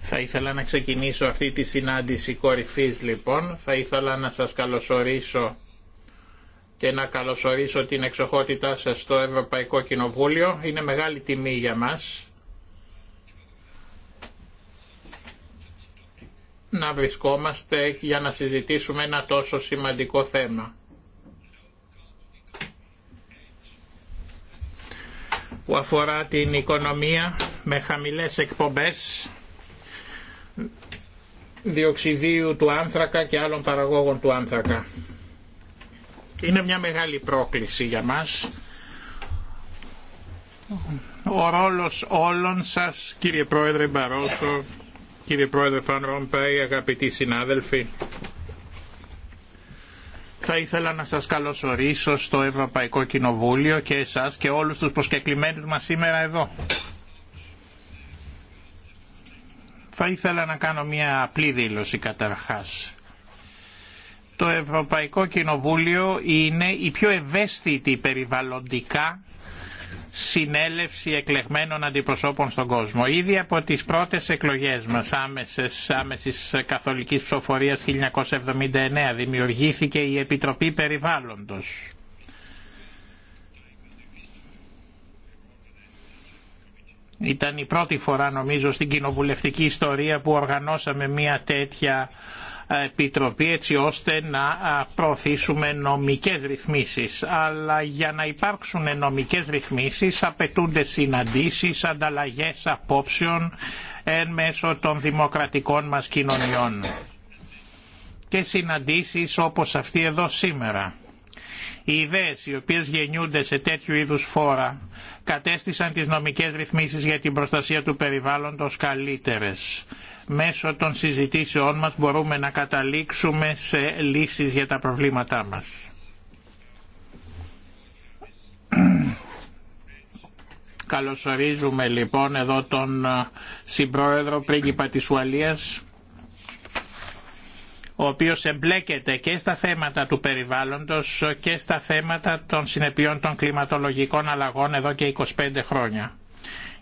Θα ήθελα να ξεκινήσω αυτή τη συνάντηση κορυφής λοιπόν. Θα ήθελα να σας καλωσορίσω και να καλωσορίσω την εξοχότητά σας στο Ευρωπαϊκό Κοινοβούλιο. Είναι μεγάλη τιμή για μας να βρισκόμαστε για να συζητήσουμε ένα τόσο σημαντικό θέμα. που αφορά την οικονομία με χαμηλές εκπομπές διοξιδίου του άνθρακα και άλλων παραγόγων του άνθρακα. Είναι μια μεγάλη πρόκληση για μας. Ο ρόλος όλων σας, κύριε Πρόεδρε Μπαρόσο, κύριε Πρόεδρε Φαν Ρομπέη, αγαπητοί συνάδελφοι, θα ήθελα να σας καλωσορίσω στο Ευρωπαϊκό Κοινοβούλιο και εσάς και όλους τους προσκεκλημένους μας σήμερα εδώ. Θα ήθελα να κάνω μια απλή δήλωση καταρχάς. Το Ευρωπαϊκό Κοινοβούλιο είναι η πιο ευαίσθητη περιβαλλοντικά συνέλευση εκλεγμένων αντιπροσώπων στον κόσμο. Ήδη από τις πρώτες εκλογές μας άμεσες, άμεσης καθολικής ψηφοφορίας 1979 δημιουργήθηκε η Επιτροπή Περιβάλλοντος. Ήταν η πρώτη φορά νομίζω στην κοινοβουλευτική ιστορία που οργανώσαμε μια τέτοια Επιτροπή έτσι ώστε να προωθήσουμε νομικές ρυθμίσεις. Αλλά για να υπάρξουν νομικές ρυθμίσεις απαιτούνται συναντήσεις, ανταλλαγές απόψεων εν μέσω των δημοκρατικών μας κοινωνιών και συναντήσεις όπως αυτή εδώ σήμερα. Οι ιδέες οι οποίες γεννιούνται σε τέτοιου είδους φόρα κατέστησαν τις νομικές ρυθμίσεις για την προστασία του περιβάλλοντος καλύτερες μέσω των συζητήσεών μας μπορούμε να καταλήξουμε σε λύσεις για τα προβλήματά μας. Καλωσορίζουμε λοιπόν εδώ τον ε, συμπρόεδρο πρίγκιπα της Ουαλίας ο οποίος εμπλέκεται και στα θέματα του περιβάλλοντος και στα θέματα των συνεπειών των κλιματολογικών αλλαγών εδώ και 25 χρόνια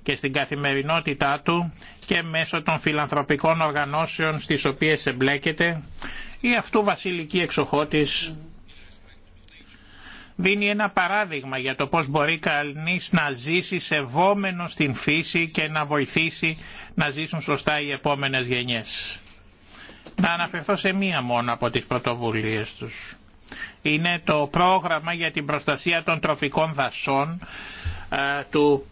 και στην καθημερινότητά του και μέσω των φιλανθρωπικών οργανώσεων στις οποίες εμπλέκεται η αυτού βασιλική εξοχότης δίνει ένα παράδειγμα για το πώς μπορεί κανείς να ζήσει σεβόμενο στην φύση και να βοηθήσει να ζήσουν σωστά οι επόμενες γενιές. Να αναφερθώ σε μία μόνο από τις πρωτοβουλίες τους. Είναι το πρόγραμμα για την προστασία των τροφικών δασών του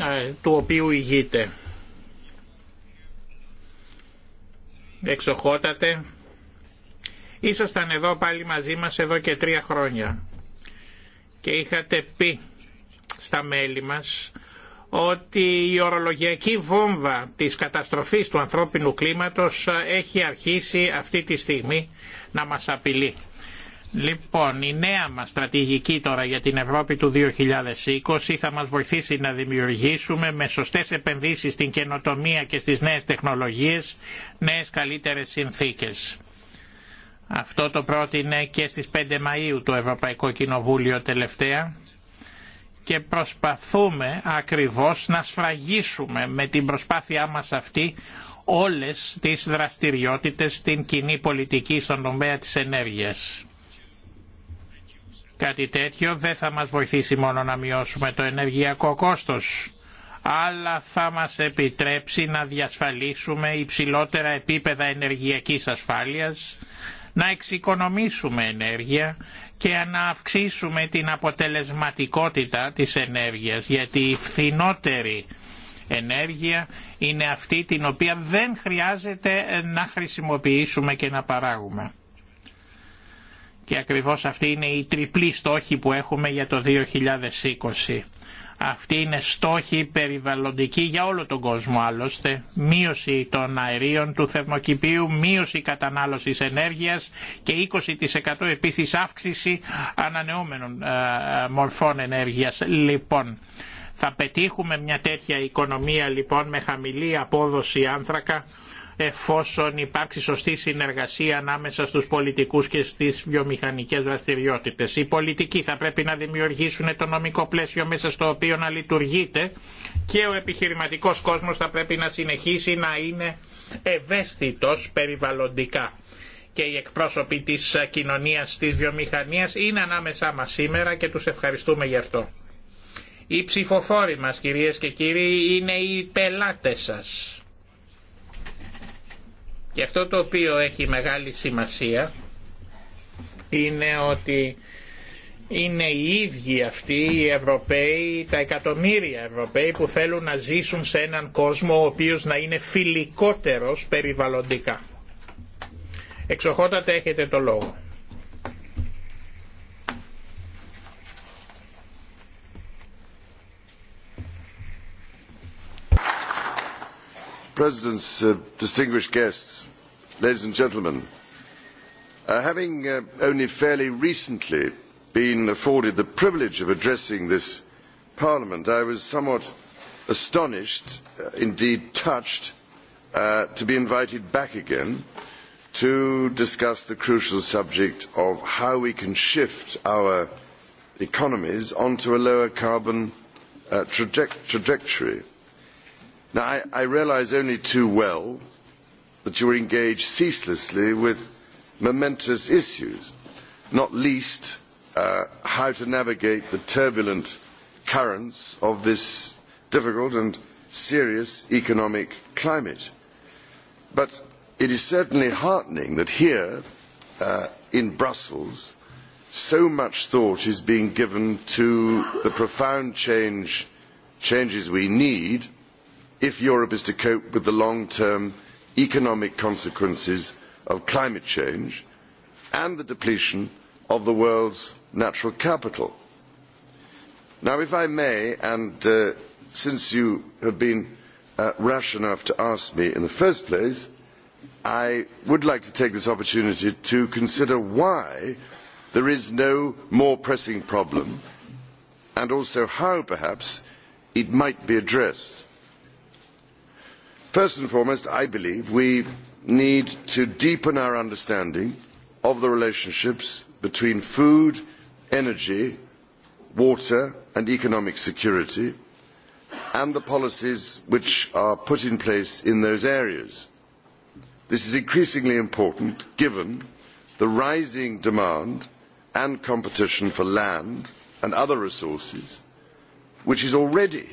ε, του οποίου ηγείται. Εξοχότατε, ήσασταν εδώ πάλι μαζί μας εδώ και τρία χρόνια και είχατε πει στα μέλη μας ότι η ορολογιακή βόμβα της καταστροφής του ανθρώπινου κλίματος έχει αρχίσει αυτή τη στιγμή να μας απειλεί. Λοιπόν, η νέα μας στρατηγική τώρα για την Ευρώπη του 2020 θα μας βοηθήσει να δημιουργήσουμε με σωστές επενδύσεις στην καινοτομία και στις νέες τεχνολογίες νέες καλύτερες συνθήκες. Αυτό το πρότεινε και στις 5 Μαΐου το Ευρωπαϊκό Κοινοβούλιο τελευταία και προσπαθούμε ακριβώς να σφραγίσουμε με την προσπάθειά μας αυτή όλες τις δραστηριότητες στην κοινή πολιτική στον τομέα της ενέργειας Κάτι τέτοιο δεν θα μας βοηθήσει μόνο να μειώσουμε το ενεργειακό κόστος, αλλά θα μας επιτρέψει να διασφαλίσουμε υψηλότερα επίπεδα ενεργειακής ασφάλειας, να εξοικονομήσουμε ενέργεια και να αυξήσουμε την αποτελεσματικότητα της ενέργειας, γιατί η φθηνότερη ενέργεια είναι αυτή την οποία δεν χρειάζεται να χρησιμοποιήσουμε και να παράγουμε. Και ακριβώς αυτή είναι η τριπλή στόχη που έχουμε για το 2020. Αυτή είναι στόχη περιβαλλοντική για όλο τον κόσμο άλλωστε. Μείωση των αερίων του θερμοκηπίου, μείωση κατανάλωσης ενέργειας και 20% επίσης αύξηση ανανεώμενων ε, μορφών ενέργειας. Λοιπόν, θα πετύχουμε μια τέτοια οικονομία λοιπόν με χαμηλή απόδοση άνθρακα εφόσον υπάρξει σωστή συνεργασία ανάμεσα στους πολιτικούς και στις βιομηχανικές δραστηριότητες. Οι πολιτικοί θα πρέπει να δημιουργήσουν το νομικό πλαίσιο μέσα στο οποίο να λειτουργείται και ο επιχειρηματικός κόσμος θα πρέπει να συνεχίσει να είναι ευαίσθητος περιβαλλοντικά και οι εκπρόσωποι της κοινωνίας της βιομηχανίας είναι ανάμεσά μας σήμερα και τους ευχαριστούμε γι' αυτό. Οι ψηφοφόροι μας κυρίες και κύριοι είναι οι πελάτες σας και αυτό το οποίο έχει μεγάλη σημασία είναι ότι είναι οι ίδιοι αυτοί οι Ευρωπαίοι, τα εκατομμύρια Ευρωπαίοι που θέλουν να ζήσουν σε έναν κόσμο ο οποίος να είναι φιλικότερος περιβαλλοντικά. Εξοχότατε έχετε το λόγο. President, distinguished guests, ladies and gentlemen, having only fairly recently been afforded the privilege of addressing this Parliament, I was somewhat astonished, indeed touched, to be invited back again to discuss the crucial subject of how we can shift our economies onto a lower carbon trajectory. I realise only too well that you are engaged ceaselessly with momentous issues, not least how to navigate the turbulent currents of this difficult and serious economic climate. But it is certainly heartening that here, in Brussels, so much thought is being given to the profound changes we need if Europe is to cope with the long-term economic consequences of climate change and the depletion of the world's natural capital. Now, if I may, and since you have been rash enough to ask me in the first place, I would like to take this opportunity to consider why there is no more pressing problem and also how perhaps it might be addressed. First and foremost, I believe we need to deepen our understanding of the relationships between food, energy, water and economic security and the policies which are put in place in those areas. This is increasingly important given the rising demand and competition for land and other resources, which is already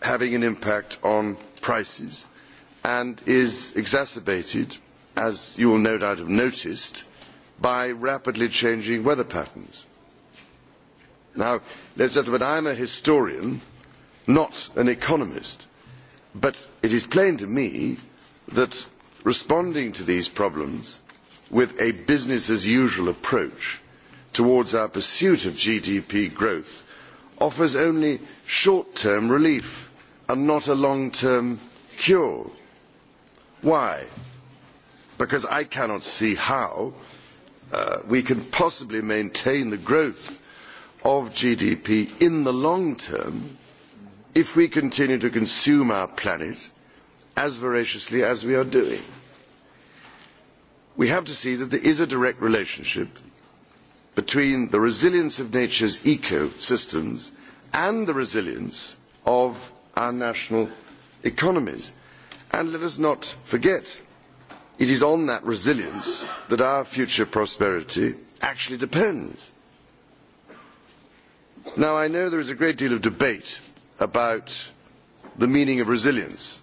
having an impact on prices and is exacerbated, as you will no doubt have noticed, by rapidly changing weather patterns. Now, ladies and gentlemen, I am a historian, not an economist, but it is plain to me that responding to these problems with a business as usual approach towards our pursuit of GDP growth offers only short term relief are not a long term cure. Why? Because I cannot see how we can possibly maintain the growth of GDP in the long term if we continue to consume our planet as voraciously as we are doing. We have to see that there is a direct relationship between the resilience of nature's ecosystems and the resilience of our national economies. And let us not forget, it is on that resilience that our future prosperity actually depends. Now, I know there is a great deal of debate about the meaning of resilience.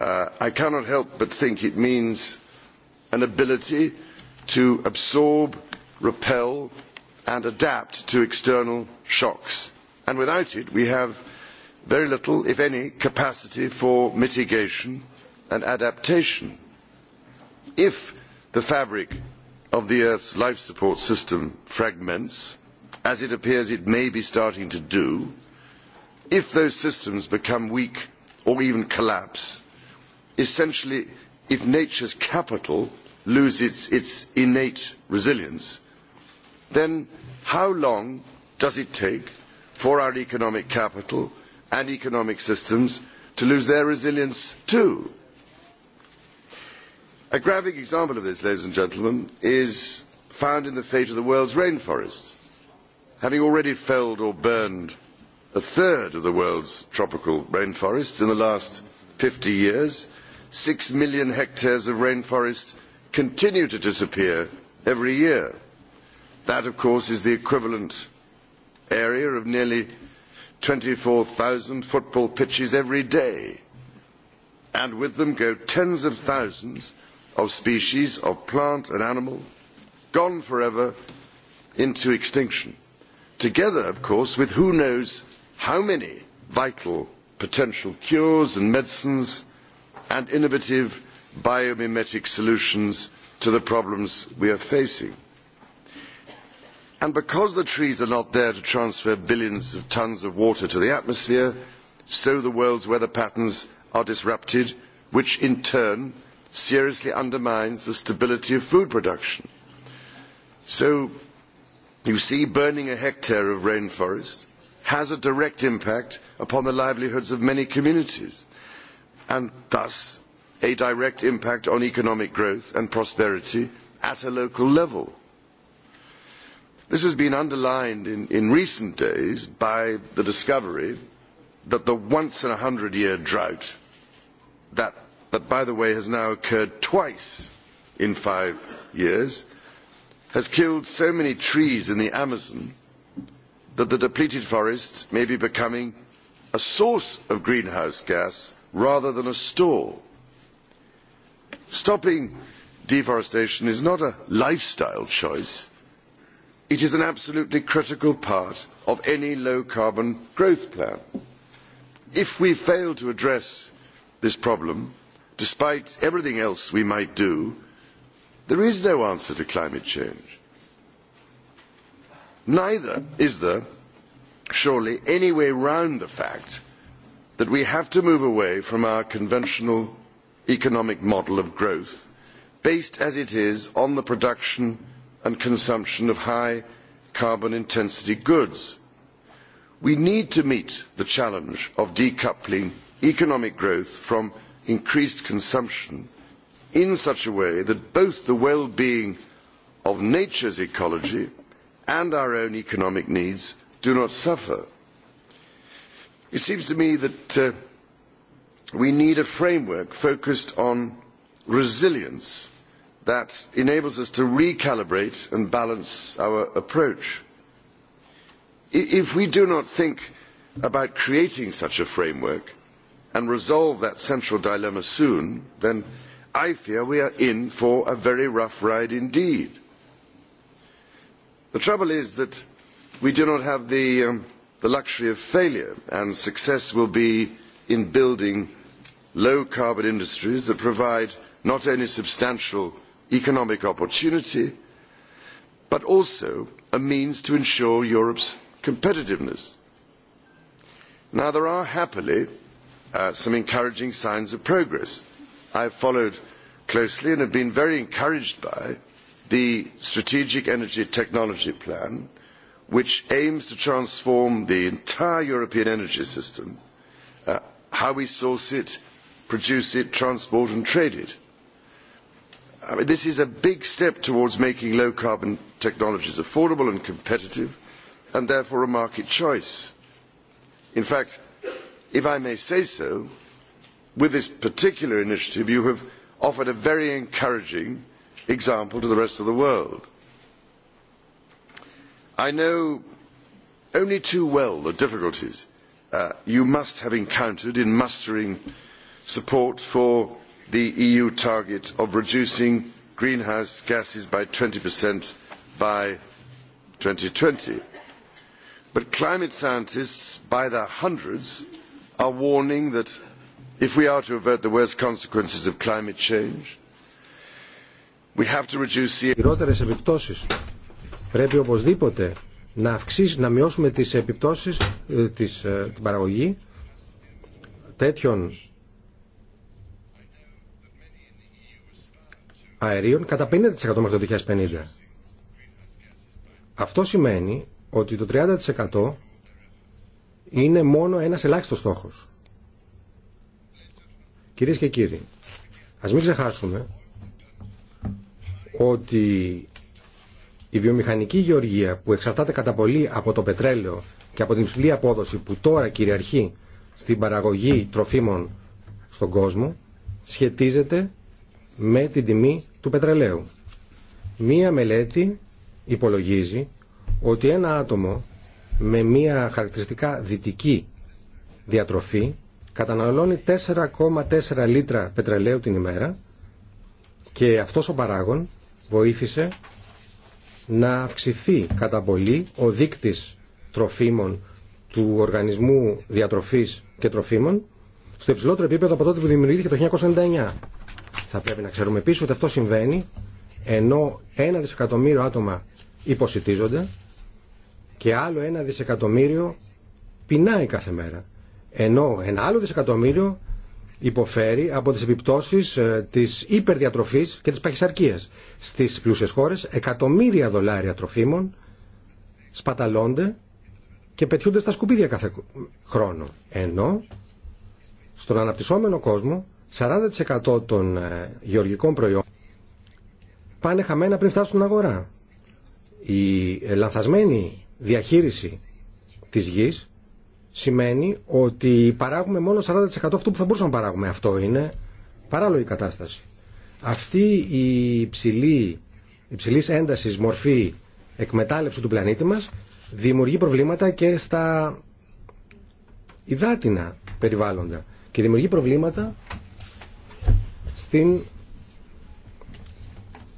I cannot help but think it means an ability to absorb, repel and adapt to external shocks. And without it, we have very little, if any, capacity for mitigation and adaptation. If the fabric of the Earth's life support system fragments, as it appears it may be starting to do, if those systems become weak or even collapse, essentially, if nature's capital loses its innate resilience, then how long does it take for our economic capital and economic systems to lose their resilience too. A graphic example of this, ladies and gentlemen, is found in the fate of the world's rainforests. Having already felled or burned a third of the world's tropical rainforests in the last 50 years, six million hectares of rainforest continue to disappear every year. That, of course, is the equivalent area of nearly twenty four 24,000 football pitches every day, and with them go tens of thousands of species of plant and animal, gone forever into extinction, together, of course, with who knows how many vital potential cures and medicines and innovative biomimetic solutions to the problems we are facing and because the trees are not there to transfer billions of tonnes of water to the atmosphere so the world's weather patterns are disrupted which in turn seriously undermines the stability of food production. so you see burning a hectare of rainforest has a direct impact upon the livelihoods of many communities and thus a direct impact on economic growth and prosperity at a local level. This has been underlined in recent days by the discovery that the once in a hundred year drought, that by the way has now occurred twice in five years, has killed so many trees in the Amazon that the depleted forest may be becoming a source of greenhouse gas rather than a store. Stopping deforestation is not a lifestyle choice It is an absolutely critical part of any low carbon growth plan. If we fail to address this problem, despite everything else we might do, there is no answer to climate change. Neither is there, surely, any way round the fact that we have to move away from our conventional economic model of growth, based as it is on the production and consumption of high carbon intensity goods. We need to meet the challenge of decoupling economic growth from increased consumption in such a way that both the well-being of nature's ecology and our own economic needs do not suffer. It seems to me that we need a framework focused on resilience that enables us to recalibrate and balance our approach. If we do not think about creating such a framework and resolve that central dilemma soon, then I fear we are in for a very rough ride indeed. The trouble is that we do not have the luxury of failure, and success will be in building low carbon industries that provide not only substantial economic opportunity, but also a means to ensure Europe's competitiveness. Now, there are happily some encouraging signs of progress. I have followed closely and have been very encouraged by the Strategic Energy Technology Plan, which aims to transform the entire European energy system, how we source it, produce it, transport and trade it This is a big step towards making low carbon technologies affordable and competitive and therefore a market choice. In fact, if I may say so, with this particular initiative you have offered a very encouraging example to the rest of the world. I know only too well the difficulties you must have encountered in mustering support for the EU target of reducing greenhouse gases by 20% by 2020. But climate scientists, by the hundreds, are warning that if we are to avert the worst consequences of climate change, we have to reduce the... Πρέπει να αυξήσει, να μειώσουμε τις επιπτώσεις, της, την παραγωγή τέτοιων αερίων κατά 50% μέχρι το 2050. Αυτό σημαίνει ότι το 30% είναι μόνο ένας ελάχιστος στόχος. Κυρίες και κύριοι, ας μην ξεχάσουμε ότι η βιομηχανική γεωργία που εξαρτάται κατά πολύ από το πετρέλαιο και από την υψηλή απόδοση που τώρα κυριαρχεί στην παραγωγή τροφίμων στον κόσμο σχετίζεται με την τιμή του πετρελαίου. Μία μελέτη υπολογίζει ότι ένα άτομο με μία χαρακτηριστικά δυτική διατροφή καταναλώνει 4,4 λίτρα πετρελαίου την ημέρα και αυτός ο παράγων βοήθησε να αυξηθεί κατά πολύ ο δείκτης τροφίμων του Οργανισμού Διατροφής και Τροφίμων στο υψηλότερο επίπεδο από τότε που δημιουργήθηκε το 1999. Θα πρέπει να ξέρουμε επίση ότι αυτό συμβαίνει ενώ ένα δισεκατομμύριο άτομα υποσυτίζονται και άλλο ένα δισεκατομμύριο πεινάει κάθε μέρα. Ενώ ένα άλλο δισεκατομμύριο υποφέρει από τις επιπτώσεις ε, της υπερδιατροφής και της παχυσαρκίας. Στις πλούσιες χώρες εκατομμύρια δολάρια τροφίμων σπαταλώνται και πετιούνται στα σκουπίδια κάθε χρόνο. Ενώ στον αναπτυσσόμενο κόσμο 40% των ε, γεωργικών προϊόντων πάνε χαμένα πριν φτάσουν στην αγορά. Η ε, λανθασμένη διαχείριση της γης σημαίνει ότι παράγουμε μόνο 40% αυτού που θα μπορούσαμε να παράγουμε. Αυτό είναι παράλογη κατάσταση. Αυτή η υψηλή, υψηλής έντασης μορφή εκμετάλλευση του πλανήτη μας δημιουργεί προβλήματα και στα υδάτινα περιβάλλοντα και δημιουργεί προβλήματα την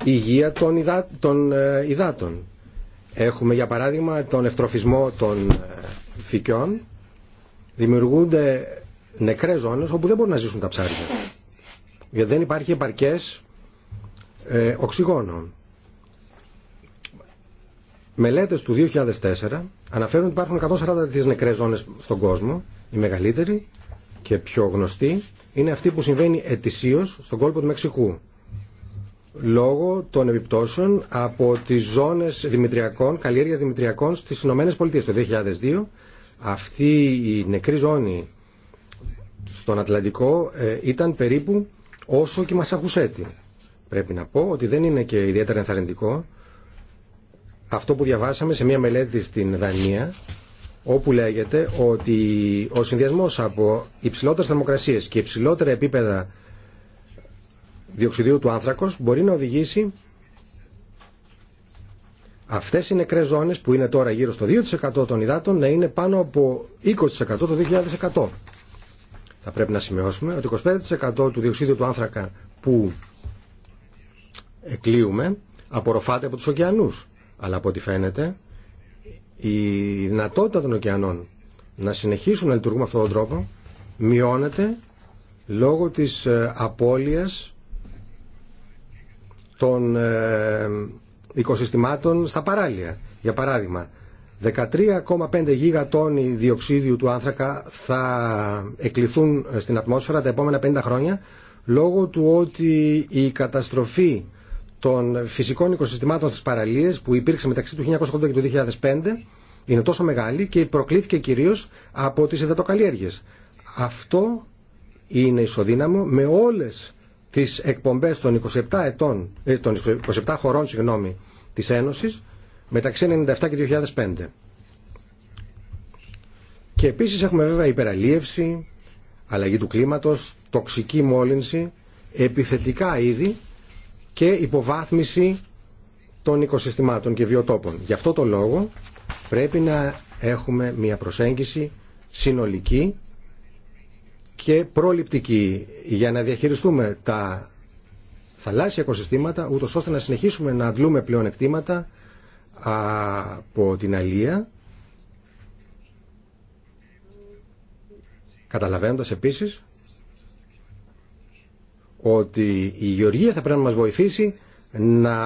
υγεία των, υδα... Ε, υδάτων. Έχουμε για παράδειγμα τον ευτροφισμό των ε, φυκιών. Δημιουργούνται νεκρές ζώνες όπου δεν μπορούν να ζήσουν τα ψάρια. Γιατί δεν υπάρχει επαρκές ε, οξυγόνο. Μελέτες του 2004 αναφέρουν ότι υπάρχουν 140 τέτοιες νεκρές ζώνες στον κόσμο, οι μεγαλύτερη και πιο γνωστή είναι αυτή που συμβαίνει ετησίως στον κόλπο του Μεξικού λόγω των επιπτώσεων από τις ζώνες δημητριακών, καλλιέργειας δημητριακών στις Ηνωμένες Πολιτείες. Το 2002 αυτή η νεκρή ζώνη στον Ατλαντικό ε, ήταν περίπου όσο και η Μασαχουσέτη. Πρέπει να πω ότι δεν είναι και ιδιαίτερα ενθαρρυντικό αυτό που διαβάσαμε σε μια μελέτη στην Δανία όπου λέγεται ότι ο συνδυασμός από υψηλότερες θερμοκρασίες και υψηλότερα επίπεδα διοξιδίου του άνθρακος μπορεί να οδηγήσει αυτές οι νεκρές ζώνες που είναι τώρα γύρω στο 2% των υδάτων να είναι πάνω από 20% το 2100. Θα πρέπει να σημειώσουμε ότι 25% του διοξίδιου του άνθρακα που εκλείουμε απορροφάται από τους ωκεανούς. Αλλά από ό,τι φαίνεται η δυνατότητα των ωκεανών να συνεχίσουν να λειτουργούν με αυτόν τον τρόπο μειώνεται λόγω της ε, απώλειας των ε, οικοσυστημάτων στα παράλια. Για παράδειγμα, 13,5 γιγατόνι διοξίδιου του άνθρακα θα εκλειθούν ε, στην ατμόσφαιρα τα επόμενα 50 χρόνια λόγω του ότι η καταστροφή των φυσικών οικοσυστημάτων στις παραλίες που υπήρξε μεταξύ του 1980 και του 2005 είναι τόσο μεγάλη και προκλήθηκε κυρίως από τις υδατοκαλλιέργειες. Αυτό είναι ισοδύναμο με όλες τις εκπομπές των 27, ετών, ε, των 27 χωρών συγγνώμη, της Ένωσης μεταξύ 1997 και 2005. Και επίσης έχουμε βέβαια υπεραλίευση, αλλαγή του κλίματος, τοξική μόλυνση, επιθετικά είδη και υποβάθμιση των οικοσυστημάτων και βιοτόπων. Γι' αυτό το λόγο πρέπει να έχουμε μια προσέγγιση συνολική και προληπτική για να διαχειριστούμε τα θαλάσσια οικοσυστήματα ούτως ώστε να συνεχίσουμε να αντλούμε πλέον εκτήματα από την αλία καταλαβαίνοντας επίσης ότι η Γεωργία θα πρέπει να μας βοηθήσει να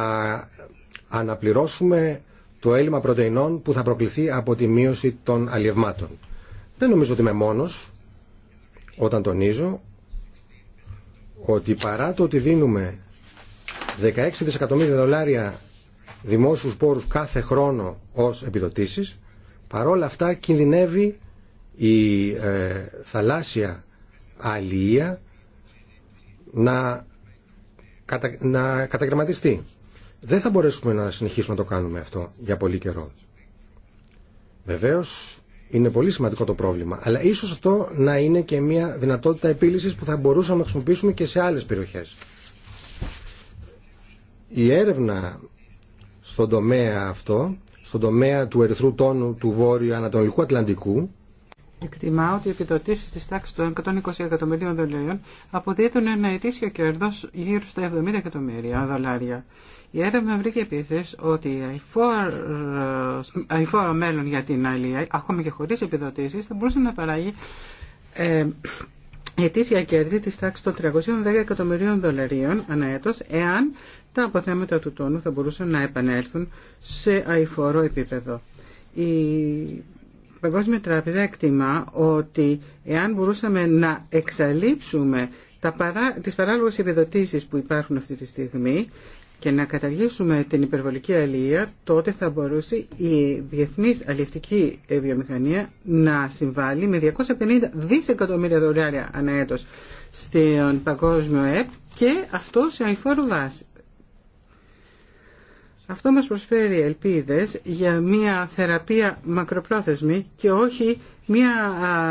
αναπληρώσουμε το έλλειμμα πρωτεϊνών που θα προκληθεί από τη μείωση των αλλιευμάτων. Δεν νομίζω ότι είμαι μόνος όταν τονίζω ότι παρά το ότι δίνουμε 16 δισεκατομμύρια δολάρια δημόσιους πόρους κάθε χρόνο ως επιδοτήσεις, παρόλα αυτά κινδυνεύει η ε, θαλάσσια αλληλεία να, κατα... να καταγραμματιστεί. Δεν θα μπορέσουμε να συνεχίσουμε να το κάνουμε αυτό για πολύ καιρό. Βεβαίως είναι πολύ σημαντικό το πρόβλημα, αλλά ίσως αυτό να είναι και μια δυνατότητα επίλυσης που θα μπορούσαμε να χρησιμοποιήσουμε και σε άλλες περιοχές. Η έρευνα στον τομέα αυτό, στον τομέα του ερυθρού τόνου του Βόρειου Ανατολικού Ατλαντικού, Εκτιμά ότι οι επιδοτήσει τη τάξη των 120 εκατομμυρίων δολαρίων αποδίδουν ένα ετήσιο κέρδο γύρω στα 70 εκατομμύρια δολάρια. Η έρευνα βρήκε επίση ότι η ε, αηφόρο μέλλον για την αλληλεία, ακόμα και χωρί επιδοτήσει, θα μπορούσε να παράγει ε, ετήσια κέρδη τη τάξη των 310 εκατομμυρίων δολαρίων ανά έτος, εάν τα αποθέματα του τόνου θα μπορούσαν να επανέλθουν σε αηφόρο επίπεδο. Η Παγκόσμια Τράπεζα εκτιμά ότι εάν μπορούσαμε να εξαλείψουμε τα παρά, τις παράλογες επιδοτήσεις που υπάρχουν αυτή τη στιγμή και να καταργήσουμε την υπερβολική αλληλεία, τότε θα μπορούσε η διεθνής αλληλευτική βιομηχανία να συμβάλλει με 250 δισεκατομμύρια δολάρια ανά έτος στον παγκόσμιο ΕΠ και αυτό σε αηφόρο βάση. Αυτό μας προσφέρει ελπίδες για μια θεραπεία μακροπρόθεσμη και όχι μια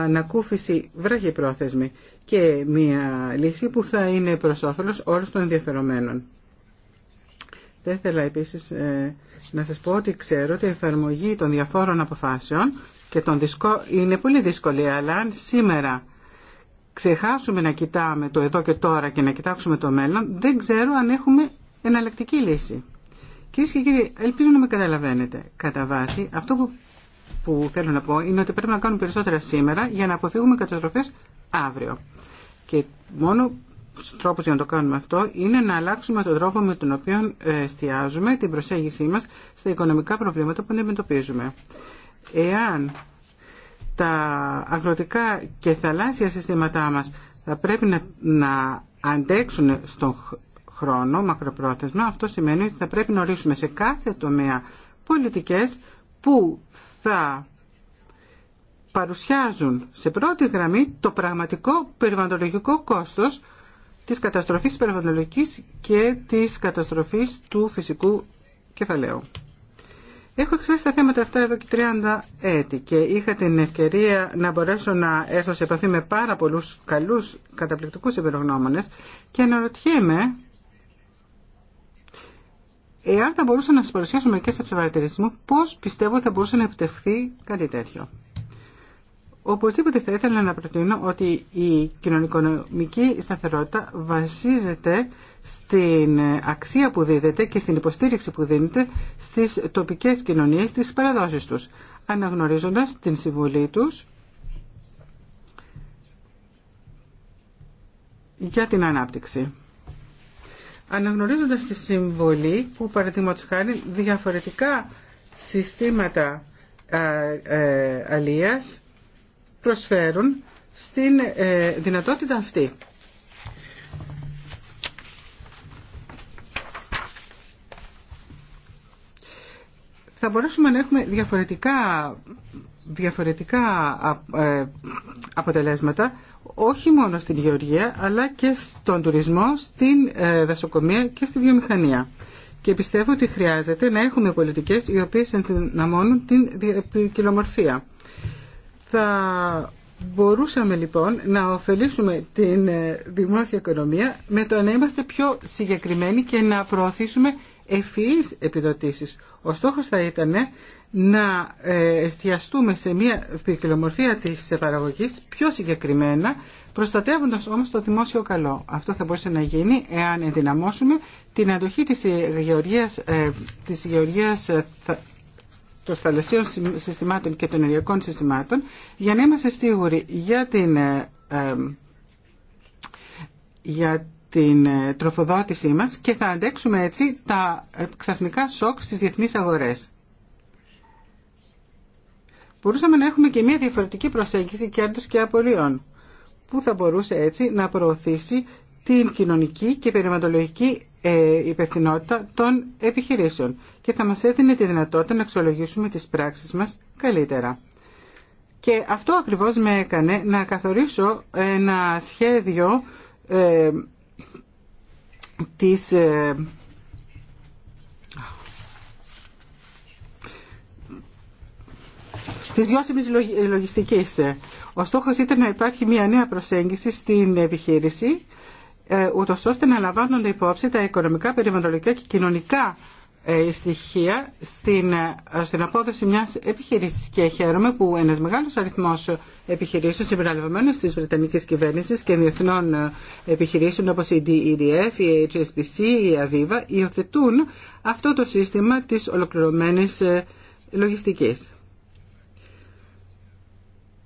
ανακούφιση πρόθεσμη και μια λύση που θα είναι προς όφελος όλων των ενδιαφερομένων. Θα ήθελα επίσης ε, να σας πω ότι ξέρω ότι η εφαρμογή των διαφόρων αποφάσεων και των δυσκό... είναι πολύ δύσκολη, αλλά αν σήμερα ξεχάσουμε να κοιτάμε το εδώ και τώρα και να κοιτάξουμε το μέλλον, δεν ξέρω αν έχουμε εναλλακτική λύση. Κυρίε και κύριοι, ελπίζω να με καταλαβαίνετε. Κατά βάση, αυτό που, που θέλω να πω είναι ότι πρέπει να κάνουμε περισσότερα σήμερα για να αποφύγουμε καταστροφές αύριο. Και μόνο τρόπο για να το κάνουμε αυτό είναι να αλλάξουμε τον τρόπο με τον οποίο ε, εστιάζουμε την προσέγγιση μας στα οικονομικά προβλήματα που αντιμετωπίζουμε. Εάν τα αγροτικά και θαλάσσια συστήματά μας θα πρέπει να, να αντέξουν στον χρόνο, μακροπρόθεσμα, αυτό σημαίνει ότι θα πρέπει να ορίσουμε σε κάθε τομέα πολιτικές που θα παρουσιάζουν σε πρώτη γραμμή το πραγματικό περιβαλλοντολογικό κόστος της καταστροφής περιβαλλοντολογικής και της καταστροφής του φυσικού κεφαλαίου. Έχω εξετάσει τα θέματα αυτά εδώ και 30 έτη και είχα την ευκαιρία να μπορέσω να έρθω σε επαφή με πάρα πολλούς καλούς καταπληκτικούς εμπειρογνώμονες και αναρωτιέμαι Εάν θα μπορούσα να σα παρουσιάσω μερικέ από μου, πώ πιστεύω θα μπορούσε να επιτευχθεί κάτι τέτοιο. Οπωσδήποτε θα ήθελα να προτείνω ότι η κοινωνικονομική σταθερότητα βασίζεται στην αξία που δίδεται και στην υποστήριξη που δίνεται στις τοπικές κοινωνίες, στις παραδόσεις τους, αναγνωρίζοντας την συμβολή τους για την ανάπτυξη αναγνωρίζοντας τη συμβολή που παραδείγματος χάρη διαφορετικά συστήματα ε, αλίας προσφέρουν στην ε, δυνατότητα αυτή. Θα μπορούσαμε να έχουμε διαφορετικά, διαφορετικά ε, αποτελέσματα όχι μόνο στην γεωργία αλλά και στον τουρισμό, στην ε, δασοκομεία και στη βιομηχανία. Και πιστεύω ότι χρειάζεται να έχουμε πολιτικές οι οποίες ενδυναμώνουν την κοινομορφία. Θα μπορούσαμε λοιπόν να ωφελήσουμε την ε, δημόσια οικονομία με το να είμαστε πιο συγκεκριμένοι και να προωθήσουμε ευφυείς επιδοτήσεις. Ο στόχος θα ήταν να ε, εστιαστούμε σε μια ποικιλομορφία της παραγωγής πιο συγκεκριμένα, προστατεύοντας όμως το δημόσιο καλό. Αυτό θα μπορούσε να γίνει εάν ενδυναμώσουμε την αντοχή της γεωργίας, ε, της γεωργίας ε, των θαλασσίων συστημάτων και των ενεργειακών συστημάτων για να είμαστε σίγουροι για την, για την ε, τροφοδότησή μας και θα αντέξουμε έτσι τα ε, ξαφνικά σοκ στις διεθνείς αγορές. Μπορούσαμε να έχουμε και μια διαφορετική προσέγγιση κέρδους και απολύων που θα μπορούσε έτσι να προωθήσει την κοινωνική και περιβαλλοντολογική ε, υπευθυνότητα των επιχειρήσεων και θα μας έδινε τη δυνατότητα να αξιολογήσουμε τις πράξεις μας καλύτερα. Και αυτό ακριβώς με έκανε να καθορίσω ένα σχέδιο της ε, της βιώσιμης ε, λογιστικής. Ε, ο στόχος ήταν να υπάρχει μια νέα προσέγγιση στην επιχείρηση, ούτως ώστε να λαμβάνονται υπόψη τα οικονομικά, περιβαλλοντικά και κοινωνικά ε, στοιχεία ε, στην, απόδοση μιας επιχειρήσης και χαίρομαι που ένας μεγάλος αριθμός επιχειρήσεων συμπεριλαμβαμένων της Βρετανικής κυβέρνησης και διεθνών ε, επιχειρήσεων όπως η DEDF, η HSBC, η Aviva υιοθετούν αυτό το σύστημα της ολοκληρωμένης λογιστικής.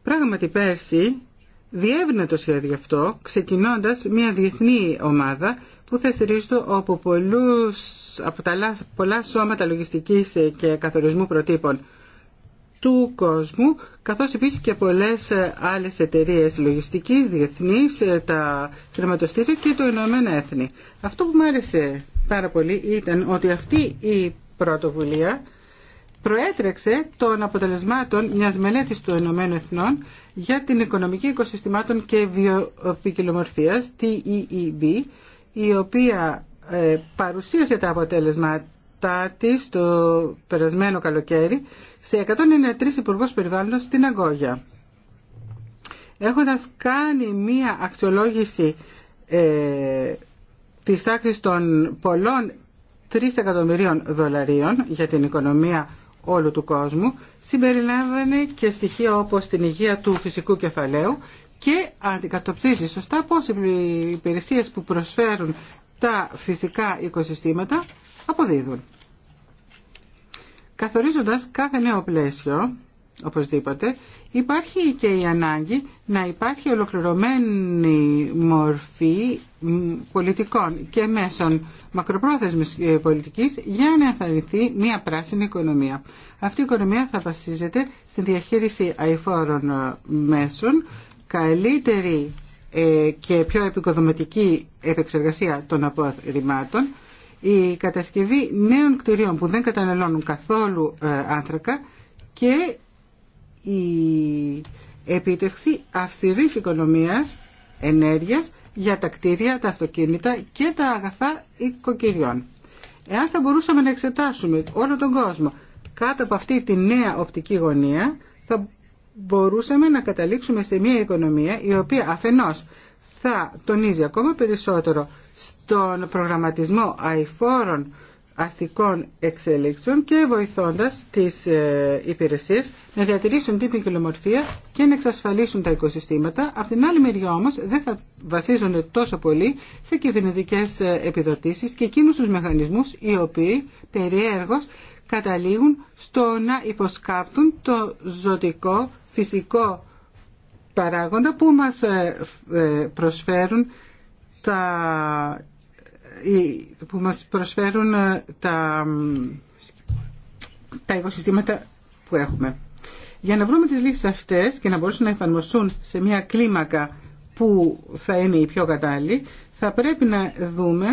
Πράγματι πέρσι διέβαινε το σχέδιο αυτό ξεκινώντας μια διεθνή ομάδα που θα στηρίζεται από, πολλούς, πολλά σώματα λογιστικής και καθορισμού προτύπων του κόσμου, καθώς επίσης και πολλές άλλες εταιρείες λογιστικής, διεθνής, τα χρηματοστήρια και το Ηνωμένα Έθνη. Αυτό που μου άρεσε πάρα πολύ ήταν ότι αυτή η πρωτοβουλία προέτρεξε των αποτελεσμάτων μιας μελέτης του Ηνωμένου Εθνών για την οικονομική οικοσυστημάτων και βιοποικιλομορφίας, TEEB, η οποία ε, παρουσίασε τα αποτέλεσματά της το περασμένο καλοκαίρι σε 193 υπουργούς περιβάλλοντος στην Αγκόγια. Έχοντας κάνει μία αξιολόγηση ε, της τάξης των πολλών 3 εκατομμυρίων δολαρίων για την οικονομία όλου του κόσμου συμπεριλάμβανε και στοιχεία όπως την υγεία του φυσικού κεφαλαίου και αντικατοπτρίζει σωστά πώς οι υπηρεσίε που προσφέρουν τα φυσικά οικοσυστήματα αποδίδουν. Καθορίζοντας κάθε νέο πλαίσιο, οπωσδήποτε, υπάρχει και η ανάγκη να υπάρχει ολοκληρωμένη μορφή πολιτικών και μέσων μακροπρόθεσμης ε, πολιτικής για να ενθαρρυνθεί μια πράσινη οικονομία. Αυτή η οικονομία θα βασίζεται στη διαχείριση αηφόρων ε, μέσων καλύτερη ε, και πιο επικοδομητική επεξεργασία των απορριμμάτων, η κατασκευή νέων κτηρίων που δεν καταναλώνουν καθόλου ε, άνθρακα και η επίτευξη αυστηρής οικονομίας ενέργειας για τα κτίρια, τα αυτοκίνητα και τα αγαθά οικοκυριών. Εάν θα μπορούσαμε να εξετάσουμε όλο τον κόσμο κάτω από αυτή τη νέα οπτική γωνία, θα μπορούσαμε να καταλήξουμε σε μια οικονομία η οποία αφενός θα τονίζει ακόμα περισσότερο στον προγραμματισμό αηφόρων αστικών εξέλιξεων και βοηθώντας τις ε, υπηρεσίες να διατηρήσουν την ποικιλομορφία και να εξασφαλίσουν τα οικοσυστήματα. Απ' την άλλη μεριά όμως δεν θα βασίζονται τόσο πολύ σε κυβερνητικέ ε, επιδοτήσεις και εκείνους τους μηχανισμούς οι οποίοι περιέργως καταλήγουν στο να υποσκάπτουν το ζωτικό φυσικό παράγοντα που μας ε, ε, προσφέρουν τα ε, που μας προσφέρουν τα, τα οικοσυστήματα που έχουμε. Για να βρούμε τις λύσεις αυτές και να μπορούσαν να εφαρμοστούν σε μια κλίμακα που θα είναι η πιο κατάλληλη, θα πρέπει να δούμε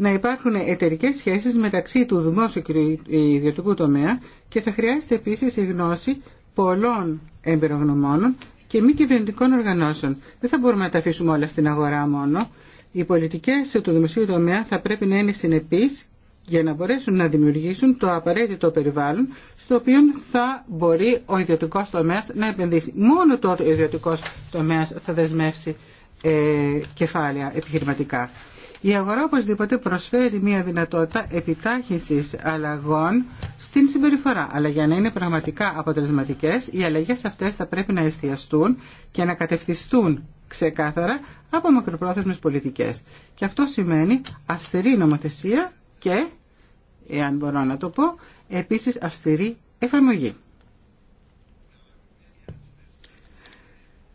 να υπάρχουν εταιρικές σχέσεις μεταξύ του δημόσιου και του ιδιωτικού τομέα και θα χρειάζεται επίσης η γνώση πολλών εμπειρογνωμόνων και μη κυβερνητικών οργανώσεων. Δεν θα μπορούμε να τα αφήσουμε όλα στην αγορά μόνο. Οι πολιτικές του δημοσίου τομέα θα πρέπει να είναι συνεπείς για να μπορέσουν να δημιουργήσουν το απαραίτητο περιβάλλον στο οποίο θα μπορεί ο ιδιωτικό τομέα να επενδύσει. Μόνο τότε ο ιδιωτικό τομέα θα δεσμεύσει ε, κεφάλαια επιχειρηματικά. Η αγορά οπωσδήποτε προσφέρει μια δυνατότητα επιτάχυνσης αλλαγών στην συμπεριφορά. Αλλά για να είναι πραγματικά αποτελεσματικές, οι αλλαγές αυτές θα πρέπει να εστιαστούν και να κατευθυνθούν ξεκάθαρα από μακροπρόθεσμες πολιτικές. Και αυτό σημαίνει αυστηρή νομοθεσία και, εάν μπορώ να το πω, επίσης αυστηρή εφαρμογή.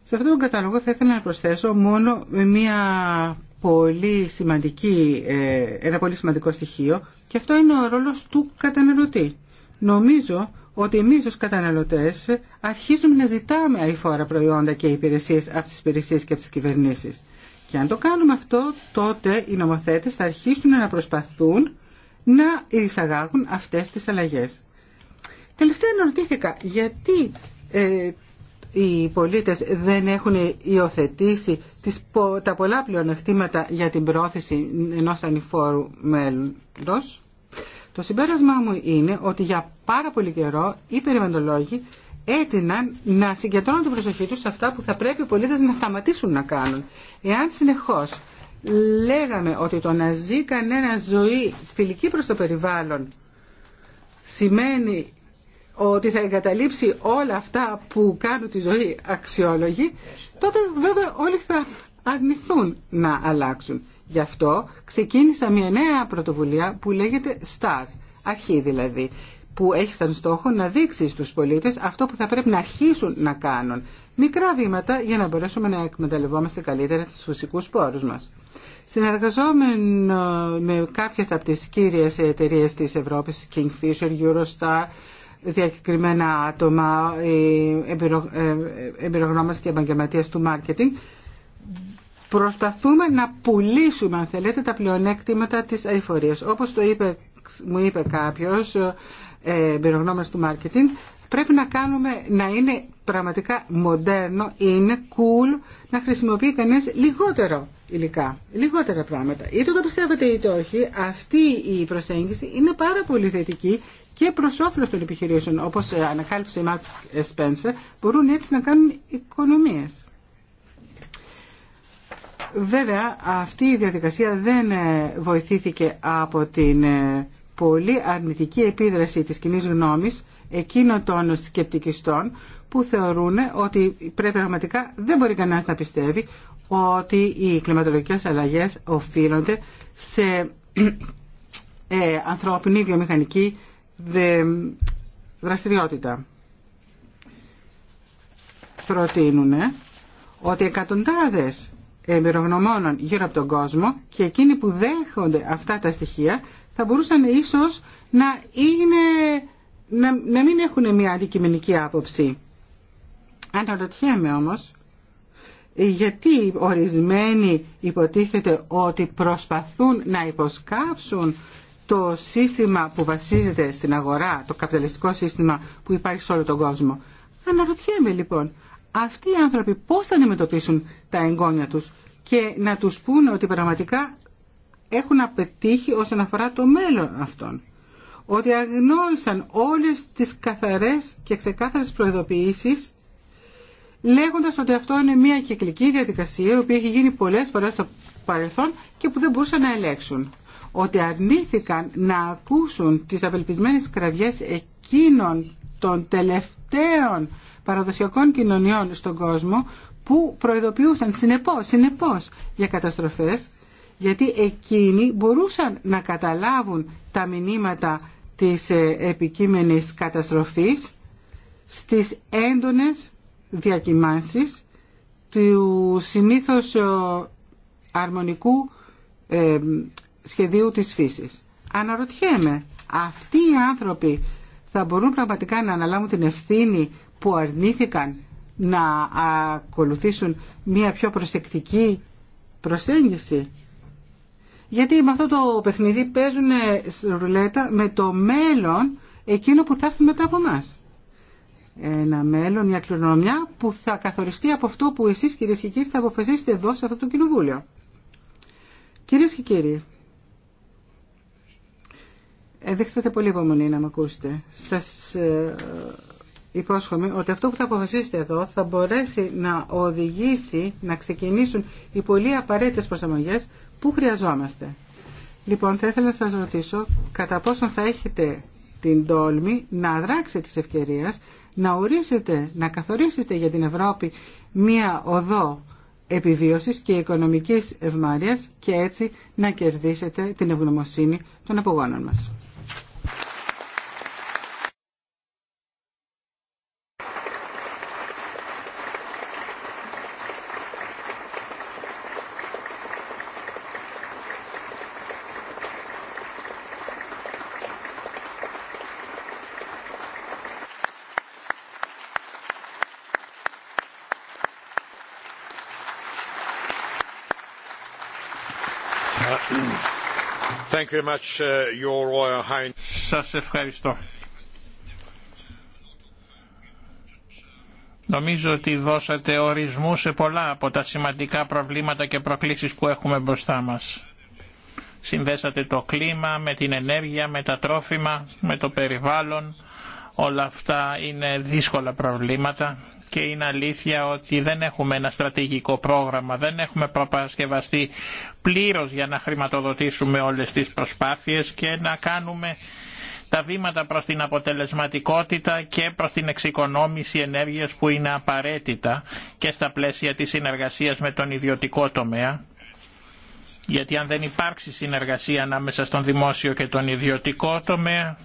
Σε αυτόν τον κατάλογο θα ήθελα να προσθέσω μόνο μία πολύ σημαντική, ε, ένα πολύ σημαντικό στοιχείο και αυτό είναι ο ρόλος του καταναλωτή. Νομίζω ότι εμεί ως καταναλωτές αρχίζουμε να ζητάμε αηφόρα προϊόντα και υπηρεσίες από τις υπηρεσίε και από τις κυβερνήσεις. Και αν το κάνουμε αυτό, τότε οι νομοθέτες θα αρχίσουν να προσπαθούν να εισαγάγουν αυτές τις αλλαγές. Τελευταία αναρωτήθηκα γιατί ε, οι πολίτες δεν έχουν υιοθετήσει τις, τα πολλά πλεονεκτήματα για την προώθηση ενός ανηφόρου μέλλοντος. Το συμπέρασμά μου είναι ότι για πάρα πολύ καιρό οι περιβαλλοντολόγοι έτειναν να συγκεντρώνουν την προσοχή τους σε αυτά που θα πρέπει οι πολίτες να σταματήσουν να κάνουν. Εάν συνεχώς λέγαμε ότι το να ζει κανένα ζωή φιλική προς το περιβάλλον σημαίνει ότι θα εγκαταλείψει όλα αυτά που κάνουν τη ζωή αξιόλογη, τότε βέβαια όλοι θα αρνηθούν να αλλάξουν. Γι' αυτό ξεκίνησα μια νέα πρωτοβουλία που λέγεται STAR, αρχή δηλαδή, που έχει σαν στόχο να δείξει στους πολίτες αυτό που θα πρέπει να αρχίσουν να κάνουν. Μικρά βήματα για να μπορέσουμε να εκμεταλλευόμαστε καλύτερα τις φυσικούς πόρους μας. Συνεργαζόμενο με κάποιες από τις κύριες εταιρείες της Ευρώπης, Kingfisher, Eurostar, διακεκριμένα άτομα, ε, εμπειρογνώμες και επαγγελματίες του μάρκετινγκ, προσπαθούμε να πουλήσουμε, αν θέλετε, τα πλεονέκτηματα της αηφορίας. Όπως το είπε, μου είπε κάποιος, ε, εμπειρογνώμες του μάρκετινγκ, πρέπει να κάνουμε να είναι πραγματικά μοντέρνο, είναι cool, να χρησιμοποιεί κανείς λιγότερο υλικά, λιγότερα πράγματα. Είτε το πιστεύετε είτε όχι, αυτή η προσέγγιση είναι πάρα πολύ θετική και προ όφελο των επιχειρήσεων, όπω ε, ανακάλυψε η Ματ Σπένσερ, μπορούν έτσι να κάνουν οικονομίε. Βέβαια, αυτή η διαδικασία δεν ε, βοηθήθηκε από την ε, πολύ αρνητική επίδραση της κοινή γνώμης εκείνων των σκεπτικιστών που θεωρούν ότι πρέπει πραγματικά δεν μπορεί κανένας να πιστεύει ότι οι κλιματολογικές αλλαγές οφείλονται σε ανθρώπινη βιομηχανική δραστηριότητα. Προτείνουν ότι εκατοντάδες εμπειρογνωμόνων γύρω από τον κόσμο και εκείνοι που δέχονται αυτά τα στοιχεία θα μπορούσαν ίσως να, είναι, να, μην έχουν μια αντικειμενική άποψη. Αναρωτιέμαι όμως γιατί ορισμένοι υποτίθεται ότι προσπαθούν να υποσκάψουν το σύστημα που βασίζεται στην αγορά, το καπιταλιστικό σύστημα που υπάρχει σε όλο τον κόσμο. Αναρωτιέμαι λοιπόν, αυτοί οι άνθρωποι πώς θα αντιμετωπίσουν τα εγγόνια τους και να τους πούνε ότι πραγματικά έχουν απετύχει όσον αφορά το μέλλον αυτών. Ότι αγνώρισαν όλες τις καθαρές και ξεκάθαρες προειδοποιήσεις λέγοντας ότι αυτό είναι μια κυκλική διαδικασία η οποία έχει γίνει πολλές φορές στο παρελθόν και που δεν μπορούσαν να ελέγξουν ότι αρνήθηκαν να ακούσουν τις απελπισμένες κραυγές εκείνων των τελευταίων παραδοσιακών κοινωνιών στον κόσμο που προειδοποιούσαν συνεπώς, συνεπώς για καταστροφές γιατί εκείνοι μπορούσαν να καταλάβουν τα μηνύματα της ε, επικείμενης καταστροφής στις έντονες διακυμάνσεις του συνήθως ε, αρμονικού ε, σχεδίου της φύσης. Αναρωτιέμαι, αυτοί οι άνθρωποι θα μπορούν πραγματικά να αναλάβουν την ευθύνη που αρνήθηκαν να ακολουθήσουν μια πιο προσεκτική προσέγγιση. Γιατί με αυτό το παιχνίδι παίζουν ρουλέτα με το μέλλον εκείνο που θα έρθει μετά από μας. Ένα μέλλον, μια κληρονομιά που θα καθοριστεί από αυτό που εσείς κυρίες και κύριοι θα αποφασίσετε εδώ σε αυτό το κοινοβούλιο. Κυρίες και κύριοι, ε, δείξατε πολύ υπομονή να με ακούσετε. Σα ε, υπόσχομαι ότι αυτό που θα αποφασίσετε εδώ θα μπορέσει να οδηγήσει να ξεκινήσουν οι πολύ απαραίτητε προσαρμογέ που χρειαζόμαστε. Λοιπόν, θα ήθελα να σα ρωτήσω κατά πόσον θα έχετε την τόλμη να δράξετε τη ευκαιρία, να ορίσετε, να καθορίσετε για την Ευρώπη μία οδό επιβίωσης και οικονομικής ευμάρειας και έτσι να κερδίσετε την ευγνωμοσύνη των απογόνων μας. Uh, Σας ευχαριστώ. Νομίζω ότι δώσατε ορισμού σε πολλά από τα σημαντικά προβλήματα και προκλήσεις που έχουμε μπροστά μας. Συνδέσατε το κλίμα με την ενέργεια, με τα τρόφιμα, με το περιβάλλον. Όλα αυτά είναι δύσκολα προβλήματα και είναι αλήθεια ότι δεν έχουμε ένα στρατηγικό πρόγραμμα, δεν έχουμε προπαρασκευαστεί πλήρως για να χρηματοδοτήσουμε όλες τις προσπάθειες και να κάνουμε τα βήματα προς την αποτελεσματικότητα και προς την εξοικονόμηση ενέργειας που είναι απαραίτητα και στα πλαίσια της συνεργασίας με τον ιδιωτικό τομέα. Γιατί αν δεν υπάρξει συνεργασία ανάμεσα στον δημόσιο και τον ιδιωτικό τομέα,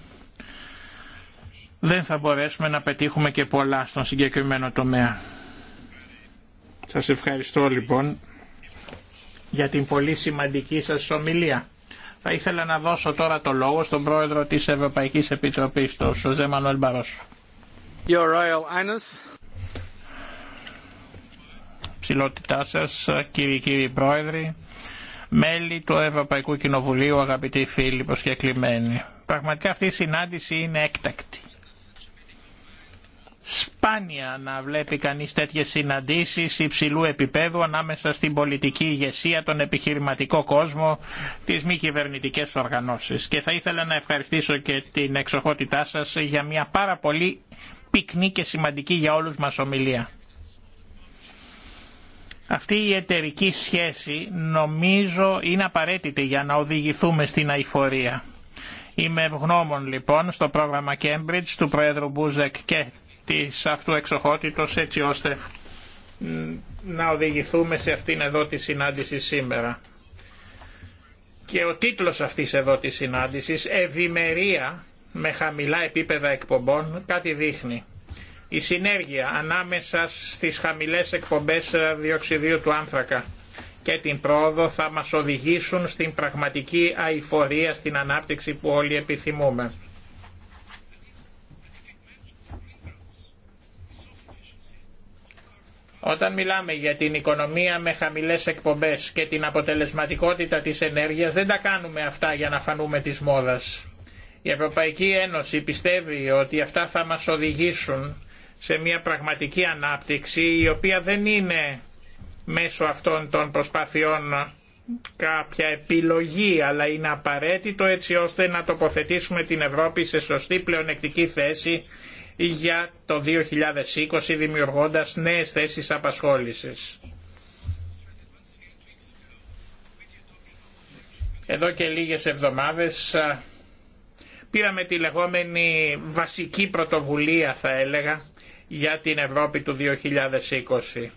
δεν θα μπορέσουμε να πετύχουμε και πολλά στον συγκεκριμένο τομέα. Σας ευχαριστώ λοιπόν για την πολύ σημαντική σας ομιλία. Θα ήθελα να δώσω τώρα το λόγο στον πρόεδρο της Ευρωπαϊκής Επιτροπής, τον Σοζέ Μανουέλ Μπαρόσο. Your Royal Ψηλότητά σας, κύριοι κύριοι πρόεδροι, μέλη του Ευρωπαϊκού Κοινοβουλίου, αγαπητοί φίλοι προσκεκλημένοι. Πραγματικά αυτή η συνάντηση είναι έκτακτη. Σπάνια να βλέπει κανείς τέτοιες συναντήσεις υψηλού επίπεδου ανάμεσα στην πολιτική ηγεσία, τον επιχειρηματικό κόσμο, τις μη κυβερνητικέ οργανώσεις. Και θα ήθελα να ευχαριστήσω και την εξοχότητά σας για μια πάρα πολύ πυκνή και σημαντική για όλους μας ομιλία. Αυτή η εταιρική σχέση νομίζω είναι απαραίτητη για να οδηγηθούμε στην αηφορία. Είμαι ευγνώμων λοιπόν στο πρόγραμμα Cambridge του Πρόεδρου Μπούζεκ και της αυτοεξοχότητος έτσι ώστε να οδηγηθούμε σε αυτήν εδώ τη συνάντηση σήμερα. Και ο τίτλος αυτής εδώ της συνάντησης «Ευημερία με χαμηλά επίπεδα εκπομπών» κάτι δείχνει. Η συνέργεια ανάμεσα στις χαμηλές εκπομπές ε, διοξιδίου του άνθρακα και την πρόοδο θα μας οδηγήσουν στην πραγματική αηφορία στην ανάπτυξη που όλοι επιθυμούμε. Όταν μιλάμε για την οικονομία με χαμηλές εκπομπές και την αποτελεσματικότητα της ενέργειας δεν τα κάνουμε αυτά για να φανούμε της μόδας. Η Ευρωπαϊκή Ένωση πιστεύει ότι αυτά θα μας οδηγήσουν σε μια πραγματική ανάπτυξη η οποία δεν είναι μέσω αυτών των προσπαθειών κάποια επιλογή αλλά είναι απαραίτητο έτσι ώστε να τοποθετήσουμε την Ευρώπη σε σωστή πλεονεκτική θέση για το 2020 δημιουργώντας νέες θέσεις απασχόλησης. Εδώ και λίγες εβδομάδες πήραμε τη λεγόμενη βασική πρωτοβουλία θα έλεγα για την Ευρώπη του 2020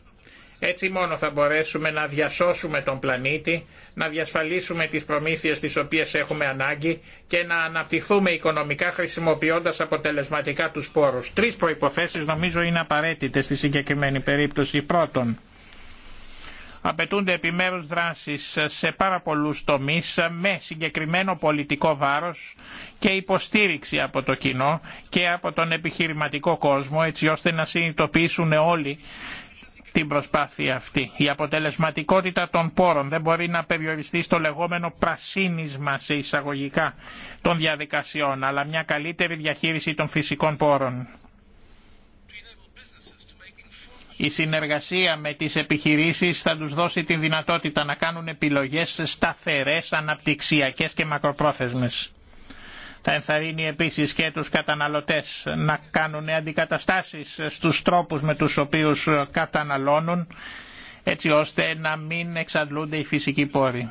έτσι μόνο θα μπορέσουμε να διασώσουμε τον πλανήτη, να διασφαλίσουμε τις προμήθειες τις οποίες έχουμε ανάγκη και να αναπτυχθούμε οικονομικά χρησιμοποιώντας αποτελεσματικά τους πόρους. Τρεις προϋποθέσεις νομίζω είναι απαραίτητες στη συγκεκριμένη περίπτωση. Πρώτον, απαιτούνται επιμέρους δράσεις σε πάρα πολλούς τομείς με συγκεκριμένο πολιτικό βάρος και υποστήριξη από το κοινό και από τον επιχειρηματικό κόσμο έτσι ώστε να συνειδητοποιήσουν όλοι την προσπάθεια αυτή. Η αποτελεσματικότητα των πόρων δεν μπορεί να περιοριστεί στο λεγόμενο πρασίνισμα σε εισαγωγικά των διαδικασιών, αλλά μια καλύτερη διαχείριση των φυσικών πόρων. Η συνεργασία με τις επιχειρήσεις θα τους δώσει τη δυνατότητα να κάνουν επιλογές σταθερές, αναπτυξιακές και μακροπρόθεσμες. Θα ενθαρρύνει επίσης και τους καταναλωτές να κάνουν αντικαταστάσεις στους τρόπους με τους οποίους καταναλώνουν έτσι ώστε να μην εξαντλούνται οι φυσικοί πόροι.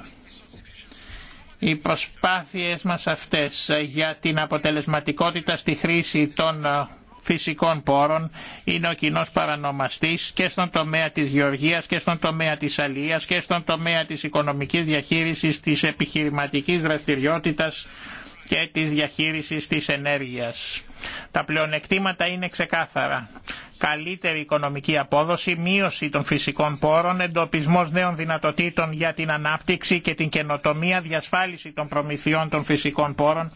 Οι προσπάθειες μας αυτές για την αποτελεσματικότητα στη χρήση των φυσικών πόρων είναι ο κοινό παρανομαστής και στον τομέα της γεωργίας και στον τομέα της αλίας και στον τομέα της οικονομικής διαχείρισης της επιχειρηματικής δραστηριότητας και της διαχείρισης της ενέργειας. Τα πλεονεκτήματα είναι ξεκάθαρα. Καλύτερη οικονομική απόδοση, μείωση των φυσικών πόρων, εντοπισμός νέων δυνατοτήτων για την ανάπτυξη και την καινοτομία, διασφάλιση των προμηθειών των φυσικών πόρων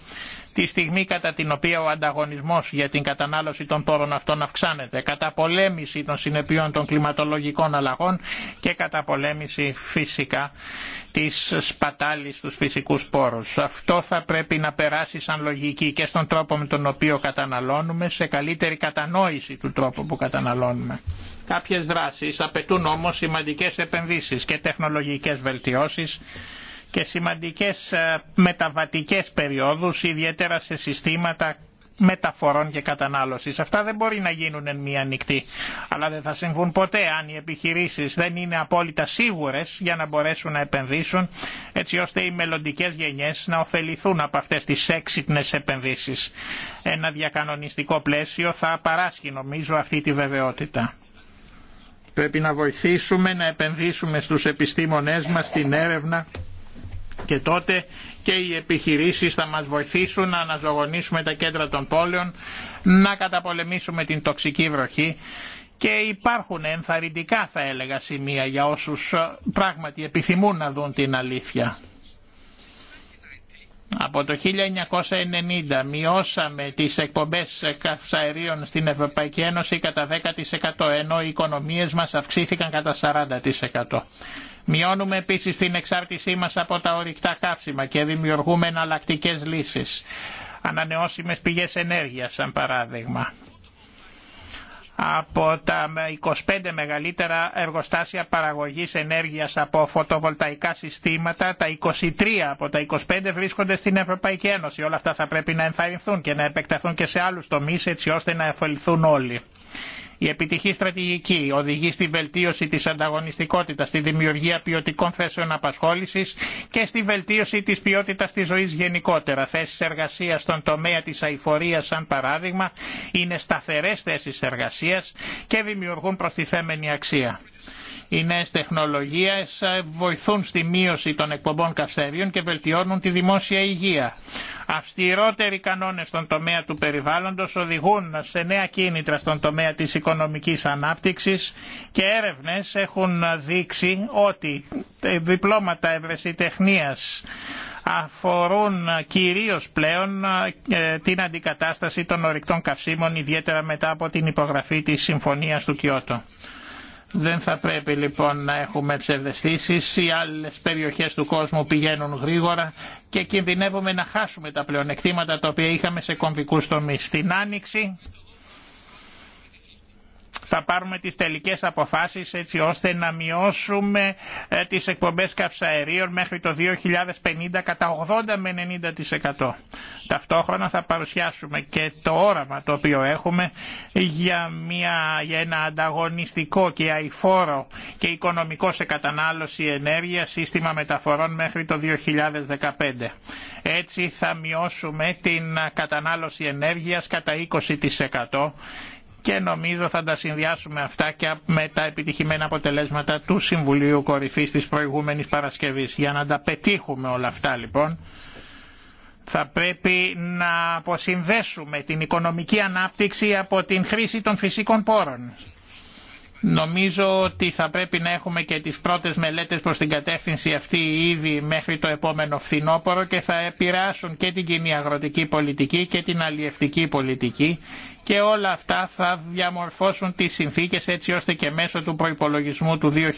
τη στιγμή κατά την οποία ο ανταγωνισμός για την κατανάλωση των πόρων αυτών αυξάνεται, κατά πολέμηση των συνεπειών των κλιματολογικών αλλαγών και πολέμηση φυσικά της σπατάλης στους φυσικούς πόρους. Αυτό θα πρέπει να περάσει σαν λογική και στον τρόπο με τον οποίο καταναλώνουμε, σε καλύτερη κατανόηση του τρόπου που καταναλώνουμε. Κάποιες δράσεις απαιτούν όμως σημαντικές επενδύσεις και τεχνολογικές βελτιώσεις και σημαντικές ε, μεταβατικές περιόδους, ιδιαίτερα σε συστήματα μεταφορών και κατανάλωσης. Αυτά δεν μπορεί να γίνουν εν μία νυχτή. Αλλά δεν θα συμβούν ποτέ αν οι επιχειρήσεις δεν είναι απόλυτα σίγουρες για να μπορέσουν να επενδύσουν έτσι ώστε οι μελλοντικέ γενιές να ωφεληθούν από αυτές τις έξυπνες επενδύσεις. Ένα διακανονιστικό πλαίσιο θα παράσχει νομίζω αυτή τη βεβαιότητα. Πρέπει να βοηθήσουμε να επενδύσουμε στους επιστήμονές μας την έρευνα και τότε και οι επιχειρήσεις θα μας βοηθήσουν να αναζωογονήσουμε τα κέντρα των πόλεων, να καταπολεμήσουμε την τοξική βροχή και υπάρχουν ενθαρρυντικά θα έλεγα σημεία για όσους ε, πράγματι επιθυμούν να δουν την αλήθεια. Από το 1990 μειώσαμε τις εκπομπές καυσαερίων στην Ευρωπαϊκή Ένωση κατά 10% ενώ οι οικονομίες μας αυξήθηκαν κατά 40%. Μειώνουμε επίσης την εξάρτησή μας από τα ορυκτά καύσιμα και δημιουργούμε εναλλακτικέ λύσεις. Ανανεώσιμες πηγές ενέργειας σαν παράδειγμα. Από τα 25 μεγαλύτερα εργοστάσια παραγωγής ενέργειας από φωτοβολταϊκά συστήματα, τα 23 από τα 25 βρίσκονται στην Ευρωπαϊκή Ένωση. Όλα αυτά θα πρέπει να ενθαρρυνθούν και να επεκταθούν και σε άλλους τομείς έτσι ώστε να εφελθούν όλοι. Η επιτυχή στρατηγική οδηγεί στη βελτίωση της ανταγωνιστικότητας, στη δημιουργία ποιοτικών θέσεων απασχόλησης και στη βελτίωση της ποιότητας της ζωής γενικότερα. Θέσεις εργασίας στον τομέα της αηφορίας σαν παράδειγμα είναι σταθερές θέσεις εργασίας και δημιουργούν προστιθέμενη αξία. Οι νέες τεχνολογίες ε, βοηθούν στη μείωση των εκπομπών καυστέριων και βελτιώνουν τη δημόσια υγεία. Αυστηρότεροι κανόνες στον τομέα του περιβάλλοντος οδηγούν σε νέα κίνητρα στον τομέα της οικονομικής ανάπτυξης και έρευνες έχουν δείξει ότι διπλώματα ευρεσιτεχνίας αφορούν κυρίως πλέον ε, την αντικατάσταση των ορυκτών καυσίμων ιδιαίτερα μετά από την υπογραφή της Συμφωνίας του Κιώτο. Δεν θα πρέπει λοιπόν να έχουμε ψευδεστήσεις, οι άλλες περιοχές του κόσμου πηγαίνουν γρήγορα και κινδυνεύουμε να χάσουμε τα πλεονεκτήματα τα οποία είχαμε σε κομβικούς τομείς. Στην Άνοιξη θα πάρουμε τις τελικές αποφάσεις έτσι ώστε να μειώσουμε ε, τις εκπομπές καυσαερίων μέχρι το 2050 κατά 80 με 90%. Ταυτόχρονα θα παρουσιάσουμε και το όραμα το οποίο έχουμε για, μια, για ένα ανταγωνιστικό και αηφόρο και οικονομικό σε κατανάλωση ενέργεια σύστημα μεταφορών μέχρι το 2015. Έτσι θα μειώσουμε την κατανάλωση ενέργειας κατά 20% και νομίζω θα τα συνδυάσουμε αυτά και με τα επιτυχημένα αποτελέσματα του Συμβουλίου Κορυφής της προηγούμενης Παρασκευής. Για να τα πετύχουμε όλα αυτά λοιπόν θα πρέπει να αποσυνδέσουμε την οικονομική ανάπτυξη από την χρήση των φυσικών πόρων Νομίζω ότι θα πρέπει να έχουμε και τις πρώτες μελέτες προς την κατεύθυνση αυτή ήδη μέχρι το επόμενο φθινόπωρο και θα επηρεάσουν και την κοινή αγροτική πολιτική και την αλλιευτική πολιτική και όλα αυτά θα διαμορφώσουν τις συνθήκες έτσι ώστε και μέσω του προϋπολογισμού του 2012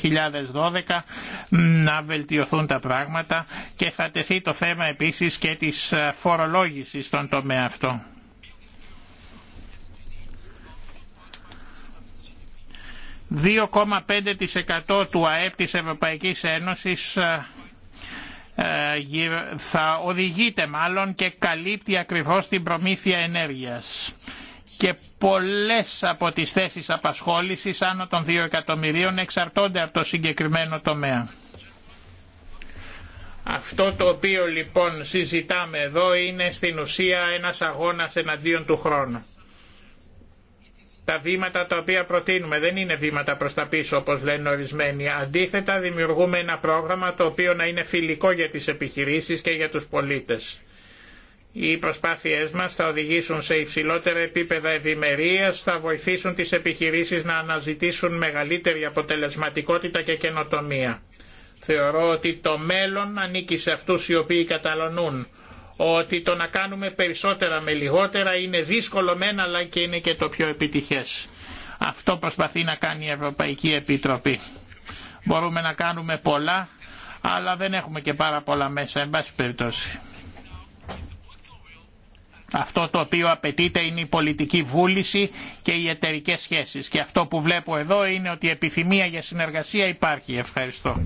να βελτιωθούν τα πράγματα και θα τεθεί το θέμα επίσης και της φορολόγησης στον τομέα αυτό. 2,5% του ΑΕΠ της Ευρωπαϊκής Ένωσης ε, ε, θα οδηγείται μάλλον και καλύπτει ακριβώς την προμήθεια ενέργειας και πολλές από τις θέσεις απασχόλησης άνω των 2 εκατομμυρίων εξαρτώνται από το συγκεκριμένο τομέα. Αυτό το οποίο λοιπόν συζητάμε εδώ είναι στην ουσία ένας αγώνας εναντίον του χρόνου. Τα βήματα τα οποία προτείνουμε δεν είναι βήματα προς τα πίσω όπως λένε ορισμένοι. Αντίθετα δημιουργούμε ένα πρόγραμμα το οποίο να είναι φιλικό για τις επιχειρήσεις και για τους πολίτες. Οι προσπάθειές μας θα οδηγήσουν σε υψηλότερα επίπεδα ευημερίας, θα βοηθήσουν τις επιχειρήσεις να αναζητήσουν μεγαλύτερη αποτελεσματικότητα και καινοτομία. Θεωρώ ότι το μέλλον ανήκει σε αυτούς οι οποίοι καταλωνούν ότι το να κάνουμε περισσότερα με λιγότερα είναι δύσκολο μεν αλλά και είναι και το πιο επιτυχές. Αυτό προσπαθεί να κάνει η Ευρωπαϊκή Επιτροπή. Μπορούμε να κάνουμε πολλά, αλλά δεν έχουμε και πάρα πολλά μέσα, εν πάση περιπτώσει. Αυτό το οποίο απαιτείται είναι η πολιτική βούληση και οι εταιρικέ σχέσεις. Και αυτό που βλέπω εδώ είναι ότι επιθυμία για συνεργασία υπάρχει. Ευχαριστώ.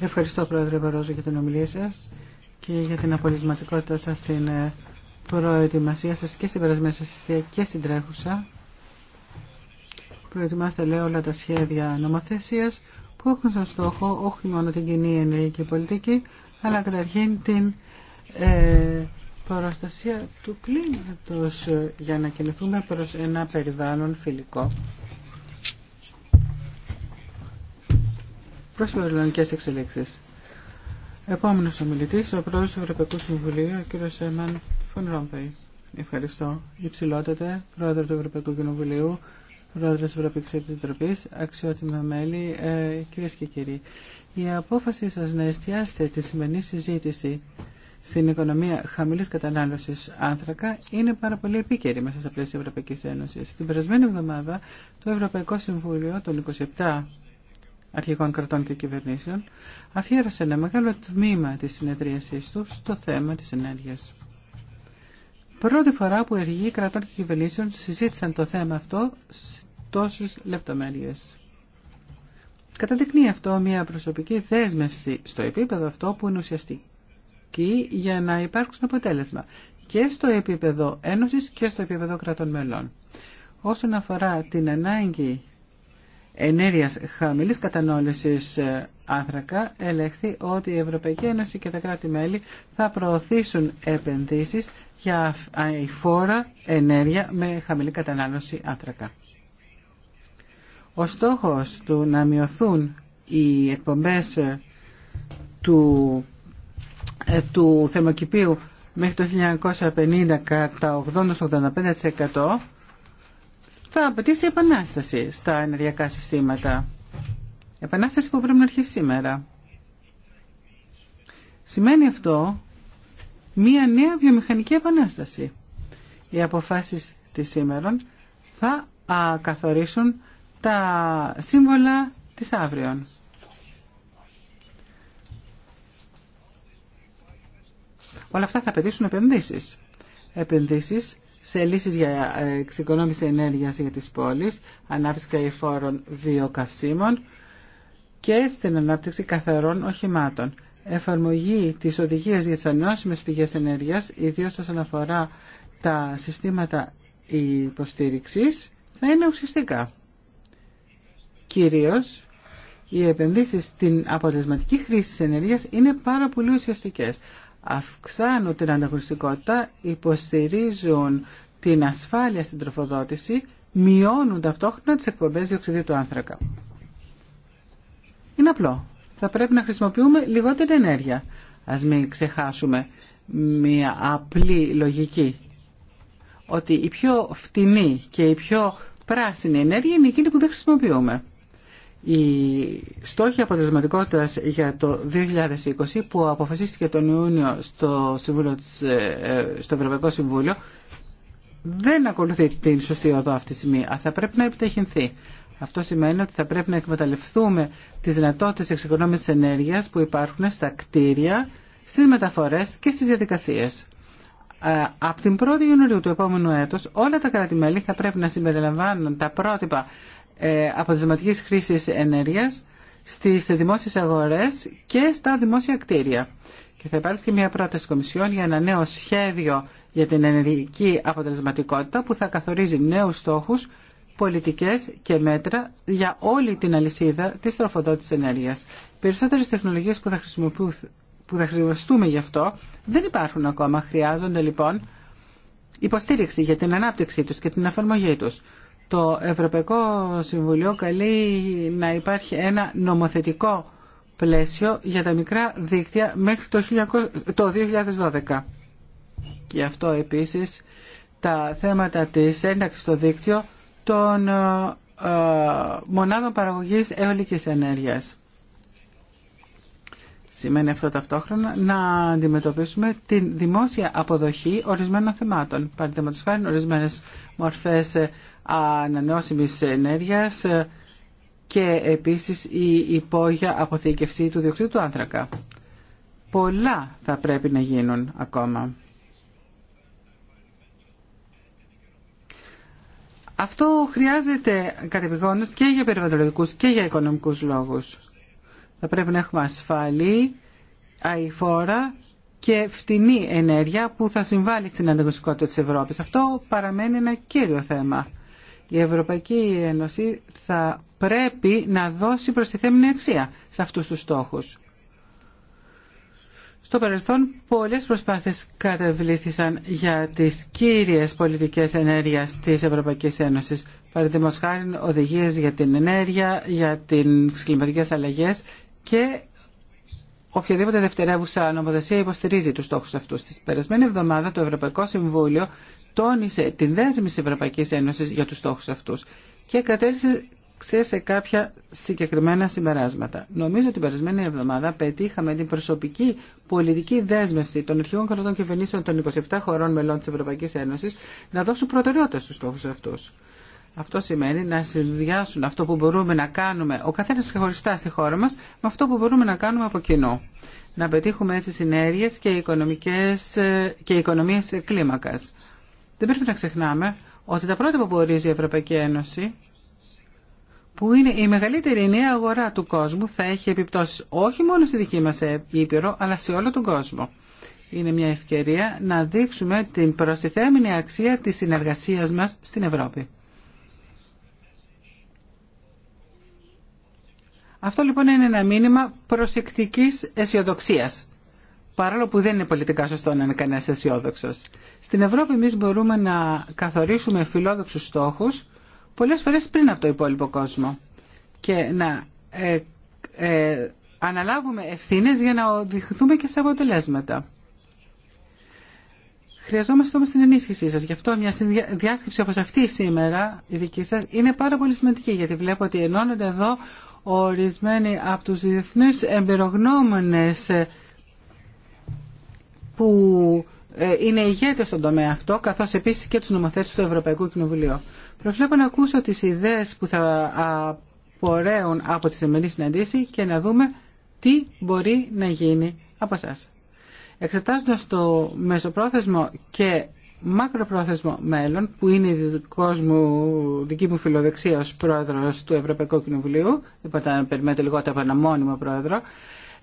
Ευχαριστώ, Πρόεδρε Μπαρόζο, για την ομιλία σας και για την απολυσματικότητα σας στην ε, προετοιμασία σα και στην περασμένη θητεία και στην τρέχουσα. Προετοιμάστε, λέω, όλα τα σχέδια νομοθεσία που έχουν σαν στόχο όχι μόνο την κοινή ενεργειακή πολιτική, αλλά καταρχήν την ε, προστασία του κλίματος ε, για να κινηθούμε προς ένα περιβάλλον φιλικό προς εξελίξει. Επόμενο ομιλητή, ο πρόεδρο του Ευρωπαϊκού Συμβουλίου, ο κ. Σέμαν Φων Ρόμπεϊ. Ευχαριστώ. Υψηλότατε, πρόεδρο του Ευρωπαϊκού Κοινοβουλίου, πρόεδρο τη Ευρωπαϊκή Επιτροπή, αξιότιμα μέλη, ε, κυρίε και κύριοι. Η απόφαση σα να εστιάσετε τη σημερινή συζήτηση στην οικονομία χαμηλή κατανάλωση άνθρακα είναι πάρα πολύ επίκαιρη μέσα στα πλαίσια Ευρωπαϊκή Ένωση. Την περασμένη εβδομάδα το Ευρωπαϊκό Συμβούλιο των 27 αρχικών κρατών και κυβερνήσεων, αφιέρωσε ένα μεγάλο τμήμα της συνεδρίασής του στο θέμα της ενέργειας. Πρώτη φορά που εργοί κρατών και κυβερνήσεων συζήτησαν το θέμα αυτό σε τόσες λεπτομέρειες. Καταδεικνύει αυτό μια προσωπική δέσμευση στο επίπεδο αυτό που είναι ουσιαστική για να υπάρξουν αποτέλεσμα και στο επίπεδο Ένωσης και στο επίπεδο κρατών μελών. Όσον αφορά την ανάγκη ενέργειας χαμηλής κατανόλωσης ε, άνθρακα ελεγχθεί ότι η Ευρωπαϊκή Ένωση και τα κράτη-μέλη θα προωθήσουν επενδύσεις για αηφόρα ενέργεια με χαμηλή κατανάλωση άνθρακα. Ο στόχος του να μειωθούν οι εκπομπές ε, του, ε, του θερμοκηπίου μέχρι το 1950 κατά 80-85% θα απαιτήσει επανάσταση στα ενεργειακά συστήματα. Επανάσταση που πρέπει να αρχίσει σήμερα. Σημαίνει αυτό μία νέα βιομηχανική επανάσταση. Οι αποφάσεις της σήμερα θα καθορίσουν τα σύμβολα της αύριο. Όλα αυτά θα απαιτήσουν επενδύσεις. Επενδύσεις σε λύσεις για ε, εξοικονόμηση ενέργειας για τις πόλεις, ανάπτυξη καηφόρων βιοκαυσίμων και στην ανάπτυξη καθαρών οχημάτων. Εφαρμογή της οδηγίας για τις ανώσιμες πηγές ενέργειας, ιδίως όσον αφορά τα συστήματα υποστήριξης, θα είναι ουσιαστικά. Κυρίως, οι επενδύσεις στην αποτελεσματική χρήση της ενέργειας είναι πάρα πολύ ουσιαστικές αυξάνουν την ανταγωνιστικότητα, υποστηρίζουν την ασφάλεια στην τροφοδότηση, μειώνουν ταυτόχρονα τις εκπομπές διοξιδίου του άνθρακα. Είναι απλό. Θα πρέπει να χρησιμοποιούμε λιγότερη ενέργεια. Ας μην ξεχάσουμε μια απλή λογική ότι η πιο φτηνή και η πιο πράσινη ενέργεια είναι εκείνη που δεν χρησιμοποιούμε. Η στόχη αποτελεσματικότητα για το 2020 που αποφασίστηκε τον Ιούνιο στο, Συμβούλιο ε, ε, στο Ευρωπαϊκό Συμβούλιο δεν ακολουθεί την σωστή οδό αυτή τη στιγμή. Θα πρέπει να επιτεχυνθεί. Αυτό σημαίνει ότι θα πρέπει να εκμεταλλευτούμε τι δυνατότητε εξοικονόμηση ενέργεια που υπάρχουν στα κτίρια, στι μεταφορέ και στι διαδικασίε. Ε, από την 1η Ιουνιού του επόμενου έτου, όλα τα κράτη-μέλη θα πρέπει να συμπεριλαμβάνουν τα πρότυπα ε, αποτελεσματικής χρήσης ενέργειας στις δημόσιες αγορές και στα δημόσια κτίρια. Και θα υπάρξει και μια πρόταση Κομισιόν για ένα νέο σχέδιο για την ενεργειακή αποτελεσματικότητα που θα καθορίζει νέους στόχους, πολιτικές και μέτρα για όλη την αλυσίδα της τροφοδότης ενέργειας. Περισσότερες τεχνολογίες που θα, που θα χρησιμοποιούμε γι' αυτό δεν υπάρχουν ακόμα. Χρειάζονται λοιπόν υποστήριξη για την ανάπτυξή τους και την εφαρμογή τους. Το Ευρωπαϊκό Συμβουλίο καλεί να υπάρχει ένα νομοθετικό πλαίσιο για τα μικρά δίκτυα μέχρι το 2012. Και αυτό επίσης τα θέματα της ένταξης στο δίκτυο των ε, ε, μονάδων παραγωγής αιωλικής ενέργειας. Σημαίνει αυτό ταυτόχρονα να αντιμετωπίσουμε την δημόσια αποδοχή ορισμένων θεμάτων. Παραδείγματος χάρη ορισμένες μορφές ε, ανανεώσιμης ενέργειας και επίσης η υπόγεια αποθήκευση του διοξείδου του άνθρακα. Πολλά θα πρέπει να γίνουν ακόμα. Αυτό χρειάζεται κατεπηγόντως και για περιβαλλοντικούς και για οικονομικούς λόγους. Θα πρέπει να έχουμε ασφαλή, αηφόρα και φτηνή ενέργεια που θα συμβάλλει στην ανταγωνιστικότητα της Ευρώπης. Αυτό παραμένει ένα κύριο θέμα η Ευρωπαϊκή Ένωση θα πρέπει να δώσει προστιθέμενη αξία σε αυτούς τους στόχους. Στο παρελθόν πολλές προσπάθειες κατεβλήθησαν για τις κύριες πολιτικές ενέργειας της Ευρωπαϊκής Ένωσης. Παραδείγματος χάρη οδηγίες για την ενέργεια, για τις κλιματικές αλλαγές και οποιαδήποτε δευτερεύουσα νομοθεσία υποστηρίζει τους στόχους αυτούς. Τη περασμένη εβδομάδα το Ευρωπαϊκό Συμβούλιο τόνισε την δέσμη της Ευρωπαϊκής Ένωσης για τους στόχους αυτούς και κατέληξε σε κάποια συγκεκριμένα συμπεράσματα. Νομίζω ότι την περασμένη εβδομάδα πετύχαμε την προσωπική πολιτική δέσμευση των αρχηγών κρατών κυβερνήσεων των 27 χωρών μελών της Ευρωπαϊκής Ένωσης να δώσουν προτεραιότητα στους στόχους αυτούς. Αυτό σημαίνει να συνδυάσουν αυτό που μπορούμε να κάνουμε ο καθένα ξεχωριστά στη χώρα μα με αυτό που μπορούμε να κάνουμε από κοινό. Να πετύχουμε έτσι συνέργειε και, οικονομικές, ε, και οικονομίε κλίμακα. Δεν πρέπει να ξεχνάμε ότι τα πρώτα που ορίζει η Ευρωπαϊκή Ένωση, που είναι η μεγαλύτερη νέα αγορά του κόσμου, θα έχει επιπτώσεις όχι μόνο στη δική μας Ήπειρο, αλλά σε όλο τον κόσμο. Είναι μια ευκαιρία να δείξουμε την προστιθέμενη αξία της συνεργασίας μας στην Ευρώπη. Αυτό λοιπόν είναι ένα μήνυμα προσεκτικής αισιοδοξία παρόλο που δεν είναι πολιτικά σωστό να είναι κανένα αισιόδοξο. Στην Ευρώπη εμεί μπορούμε να καθορίσουμε φιλόδοξους στόχους πολλές φορές πριν από το υπόλοιπο κόσμο και να ε, ε αναλάβουμε ευθύνες για να οδηγηθούμε και σε αποτελέσματα. Χρειαζόμαστε όμως την ενίσχυσή σα Γι' αυτό μια διάσκεψη όπω αυτή σήμερα, η δική σα είναι πάρα πολύ σημαντική, γιατί βλέπω ότι ενώνονται εδώ ορισμένοι από τους διεθνείς εμπειρογνώμονες ε, που ε, είναι ηγέτες στον τομέα αυτό, καθώς επίσης και τους νομοθέτες του Ευρωπαϊκού Κοινοβουλίου. Προβλέπω να ακούσω τις ιδέες που θα απορρέουν από τη σημερινή συναντήση και να δούμε τι μπορεί να γίνει από εσά. Εξετάζοντας το μεσοπρόθεσμο και μακροπρόθεσμο μέλλον, που είναι η μου, δική μου φιλοδεξία ως πρόεδρος του Ευρωπαϊκού Κοινοβουλίου, δεν μπορείτε να περιμένετε λιγότερο από ένα μόνιμο πρόεδρο,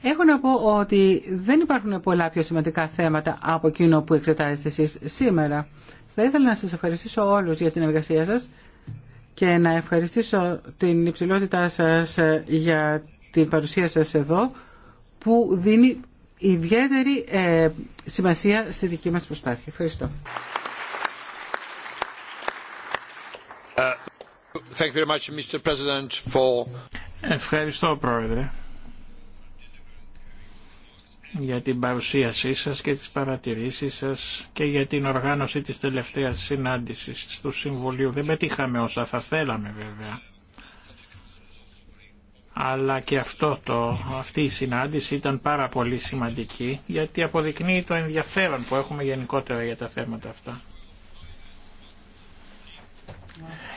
Έχω να πω ότι δεν υπάρχουν πολλά πιο σημαντικά θέματα από εκείνο που εξετάζετε εσείς σήμερα. Θα ήθελα να σας ευχαριστήσω όλους για την εργασία σας και να ευχαριστήσω την υψηλότητά σας ε, για την παρουσία σας εδώ που δίνει ιδιαίτερη ε, σημασία στη δική μας προσπάθεια. Ευχαριστώ. Uh, thank you very much, Mr. President, for... Ευχαριστώ, Πρόεδρε για την παρουσίασή σας και τις παρατηρήσεις σας και για την οργάνωση της τελευταίας συνάντησης του Συμβουλίου. Δεν πετύχαμε όσα θα θέλαμε βέβαια. Αλλά και αυτό το, αυτή η συνάντηση ήταν πάρα πολύ σημαντική γιατί αποδεικνύει το ενδιαφέρον που έχουμε γενικότερα για τα θέματα αυτά.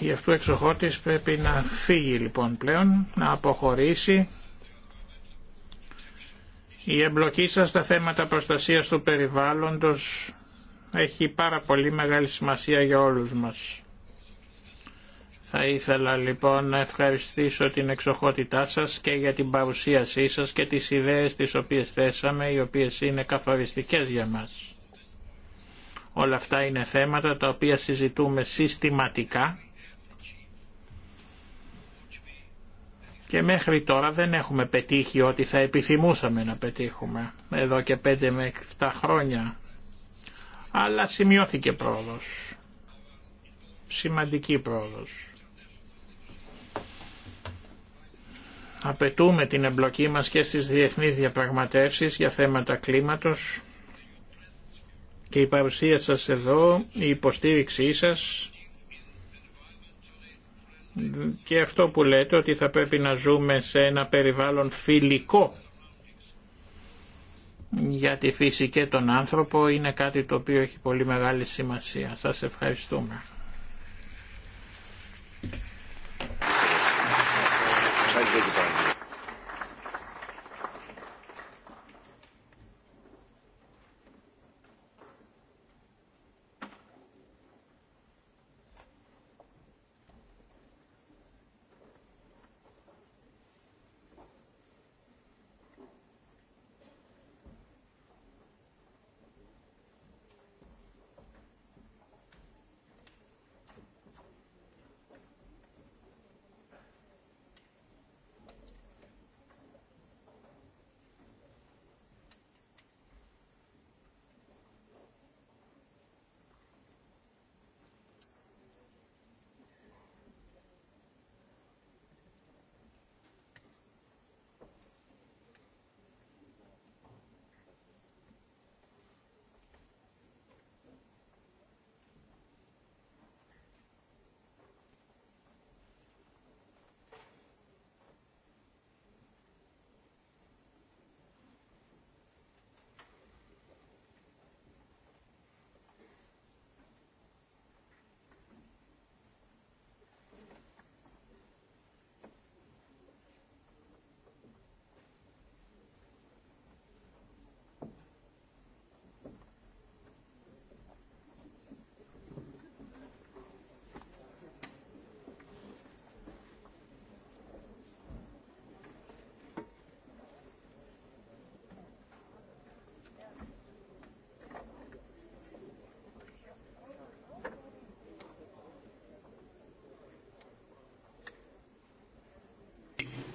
Γι' αυτού εξοχότης πρέπει να φύγει λοιπόν πλέον, να αποχωρήσει η εμπλοκή σας στα θέματα προστασίας του περιβάλλοντος έχει πάρα πολύ μεγάλη σημασία για όλους μας. Θα ήθελα λοιπόν να ευχαριστήσω την εξοχότητά σας και για την παρουσίασή σας και τις ιδέες τις οποίες θέσαμε, οι οποίες είναι καθοριστικές για μας. Όλα αυτά είναι θέματα τα οποία συζητούμε συστηματικά και μέχρι τώρα δεν έχουμε πετύχει ό,τι θα επιθυμούσαμε να πετύχουμε εδώ και 5 με 7 χρόνια. Αλλά σημειώθηκε πρόοδος. Σημαντική πρόοδος. Απαιτούμε την εμπλοκή μας και στις διεθνείς διαπραγματεύσεις για θέματα κλίματος και η παρουσία σας εδώ, η υποστήριξή σας και αυτό που λέτε ότι θα πρέπει να ζούμε σε ένα περιβάλλον φιλικό για τη φύση και τον άνθρωπο είναι κάτι το οποίο έχει πολύ μεγάλη σημασία. Σας ευχαριστούμε. ευχαριστούμε.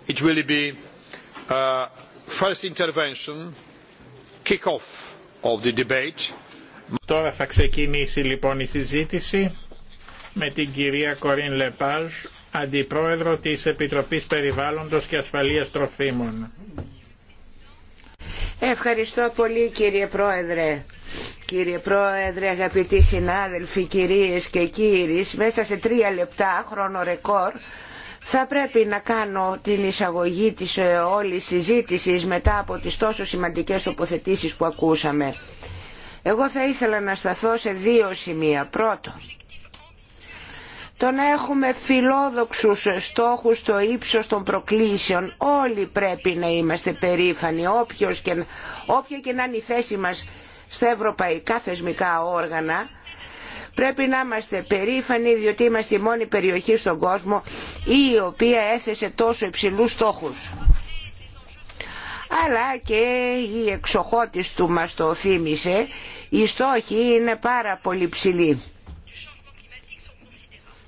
It uh, intervention, the Τώρα θα ξεκινήσει λοιπόν η συζήτηση με την κυρία Κορίν Λεπάζ, Αντιπρόεδρο της Επιτροπής Περιβάλλοντος και Ασφαλείας Τροφίμων. Ευχαριστώ πολύ κύριε Πρόεδρε. Κύριε Πρόεδρε, αγαπητοί συνάδελφοι, κυρίες και κύριοι, μέσα σε τρία λεπτά, χρόνο ρεκόρ, θα πρέπει να κάνω την εισαγωγή της ε, όλης συζήτησης μετά από τις τόσο σημαντικές τοποθετήσεις που ακούσαμε. Εγώ θα ήθελα να σταθώ σε δύο σημεία. Πρώτο, το να έχουμε φιλόδοξους στόχους στο ύψος των προκλήσεων. Όλοι πρέπει να είμαστε περήφανοι, όποιος και, όποια και να είναι η θέση μας στα ευρωπαϊκά θεσμικά όργανα, Πρέπει να είμαστε περήφανοι διότι είμαστε η μόνη περιοχή στον κόσμο η οποία έθεσε τόσο υψηλούς στόχους. Αλλά και η εξοχότης του μας το θύμισε, οι στόχοι είναι πάρα πολύ ψηλοί.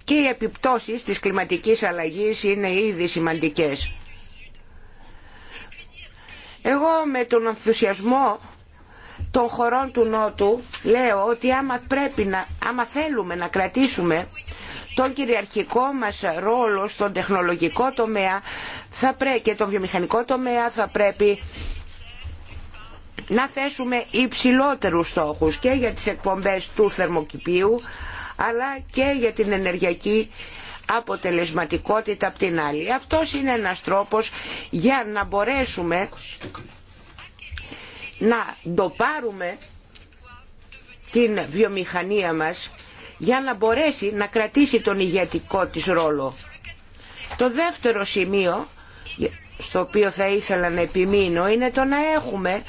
Και οι επιπτώσεις της κλιματικής αλλαγής είναι ήδη σημαντικές. Εγώ με τον ενθουσιασμό των χωρών του Νότου λέω ότι άμα, πρέπει να, θέλουμε να κρατήσουμε τον κυριαρχικό μας ρόλο στον τεχνολογικό τομέα θα πρέ... και τον βιομηχανικό τομέα θα πρέπει να θέσουμε υψηλότερους στόχους και για τις εκπομπές του θερμοκηπίου αλλά και για την ενεργειακή αποτελεσματικότητα από την άλλη. Αυτός είναι ένας τρόπος για να μπορέσουμε να ντοπάρουμε την βιομηχανία μας για να μπορέσει να κρατήσει τον ηγετικό της ρόλο. Το δεύτερο σημείο στο οποίο θα ήθελα να επιμείνω είναι το να έχουμε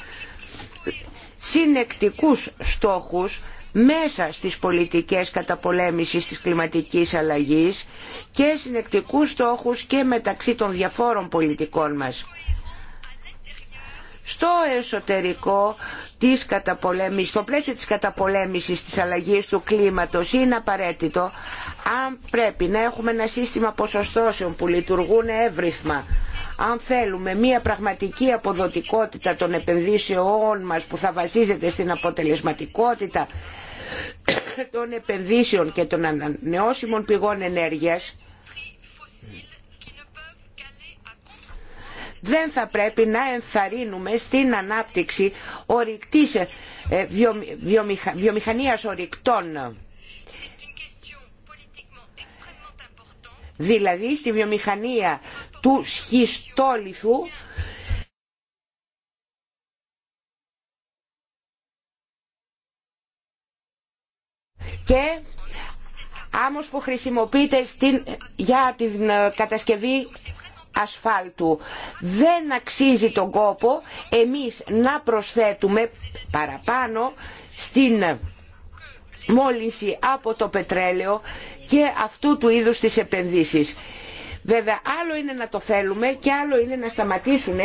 συνεκτικούς στόχους μέσα στις πολιτικές καταπολέμησης της κλιματικής αλλαγής και συνεκτικούς στόχους και μεταξύ των διαφόρων πολιτικών μας στο εσωτερικό της καταπολέμησης, στο πλαίσιο της καταπολέμησης της αλλαγής του κλίματος είναι απαραίτητο αν πρέπει να έχουμε ένα σύστημα ποσοστώσεων που λειτουργούν εύρυθμα αν θέλουμε μια πραγματική αποδοτικότητα των επενδύσεών μας που θα βασίζεται στην αποτελεσματικότητα των επενδύσεων και των ανανεώσιμων πηγών ενέργειας δεν θα πρέπει να ενθαρρύνουμε στην ανάπτυξη ορυκτής, ε, βιομηχανίας ορυκτών. Δηλαδή στη βιομηχανία του σχιστόλιθου και άμμος που χρησιμοποιείται στην, για την ε, κατασκευή ασφάλτου. Δεν αξίζει τον κόπο εμείς να προσθέτουμε παραπάνω στην μόλυνση από το πετρέλαιο και αυτού του είδους τις επενδύσεις. Βέβαια άλλο είναι να το θέλουμε και άλλο είναι να σταματήσουν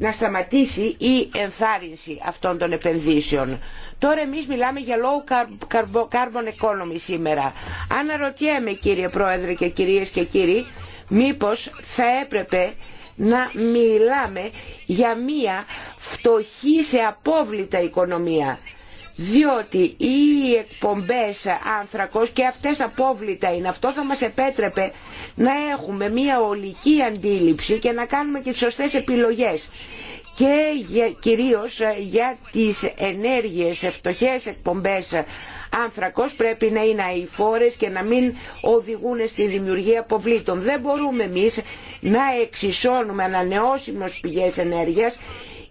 να σταματήσει η ενθάρρυνση αυτών των επενδύσεων. Τώρα εμείς μιλάμε για low carbon economy σήμερα. Αναρωτιέμαι κύριε Πρόεδρε και κυρίες και κύριοι Μήπως θα έπρεπε να μιλάμε για μία φτωχή σε απόβλητα οικονομία διότι οι εκπομπές άνθρακος και αυτές απόβλητα είναι αυτό θα μας επέτρεπε να έχουμε μια ολική αντίληψη και να κάνουμε και τις σωστές επιλογές και για, κυρίως ε, για τις ενέργειες, φτωχές εκπομπές ε, άνθρακος πρέπει να είναι αηφόρες και να μην οδηγούν στη δημιουργία αποβλήτων. Δεν μπορούμε εμείς να εξισώνουμε ανανεώσιμες πηγές ενέργειας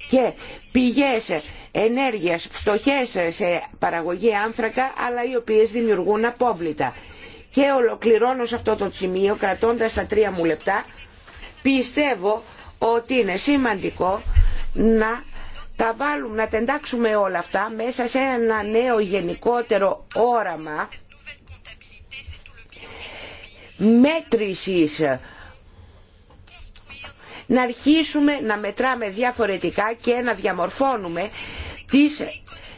και πηγές ενέργειας φτωχές σε παραγωγή άνθρακα αλλά οι οποίες δημιουργούν απόβλητα. Και ολοκληρώνω σε αυτό το σημείο κρατώντας τα τρία μου λεπτά πιστεύω ότι είναι σημαντικό να τα βάλουμε, να τα εντάξουμε όλα αυτά μέσα σε ένα νέο γενικότερο όραμα μέτρησης να αρχίσουμε να μετράμε διαφορετικά και να διαμορφώνουμε τις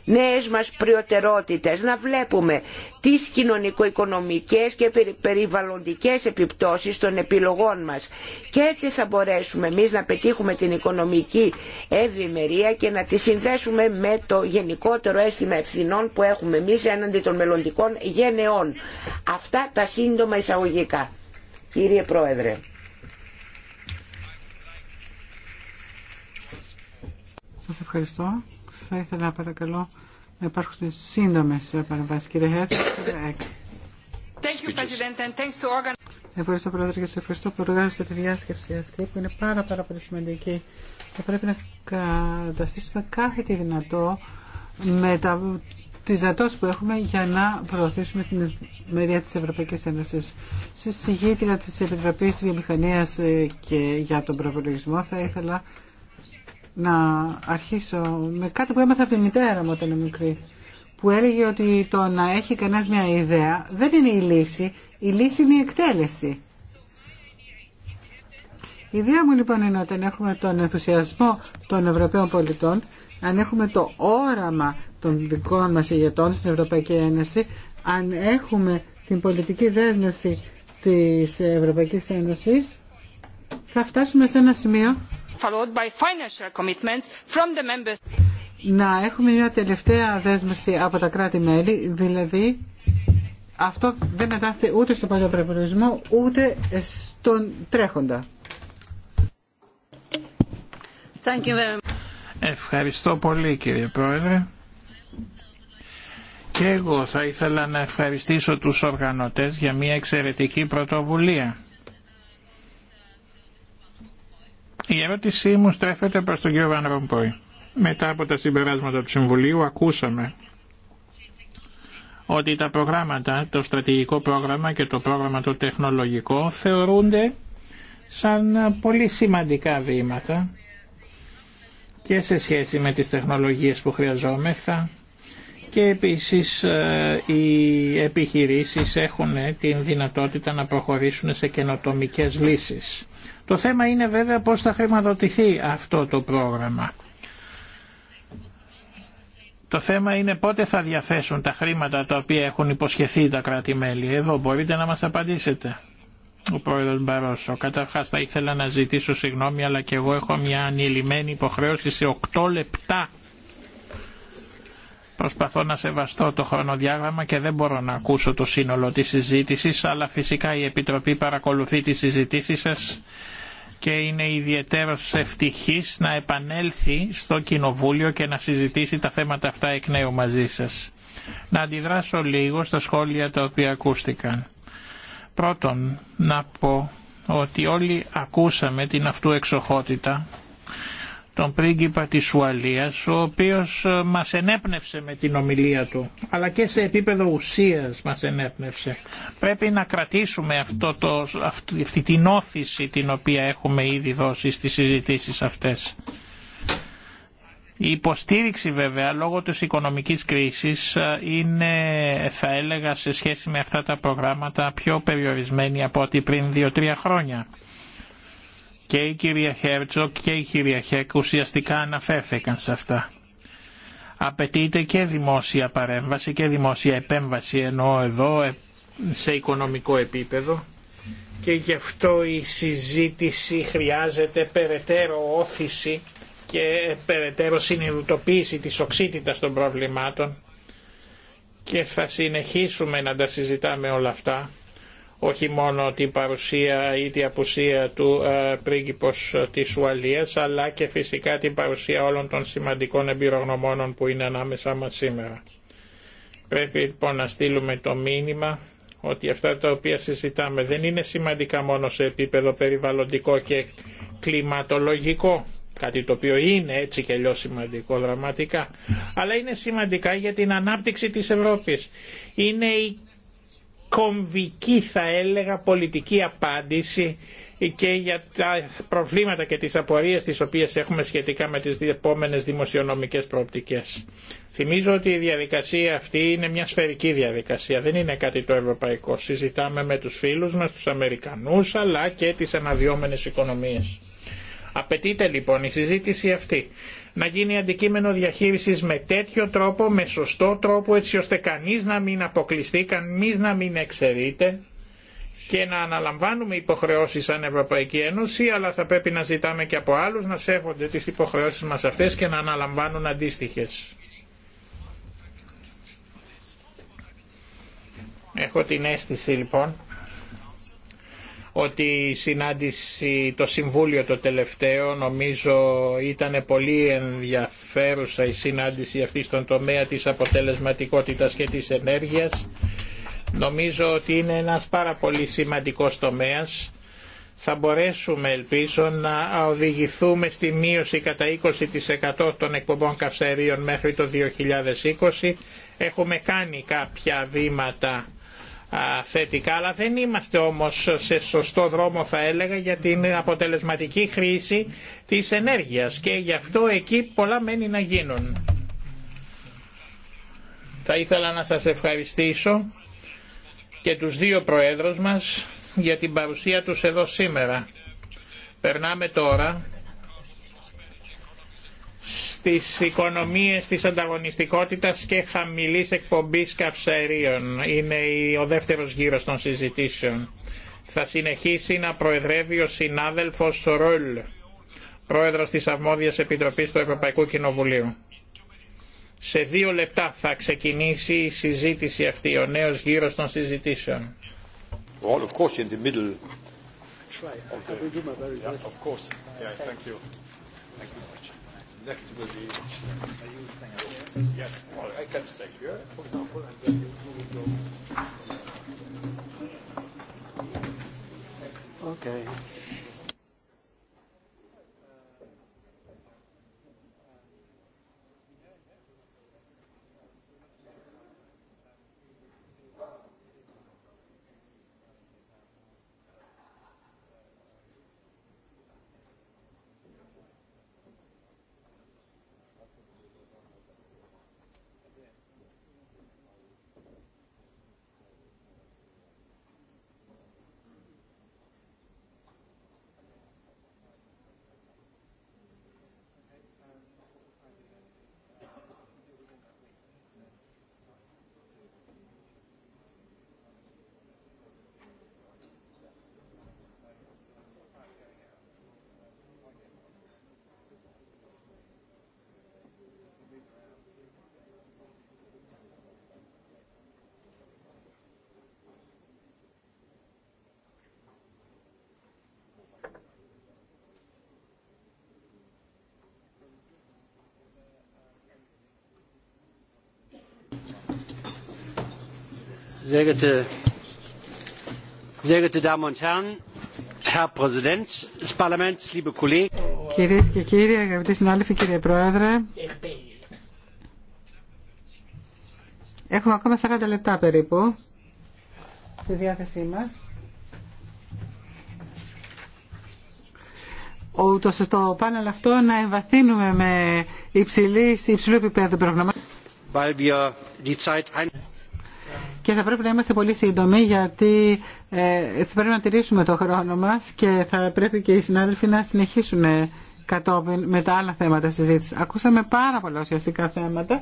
νέες μας πριωτερότητες, να βλέπουμε τις κοινωνικο-οικονομικές και περιβαλλοντικές επιπτώσεις των επιλογών μας. Και έτσι θα μπορέσουμε εμείς να πετύχουμε την οικονομική ευημερία και να τη συνδέσουμε με το γενικότερο αίσθημα ευθυνών που έχουμε εμείς έναντι των μελλοντικών γενεών. Αυτά τα σύντομα εισαγωγικά. Κύριε Πρόεδρε. Σας ευχαριστώ θα ήθελα παρακαλώ να υπάρχουν σύντομε παρεμβάσει. Κύριε Χέρτσο, Ευχαριστώ, Πρόεδρε, και σα ευχαριστώ που οργάνωσατε τη διάσκεψη αυτή που είναι πάρα, πάρα πολύ σημαντική. Θα πρέπει να καταστήσουμε κάθε τι δυνατό με τα, τις δυνατότητες που έχουμε για να προωθήσουμε την μεριά της Ευρωπαϊκής Ένωσης. Στη συγγήτρια της Επιτροπής Βιομηχανίας ε, και για τον προπολογισμό θα ήθελα να αρχίσω με κάτι που έμαθα από τη μητέρα μου όταν είμαι μικρή που έλεγε ότι το να έχει κανένα μια ιδέα δεν είναι η λύση, η λύση είναι η εκτέλεση. Η ιδέα μου λοιπόν είναι όταν έχουμε τον ενθουσιασμό των Ευρωπαίων πολιτών, αν έχουμε το όραμα των δικών μας ηγετών στην Ευρωπαϊκή Ένωση, αν έχουμε την πολιτική δέσμευση της Ευρωπαϊκής Ένωσης, θα φτάσουμε σε ένα σημείο να έχουμε μια τελευταία δέσμευση από τα κράτη-μέλη, δηλαδή αυτό δεν εντάχθηκε ούτε στο παλιό προπολογισμό ούτε στον τρέχοντα. Ευχαριστώ πολύ κύριε Πρόεδρε. Και εγώ θα ήθελα να ευχαριστήσω τους οργανωτές για μια εξαιρετική πρωτοβουλία. Η ερώτησή μου στρέφεται προς τον κύριο Βαν Ρομπόη. Μετά από τα συμπεράσματα του Συμβουλίου ακούσαμε ότι τα προγράμματα, το στρατηγικό πρόγραμμα και το πρόγραμμα το τεχνολογικό θεωρούνται σαν πολύ σημαντικά βήματα και σε σχέση με τις τεχνολογίες που χρειαζόμεθα και επίσης ε, οι επιχειρήσεις έχουν την δυνατότητα να προχωρήσουν σε καινοτομικές λύσεις. Το θέμα είναι βέβαια πώς θα χρηματοδοτηθεί αυτό το πρόγραμμα. Το θέμα είναι πότε θα διαθέσουν τα χρήματα τα οποία έχουν υποσχεθεί τα κράτη-μέλη. Εδώ μπορείτε να μας απαντήσετε. Ο πρόεδρος Μπαρόσο. Καταρχάς θα ήθελα να ζητήσω συγγνώμη αλλά και εγώ έχω μια ανηλυμένη υποχρέωση σε 8 λεπτά. Προσπαθώ να σεβαστώ το χρονοδιάγραμμα και δεν μπορώ να ακούσω το σύνολο της συζήτησης αλλά φυσικά η Επιτροπή παρακολουθεί τις συζητήσει σα και είναι ιδιαίτερο ευτυχή να επανέλθει στο Κοινοβούλιο και να συζητήσει τα θέματα αυτά εκ νέου μαζί σας. Να αντιδράσω λίγο στα σχόλια τα οποία ακούστηκαν. Πρώτον, να πω ότι όλοι ακούσαμε την αυτού εξοχότητα τον πρίγκιπα της Ουαλίας, ο οποίος ε, μας ενέπνευσε με την ομιλία του, αλλά και σε επίπεδο ουσίας μας ενέπνευσε. Πρέπει να κρατήσουμε αυτό το, αυτή την όθηση την οποία έχουμε ήδη δώσει στις συζητήσεις αυτές. Η υποστήριξη βέβαια λόγω της οικονομικής κρίσης ε, είναι θα έλεγα σε σχέση με αυτά τα προγράμματα πιο περιορισμένη από ό,τι πριν 2-3 χρόνια και η κυρία Χέρτσοκ και η κυρία Χέκ ουσιαστικά αναφέρθηκαν σε αυτά. Απαιτείται και δημόσια παρέμβαση και δημόσια επέμβαση ενώ εδώ ε, σε οικονομικό επίπεδο και γι' αυτό η συζήτηση χρειάζεται περαιτέρω όθηση και περαιτέρω συνειδητοποίηση της οξύτητας των προβλημάτων και θα συνεχίσουμε να τα συζητάμε όλα αυτά όχι μόνο την παρουσία ή την απουσία του ε, πρίγκιπος της Ουαλίας αλλά και φυσικά την παρουσία όλων των σημαντικών εμπειρογνωμόνων που είναι ανάμεσά μας σήμερα. Πρέπει λοιπόν να στείλουμε το μήνυμα ότι αυτά τα οποία συζητάμε δεν είναι σημαντικά μόνο σε επίπεδο περιβαλλοντικό και κλιματολογικό, κάτι το οποίο είναι έτσι και αλλιώς σημαντικό δραματικά, αλλά είναι σημαντικά για την ανάπτυξη της Ευρώπης. Είναι η κομβική θα έλεγα πολιτική απάντηση και για τα προβλήματα και τις απορίες τις οποίες έχουμε σχετικά με τις επόμενες δημοσιονομικές προοπτικές. Θυμίζω ότι η διαδικασία αυτή είναι μια σφαιρική διαδικασία, δεν είναι κάτι το ευρωπαϊκό. Συζητάμε με τους φίλους μας, τους Αμερικανούς, αλλά και τις αναδυόμενες οικονομίες. Απαιτείται λοιπόν η συζήτηση αυτή να γίνει αντικείμενο διαχείρισης με τέτοιο τρόπο, με σωστό τρόπο, έτσι ώστε κανείς να μην αποκλειστεί, κανείς να μην εξαιρείται και να αναλαμβάνουμε υποχρεώσεις σαν Ευρωπαϊκή Ένωση, αλλά θα πρέπει να ζητάμε και από άλλους να σέβονται τις υποχρεώσεις μας αυτές και να αναλαμβάνουν αντίστοιχες. Έχω την αίσθηση λοιπόν ότι η συνάντηση, το Συμβούλιο το τελευταίο, νομίζω ήταν πολύ ενδιαφέρουσα η συνάντηση αυτή στον τομέα της αποτελεσματικότητας και της ενέργειας. Νομίζω ότι είναι ένας πάρα πολύ σημαντικός τομέας. Θα μπορέσουμε, ελπίζω, να οδηγηθούμε στη μείωση κατά 20% των εκπομπών καυσαερίων μέχρι το 2020. Έχουμε κάνει κάποια βήματα θετικά, αλλά δεν είμαστε όμως σε σωστό δρόμο θα έλεγα για την αποτελεσματική χρήση της ενέργειας και γι' αυτό εκεί πολλά μένει να γίνουν. Θα ήθελα να σας ευχαριστήσω και τους δύο προέδρους μας για την παρουσία τους εδώ σήμερα. Περνάμε τώρα στις οικονομίες της ανταγωνιστικότητας και χαμηλής εκπομπής καυσαερίων. Είναι ο δεύτερος γύρος των συζητήσεων. Θα συνεχίσει να προεδρεύει ο συνάδελφος Ρολ, πρόεδρος της Αρμόδιας Επιτροπής του Ευρωπαϊκού Κοινοβουλίου. Σε δύο λεπτά θα ξεκινήσει η συζήτηση αυτή, ο νέος γύρος των συζητήσεων next will be. Are you staying up here? Yes. Well, I can stay here, for example, and then you will go. Okay. Sehr geehrte, Damen und Herren, και κύριοι, αγαπητοί συνάδελφοι, κύριε Πρόεδρε, έχουμε ακόμα 40 λεπτά περίπου στη διάθεσή μας. στο πάνελ αυτό να εμβαθύνουμε με υψηλή, υψηλού επίπεδου προγραμμάτων και θα πρέπει να είμαστε πολύ σύντομοι γιατί ε, θα πρέπει να τηρήσουμε το χρόνο μας και θα πρέπει και οι συνάδελφοι να συνεχίσουν κατόπιν με τα άλλα θέματα συζήτηση. Ακούσαμε πάρα πολλά ουσιαστικά θέματα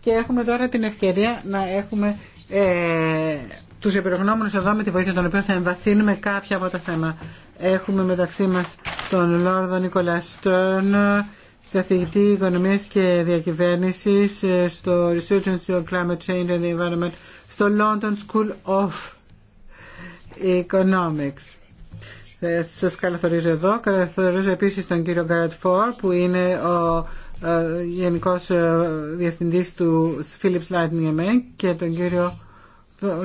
και έχουμε τώρα την ευκαιρία να έχουμε ε, τους επιρρογνώμενους εδώ με τη βοήθεια των οποίων θα εμβαθύνουμε κάποια από τα θέματα. Έχουμε μεταξύ μας τον Λόρδο Νικολά καθηγητή οικονομία και Διακυβέρνησης ε, στο Research Institute of Climate Change and the Environment στο London School of Economics. Ε, σας καλωσορίζω εδώ. Καλωσορίζω επίσης τον κύριο Γκάρατ Φόρ που είναι ο ε, Γενικός Διευθυντής του Philips Lightning MA και τον κύριο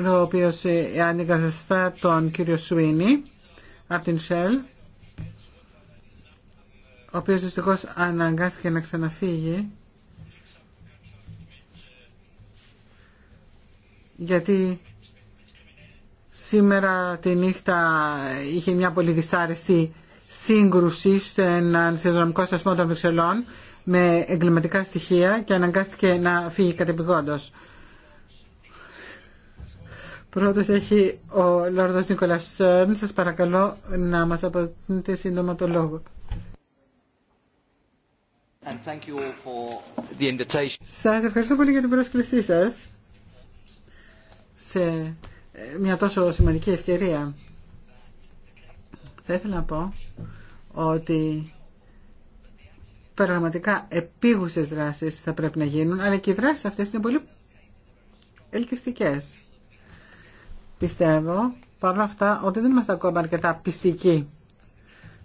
ο οποίος αντικαταστά τον κύριο Σουίνι από την Shell ο οποίος δυστυχώς αναγκάστηκε να ξαναφύγει γιατί σήμερα τη νύχτα είχε μια πολύ δυσάρεστη σύγκρουση σε έναν συνδρομικό σταθμό των Βρυξελών με εγκληματικά στοιχεία και αναγκάστηκε να φύγει κατεπηγόντως. Πρώτος έχει ο Λόρδος Νικολάς Σας παρακαλώ να μας αποτείνετε σύντομα το λόγο. Σα Σας ευχαριστώ πολύ για την πρόσκλησή σας σε ε, μια τόσο σημαντική ευκαιρία. Θα ήθελα να πω ότι πραγματικά επίγουσες δράσεις θα πρέπει να γίνουν, αλλά και οι δράσεις αυτές είναι πολύ ελκυστικές. Πιστεύω παρόλα αυτά ότι δεν είμαστε ακόμα αρκετά πιστικοί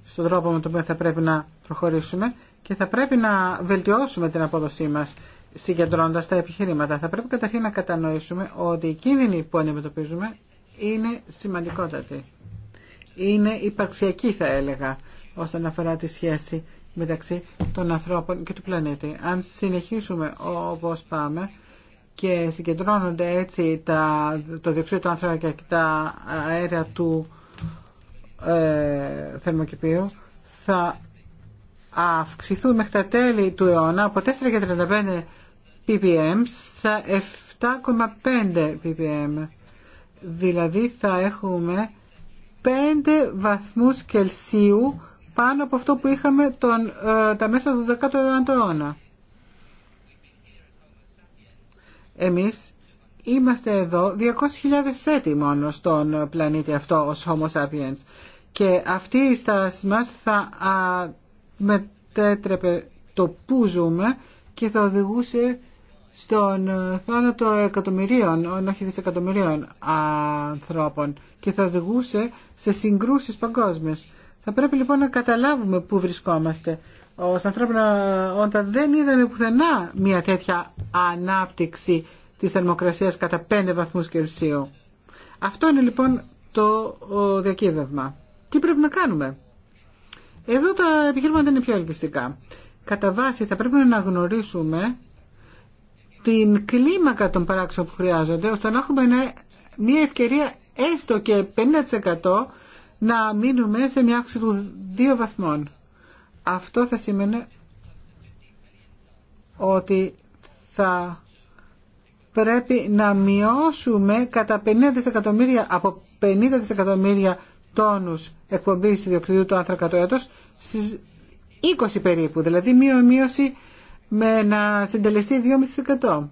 στον τρόπο με τον οποίο θα πρέπει να προχωρήσουμε και θα πρέπει να βελτιώσουμε την απόδοσή μας συγκεντρώνοντας τα επιχειρήματα. Θα πρέπει καταρχήν να κατανοήσουμε ότι οι κίνδυνοι που αντιμετωπίζουμε είναι σημαντικότατοι. Είναι υπαρξιακοί θα έλεγα όσον αφορά τη σχέση μεταξύ των ανθρώπων και του πλανήτη. Αν συνεχίσουμε όπως πάμε και συγκεντρώνονται έτσι τα, το διοξείδιο του άνθρακα και τα αέρια του ε, θερμοκηπίου, θα αυξηθούν μέχρι τα τέλη του αιώνα από 4,35 ppm σε 7,5 ppm. Δηλαδή θα έχουμε 5 βαθμούς Κελσίου πάνω από αυτό που είχαμε τον, ε, τα μέσα του 19ου αιώνα. Εμείς είμαστε εδώ 200.000 έτη μόνο στον πλανήτη αυτό ως Homo sapiens και αυτή η στάση μας θα μετέτρεπε το που ζούμε και θα οδηγούσε στον θάνατο εκατομμυρίων, όχι δισεκατομμυρίων ανθρώπων και θα οδηγούσε σε συγκρούσεις παγκόσμιες. Θα πρέπει λοιπόν να καταλάβουμε πού βρισκόμαστε. Ως ανθρώπινα όντα δεν είδαμε πουθενά μια τέτοια ανάπτυξη της θερμοκρασίας κατά 5 βαθμούς Κελσίου. Αυτό είναι λοιπόν το διακύβευμα. Τι πρέπει να κάνουμε. Εδώ τα επιχείρηματα είναι πιο ελκυστικά. Κατά βάση θα πρέπει να αναγνωρίσουμε την κλίμακα των παράξεων που χρειάζονται, ώστε να έχουμε μια ευκαιρία έστω και 50% να μείνουμε σε μια αύξηση του δύο βαθμών. Αυτό θα σημαίνει ότι θα πρέπει να μειώσουμε κατά 50 δισεκατομμύρια από 50 δισεκατομμύρια τόνους εκπομπής διοξιδίου του άνθρακα το έτος στις 20 περίπου, δηλαδή μία μείωση με να συντελεστεί 2,5%.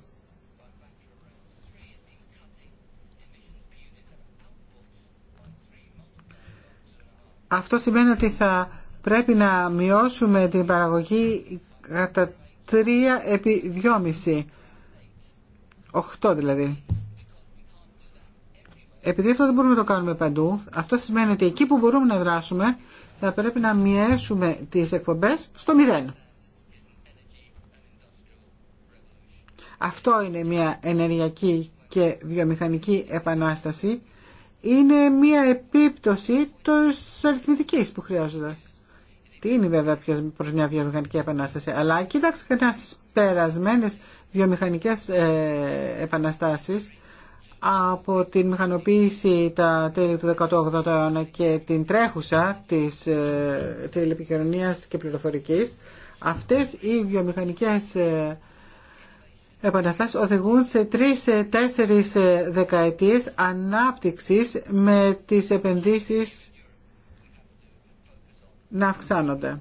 Αυτό σημαίνει ότι θα πρέπει να μειώσουμε την παραγωγή κατά 3 επί 2,5. 8 δηλαδή επειδή αυτό δεν μπορούμε να το κάνουμε παντού, αυτό σημαίνει ότι εκεί που μπορούμε να δράσουμε θα πρέπει να μειώσουμε τις εκπομπές στο μηδέν. Αυτό είναι μια ενεργειακή και βιομηχανική επανάσταση. Είναι μια επίπτωση της αριθμητικής που χρειάζεται. Τι είναι βέβαια προς μια βιομηχανική επανάσταση. Αλλά κοίταξε κανένα στις περασμένες βιομηχανικές ε, επαναστάσεις από την μηχανοποίηση τα τέλη του 18ου αιώνα και την τρέχουσα της ε, τηλεπικοινωνίας και πληροφορικής, αυτές οι βιομηχανικές ε, επαναστάσεις οδηγούν σε τρεις-τέσσερις ε, ε, δεκαετίες ανάπτυξης με τις επενδύσεις να αυξάνονται.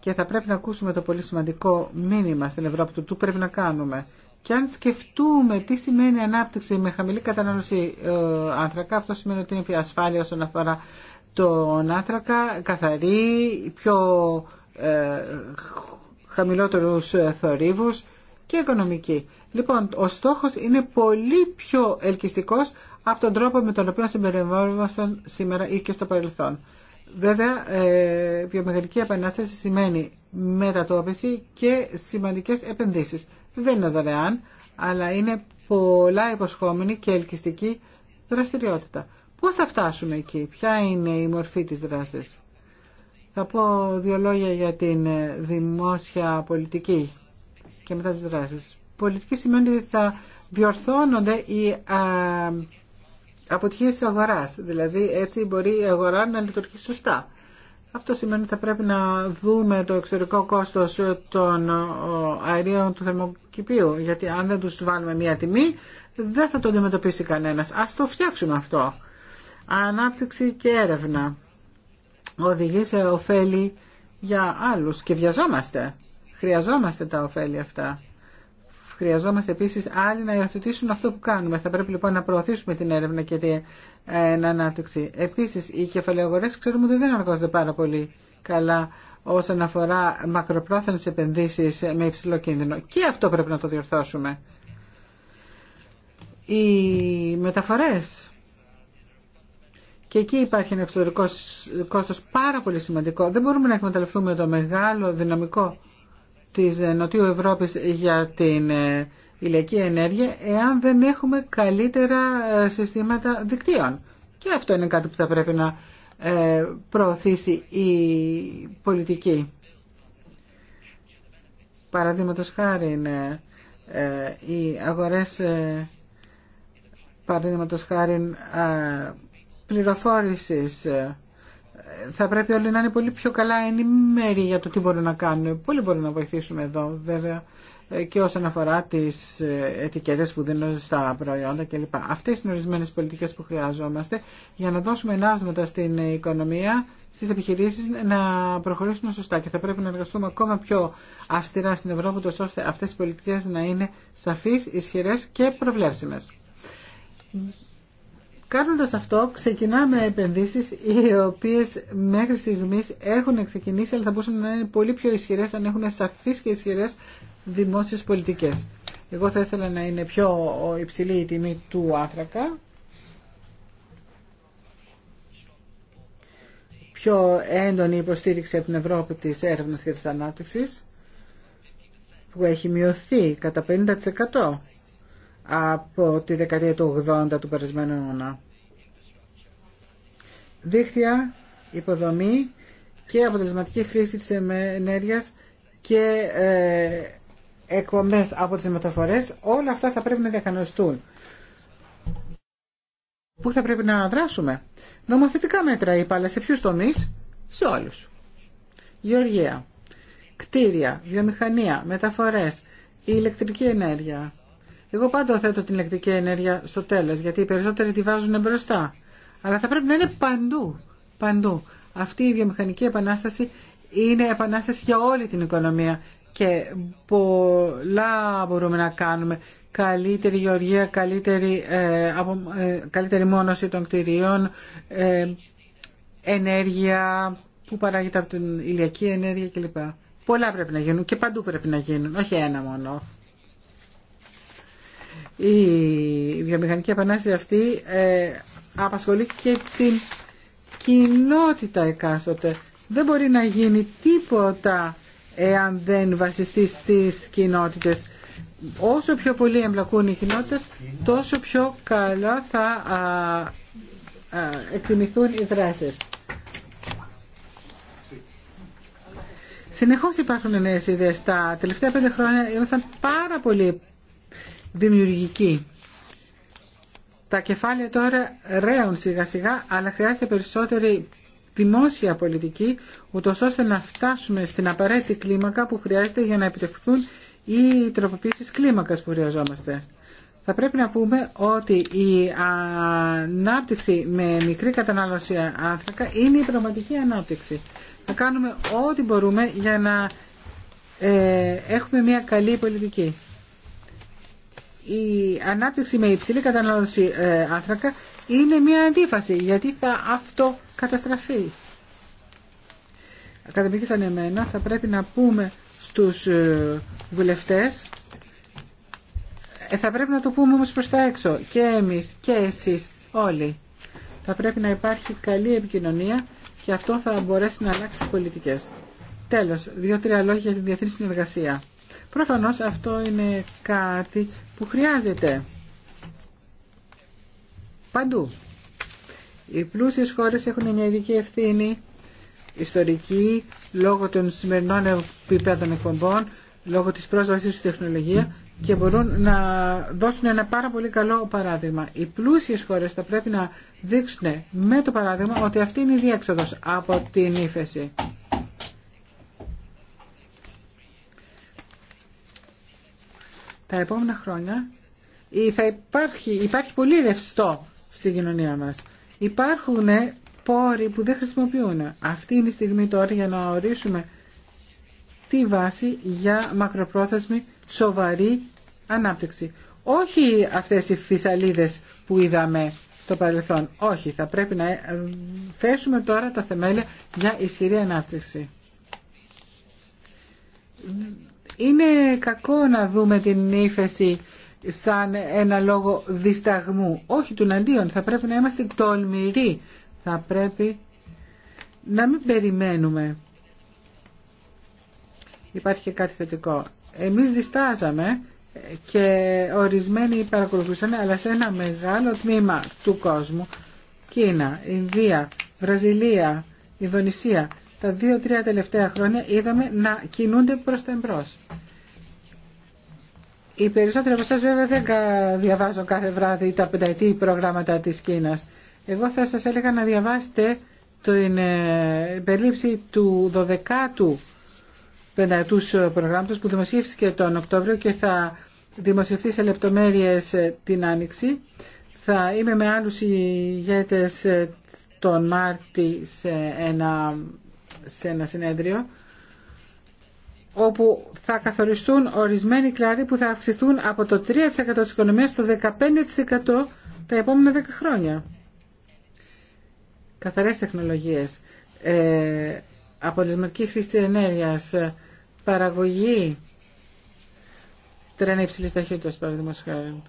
Και θα πρέπει να ακούσουμε το πολύ σημαντικό μήνυμα στην Ευρώπη του τι πρέπει να κάνουμε. Και αν σκεφτούμε τι σημαίνει ανάπτυξη με χαμηλή κατανάλωση ε, άνθρακα, αυτό σημαίνει ότι είναι πιο ασφάλεια όσον αφορά τον άνθρακα, καθαρή, πιο ε, χαμηλότερους ε, θορύβους και οικονομική. Λοιπόν, ο στόχος είναι πολύ πιο ελκυστικός από τον τρόπο με τον οποίο συμπεριβόμασταν σήμερα ή και στο παρελθόν. Βέβαια, ε, βιομηχανική επανάσταση σημαίνει μετατόπιση και σημαντικές επενδύσεις δεν είναι δωρεάν, αλλά είναι πολλά υποσχόμενη και ελκυστική δραστηριότητα. Πώς θα φτάσουμε εκεί, ποια είναι η μορφή της δράσης. Θα πω δύο λόγια για την δημόσια πολιτική και μετά τις δράσεις. Πολιτική σημαίνει ότι θα διορθώνονται οι αποτυχίες της αγοράς. Δηλαδή έτσι μπορεί η αγορά να λειτουργήσει σωστά. Αυτό σημαίνει ότι θα πρέπει να δούμε το εξωτερικό κόστος των ε, αερίων του θερμοκηπίου, γιατί αν δεν τους βάλουμε μία τιμή, δεν θα το αντιμετωπίσει κανένας. Ας το φτιάξουμε αυτό. Ανάπτυξη και έρευνα οδηγεί σε ωφέλη για άλλους και βιαζόμαστε. Χρειαζόμαστε τα ωφέλη αυτά. Χρειαζόμαστε επίσης άλλοι να υιοθετήσουν αυτό που κάνουμε. Θα πρέπει λοιπόν να προωθήσουμε την έρευνα και εν ανάπτυξη. Επίσης, οι κεφαλαιογορές ξέρουμε ότι δεν αργώνται πάρα πολύ καλά όσον αφορά μακροπρόθεσμες επενδύσεις με υψηλό κίνδυνο. Και αυτό πρέπει να το διορθώσουμε. Οι μεταφορές. Και εκεί υπάρχει ένα εξωτερικό κόστος πάρα πολύ σημαντικό. Δεν μπορούμε να εκμεταλλευτούμε το μεγάλο δυναμικό της Νοτιού Ευρώπης για την ε, ηλιακή ενέργεια εάν δεν έχουμε καλύτερα ε, συστήματα δικτύων. Και αυτό είναι κάτι που θα πρέπει να ε, προωθήσει η πολιτική. Παραδείγματος χάρη είναι ε, οι αγορές παραδείγματος χάρη πληροφόρησης θα πρέπει όλοι να είναι πολύ πιο καλά ενημέροι για το τι μπορούν να κάνουν. Πολύ μπορούν να βοηθήσουμε εδώ βέβαια ε, και όσον αφορά τις ε, ετικέτες που δίνονται στα προϊόντα κλπ. Αυτές είναι ορισμένες πολιτικές που χρειαζόμαστε για να δώσουμε ενάσματα στην οικονομία, στις επιχειρήσεις να προχωρήσουν σωστά και θα πρέπει να εργαστούμε ακόμα πιο αυστηρά στην Ευρώπη ώστε αυτές οι πολιτικές να είναι σαφείς, ισχυρές και προβλέψιμες. Κάνοντας αυτό, ξεκινάμε επενδύσεις οι οποίες μέχρι στιγμής έχουν ξεκινήσει, αλλά θα μπορούσαν να είναι πολύ πιο ισχυρέ αν έχουν σαφείς και ισχυρε. Δημόσιε πολιτικές. Εγώ θα ήθελα να είναι πιο υψηλή η τιμή του άνθρακα, πιο έντονη υποστήριξη από την Ευρώπη της έρευνας και της ανάπτυξης, που έχει μειωθεί κατά 50% από τη δεκαετία του 80 του περασμένου αιώνα. Δίχτυα, υποδομή και αποτελεσματική χρήση της ενέργειας και ε, εκπομπές από τις μεταφορές, όλα αυτά θα πρέπει να διακανοστούν. Πού θα πρέπει να δράσουμε. Νομοθετικά μέτρα είπα, αλλά σε ποιους τομείς. Σε όλους. Γεωργία, κτίρια, βιομηχανία, μεταφορές, η ηλεκτρική ενέργεια. Εγώ πάντα θέτω την ηλεκτρική ενέργεια στο τέλος, γιατί οι περισσότεροι τη βάζουν μπροστά. Αλλά θα πρέπει να είναι παντού, παντού. Αυτή η βιομηχανική επανάσταση είναι επανάσταση για όλη την οικονομία και πολλά μπορούμε να κάνουμε. Καλύτερη γεωργία, καλύτερη, ε, ε, καλύτερη μόνωση των κτηρίων, ε, ενέργεια που παράγεται από την ηλιακή ενέργεια κλπ. Πολλά πρέπει να γίνουν και παντού πρέπει να γίνουν, όχι ένα μόνο. Η βιομηχανική επανάσταση αυτή απασχολεί και την κοινότητα εκάστοτε. Δεν μπορεί να γίνει τίποτα εάν δεν βασιστεί στις κοινότητες. Όσο πιο πολύ εμπλακούν οι κοινότητες, τόσο πιο καλά θα α, εκτιμηθούν οι δράσεις. Συνεχώς υπάρχουν νέες ιδέες. Τα τελευταία πέντε χρόνια ήμασταν πάρα πολύ δημιουργικοί. Τα κεφαλαια τώρα ρέουν σιγά σιγά, αλλά χρειάζεται περισσότερη δημόσια πολιτική, ούτως ώστε να φτάσουμε στην απαραίτητη κλίμακα που χρειάζεται για να επιτευχθούν οι τροποποίησεις κλίμακας που χρειαζόμαστε. Θα πρέπει να πούμε ότι η ανάπτυξη με μικρή κατανάλωση άνθρακα είναι η πραγματική ανάπτυξη. Θα κάνουμε ό,τι μπορούμε για να ε, έχουμε μια καλή πολιτική. Η ανάπτυξη με υψηλή κατανάλωση ε, άνθρακα είναι μια αντίφαση γιατί θα αυτοκαταστραφεί. Ακαδημίκη σαν εμένα θα πρέπει να πούμε στους ε, βουλευτές ε, θα πρέπει να το πούμε όμως προς τα έξω και εμείς και εσείς όλοι. Θα πρέπει να υπάρχει καλή επικοινωνία και αυτό θα μπορέσει να αλλάξει τις πολιτικές. Τέλος, δύο-τρία λόγια για τη διεθνή συνεργασία. Προφανώς αυτό είναι κάτι που χρειάζεται παντού. Οι πλούσιες χώρες έχουν μια ειδική ευθύνη ιστορική λόγω των σημερινών επιπέδων εκπομπών, λόγω της πρόσβασης στη τεχνολογία και μπορούν να δώσουν ένα πάρα πολύ καλό παράδειγμα. Οι πλούσιες χώρες θα πρέπει να δείξουν με το παράδειγμα ότι αυτή είναι η διέξοδος από την ύφεση. Τα επόμενα χρόνια θα υπάρχει, υπάρχει πολύ ρευστό στη κοινωνία μας. Υπάρχουν ε, πόροι που δεν χρησιμοποιούν. Αυτή είναι η στιγμή τώρα για να ορίσουμε τη βάση για μακροπρόθεσμη σοβαρή ανάπτυξη. Όχι αυτές οι φυσαλίδες που είδαμε στο παρελθόν. Όχι, θα πρέπει να ε, θέσουμε τώρα τα θεμέλια για ισχυρή ανάπτυξη. Είναι κακό να δούμε την ύφεση σαν ένα λόγο δισταγμού. Όχι του αντίον, θα πρέπει να είμαστε τολμηροί. Θα πρέπει να μην περιμένουμε. Υπάρχει και κάτι θετικό. Εμείς διστάζαμε και ορισμένοι παρακολουθούσαν, αλλά σε ένα μεγάλο τμήμα του κόσμου, Κίνα, Ινδία, Βραζιλία, Ιδονησία, τα δύο-τρία τελευταία χρόνια είδαμε να κινούνται προς τα εμπρός. Οι περισσότεροι από εσάς βέβαια δεν διαβάζω κάθε βράδυ τα πενταετή προγράμματα της Κίνας. Εγώ θα σας έλεγα να διαβάσετε την ε, περίληψη του 12ου πενταετούς ε, προγράμματος που δημοσίευθηκε τον Οκτώβριο και θα δημοσιευθεί σε λεπτομέρειες ε, την Άνοιξη. Θα είμαι με άλλους ηγέτες τον Μάρτη σε ένα, σε ένα συνέδριο όπου θα καθοριστούν ορισμένοι κλάδοι που θα αυξηθούν από το 3% της οικονομίας στο 15% τα επόμενα 10 χρόνια. Καθαρές τεχνολογίες, ε, απολυσματική χρήση ενέργειας, ε, παραγωγή, τρένα υψηλής ταχύτητας παραδείγματος χάρη,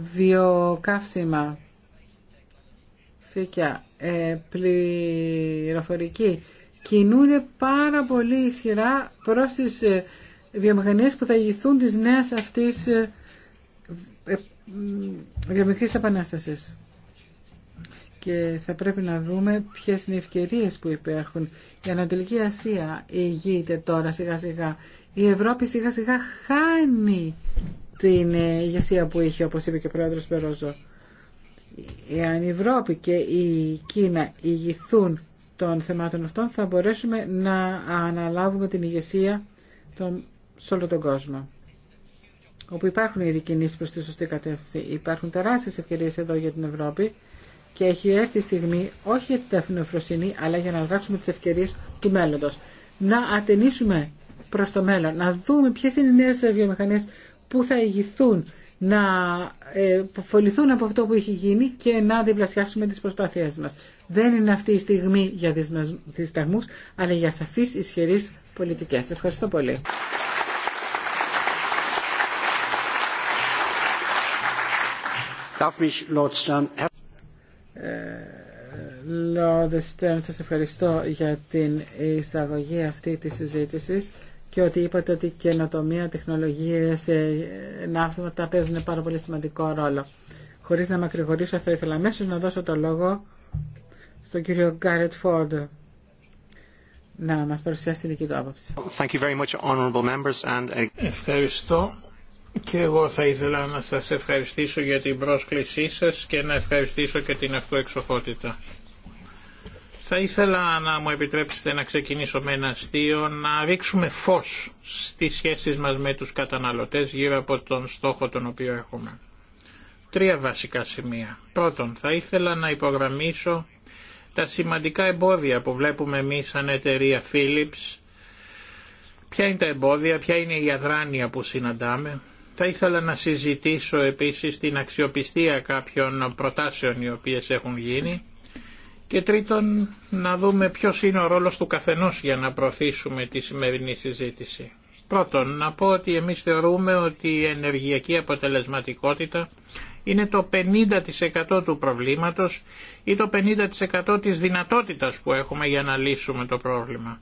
βιοκαύσιμα, φύκια, ε, πληροφορική, κινούνται πάρα πολύ ισχυρά προς τις ε, βιομηχανίες που θα ηγηθούν της νέας αυτής ε, ε, βιομηχανικής επανάστασης. Και θα πρέπει να δούμε ποιες είναι οι ευκαιρίες που υπάρχουν. Η Ανατολική Ασία ηγείται τώρα σιγά σιγά. Η Ευρώπη σιγά σιγά χάνει την ηγεσία που είχε, όπως είπε και ο πρόεδρος Περόζο. Εάν η Ευρώπη και η Κίνα ηγηθούν των θεμάτων αυτών θα μπορέσουμε να αναλάβουμε την ηγεσία των, σε όλο τον κόσμο όπου υπάρχουν ήδη κινήσεις προ τη σωστή κατεύθυνση. Υπάρχουν τεράστιες ευκαιρίες εδώ για την Ευρώπη και έχει έρθει η στιγμή όχι για την τεχνοφροσύνη αλλά για να αλλάξουμε τις ευκαιρίες του μέλλοντος. Να ατενίσουμε προς το μέλλον, να δούμε ποιε είναι οι νέες βιομηχανίες που θα ηγηθούν να ε, από αυτό που έχει γίνει και να διπλασιάσουμε τι προσπάθειές μας. Δεν είναι αυτή η στιγμή για δισταγμούς, αλλά για σαφείς ισχυρείς πολιτικές. Ευχαριστώ πολύ. Λόρδε Στέρν, σας ευχαριστώ για την εισαγωγή αυτή της συζήτησης και ότι είπατε ότι καινοτομία, τεχνολογίες, ε, ναύσματα παίζουν πάρα πολύ σημαντικό ρόλο. Χωρίς να μακρηγορήσω θα ήθελα αμέσως να δώσω το λόγο στον κύριο Γκάρετ Φόρντ να μας παρουσιάσει την δική του άποψη. Ευχαριστώ και εγώ θα ήθελα να σας ευχαριστήσω για την πρόσκλησή σας και να ευχαριστήσω και την αυτοεξοχότητα. Θα ήθελα να μου επιτρέψετε να ξεκινήσω με ένα αστείο, να ρίξουμε φως στις σχέσεις μας με τους καταναλωτές γύρω από τον στόχο τον οποίο έχουμε. Τρία βασικά σημεία. Πρώτον, θα ήθελα να υπογραμμίσω τα σημαντικά εμπόδια που βλέπουμε εμείς σαν εταιρεία Philips, ποια είναι τα εμπόδια, ποια είναι η αδράνεια που συναντάμε. Θα ήθελα να συζητήσω επίσης την αξιοπιστία κάποιων προτάσεων οι οποίες έχουν γίνει και τρίτον να δούμε ποιος είναι ο ρόλος του καθενός για να προωθήσουμε τη σημερινή συζήτηση. Πρώτον, να πω ότι εμείς θεωρούμε ότι η ενεργειακή αποτελεσματικότητα είναι το 50% του προβλήματος ή το 50% της δυνατότητας που έχουμε για να λύσουμε το πρόβλημα.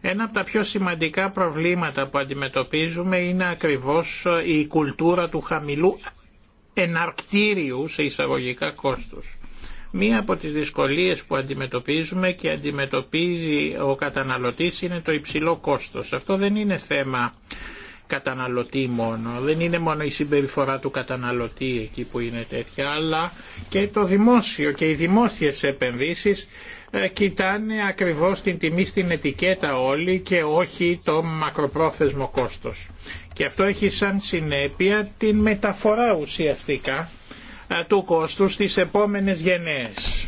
Ένα από τα πιο σημαντικά προβλήματα που αντιμετωπίζουμε είναι ακριβώς ε, η κουλτούρα του χαμηλού εναρκτήριου σε εισαγωγικά κόστος. Μία από τις δυσκολίες που αντιμετωπίζουμε και αντιμετωπίζει ο καταναλωτής είναι το υψηλό κόστος. Αυτό δεν είναι θέμα καταναλωτή μόνο. Δεν είναι μόνο η συμπεριφορά του καταναλωτή εκεί που είναι τέτοια, αλλά και το δημόσιο και οι δημόσιες επενδύσεις ε, κοιτάνε ακριβώς την τιμή στην ετικέτα όλοι και όχι το μακροπρόθεσμο κόστος. Και αυτό έχει σαν συνέπεια την μεταφορά ουσιαστικά ε, του κόστου στις επόμενες γενναίες.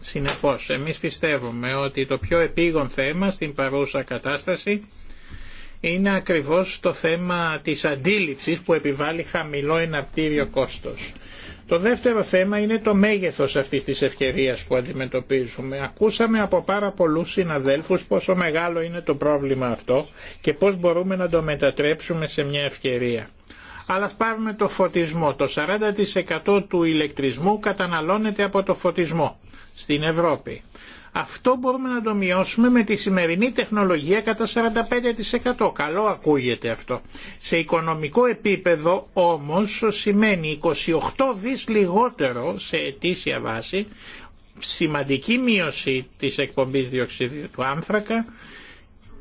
Συνεπώς, εμείς πιστεύουμε ότι το πιο επίγον θέμα στην παρούσα κατάσταση είναι ακριβώς το θέμα της αντίληψης που επιβάλλει χαμηλό εναρτήριο κόστος. Το δεύτερο θέμα είναι το μέγεθος αυτής της ευκαιρίας που αντιμετωπίζουμε. Ακούσαμε από πάρα πολλούς συναδέλφους πόσο μεγάλο είναι το πρόβλημα αυτό και πώς μπορούμε να το μετατρέψουμε σε μια ευκαιρία. Αλλά πάρουμε το φωτισμό. Το 40% του ηλεκτρισμού καταναλώνεται από το φωτισμό στην Ευρώπη. Αυτό μπορούμε να το μειώσουμε με τη σημερινή τεχνολογία κατά 45%. Καλό ακούγεται αυτό. Σε οικονομικό επίπεδο όμως σημαίνει 28 δις λιγότερο σε ετήσια βάση σημαντική μείωση της εκπομπής διοξιδίου του άνθρακα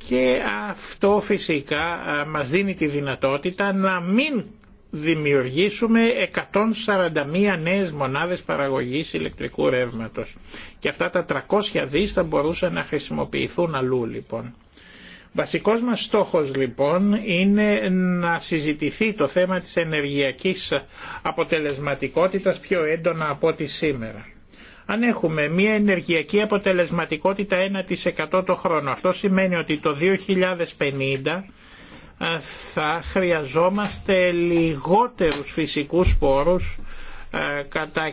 και αυτό φυσικά ε, μας δίνει τη δυνατότητα να μην δημιουργήσουμε 141 νέες μονάδες παραγωγής ηλεκτρικού ρεύματος. Και αυτά τα 300 δις θα μπορούσαν να χρησιμοποιηθούν αλλού λοιπόν. Βασικός μας στόχος λοιπόν είναι να συζητηθεί το θέμα της ενεργειακής αποτελεσματικότητας πιο έντονα από ό,τι σήμερα. Αν έχουμε μια ενεργειακή αποτελεσματικότητα 1% το χρόνο, αυτό σημαίνει ότι το 2050 ε, θα χρειαζόμαστε λιγότερους φυσικούς πόρους ε, κατά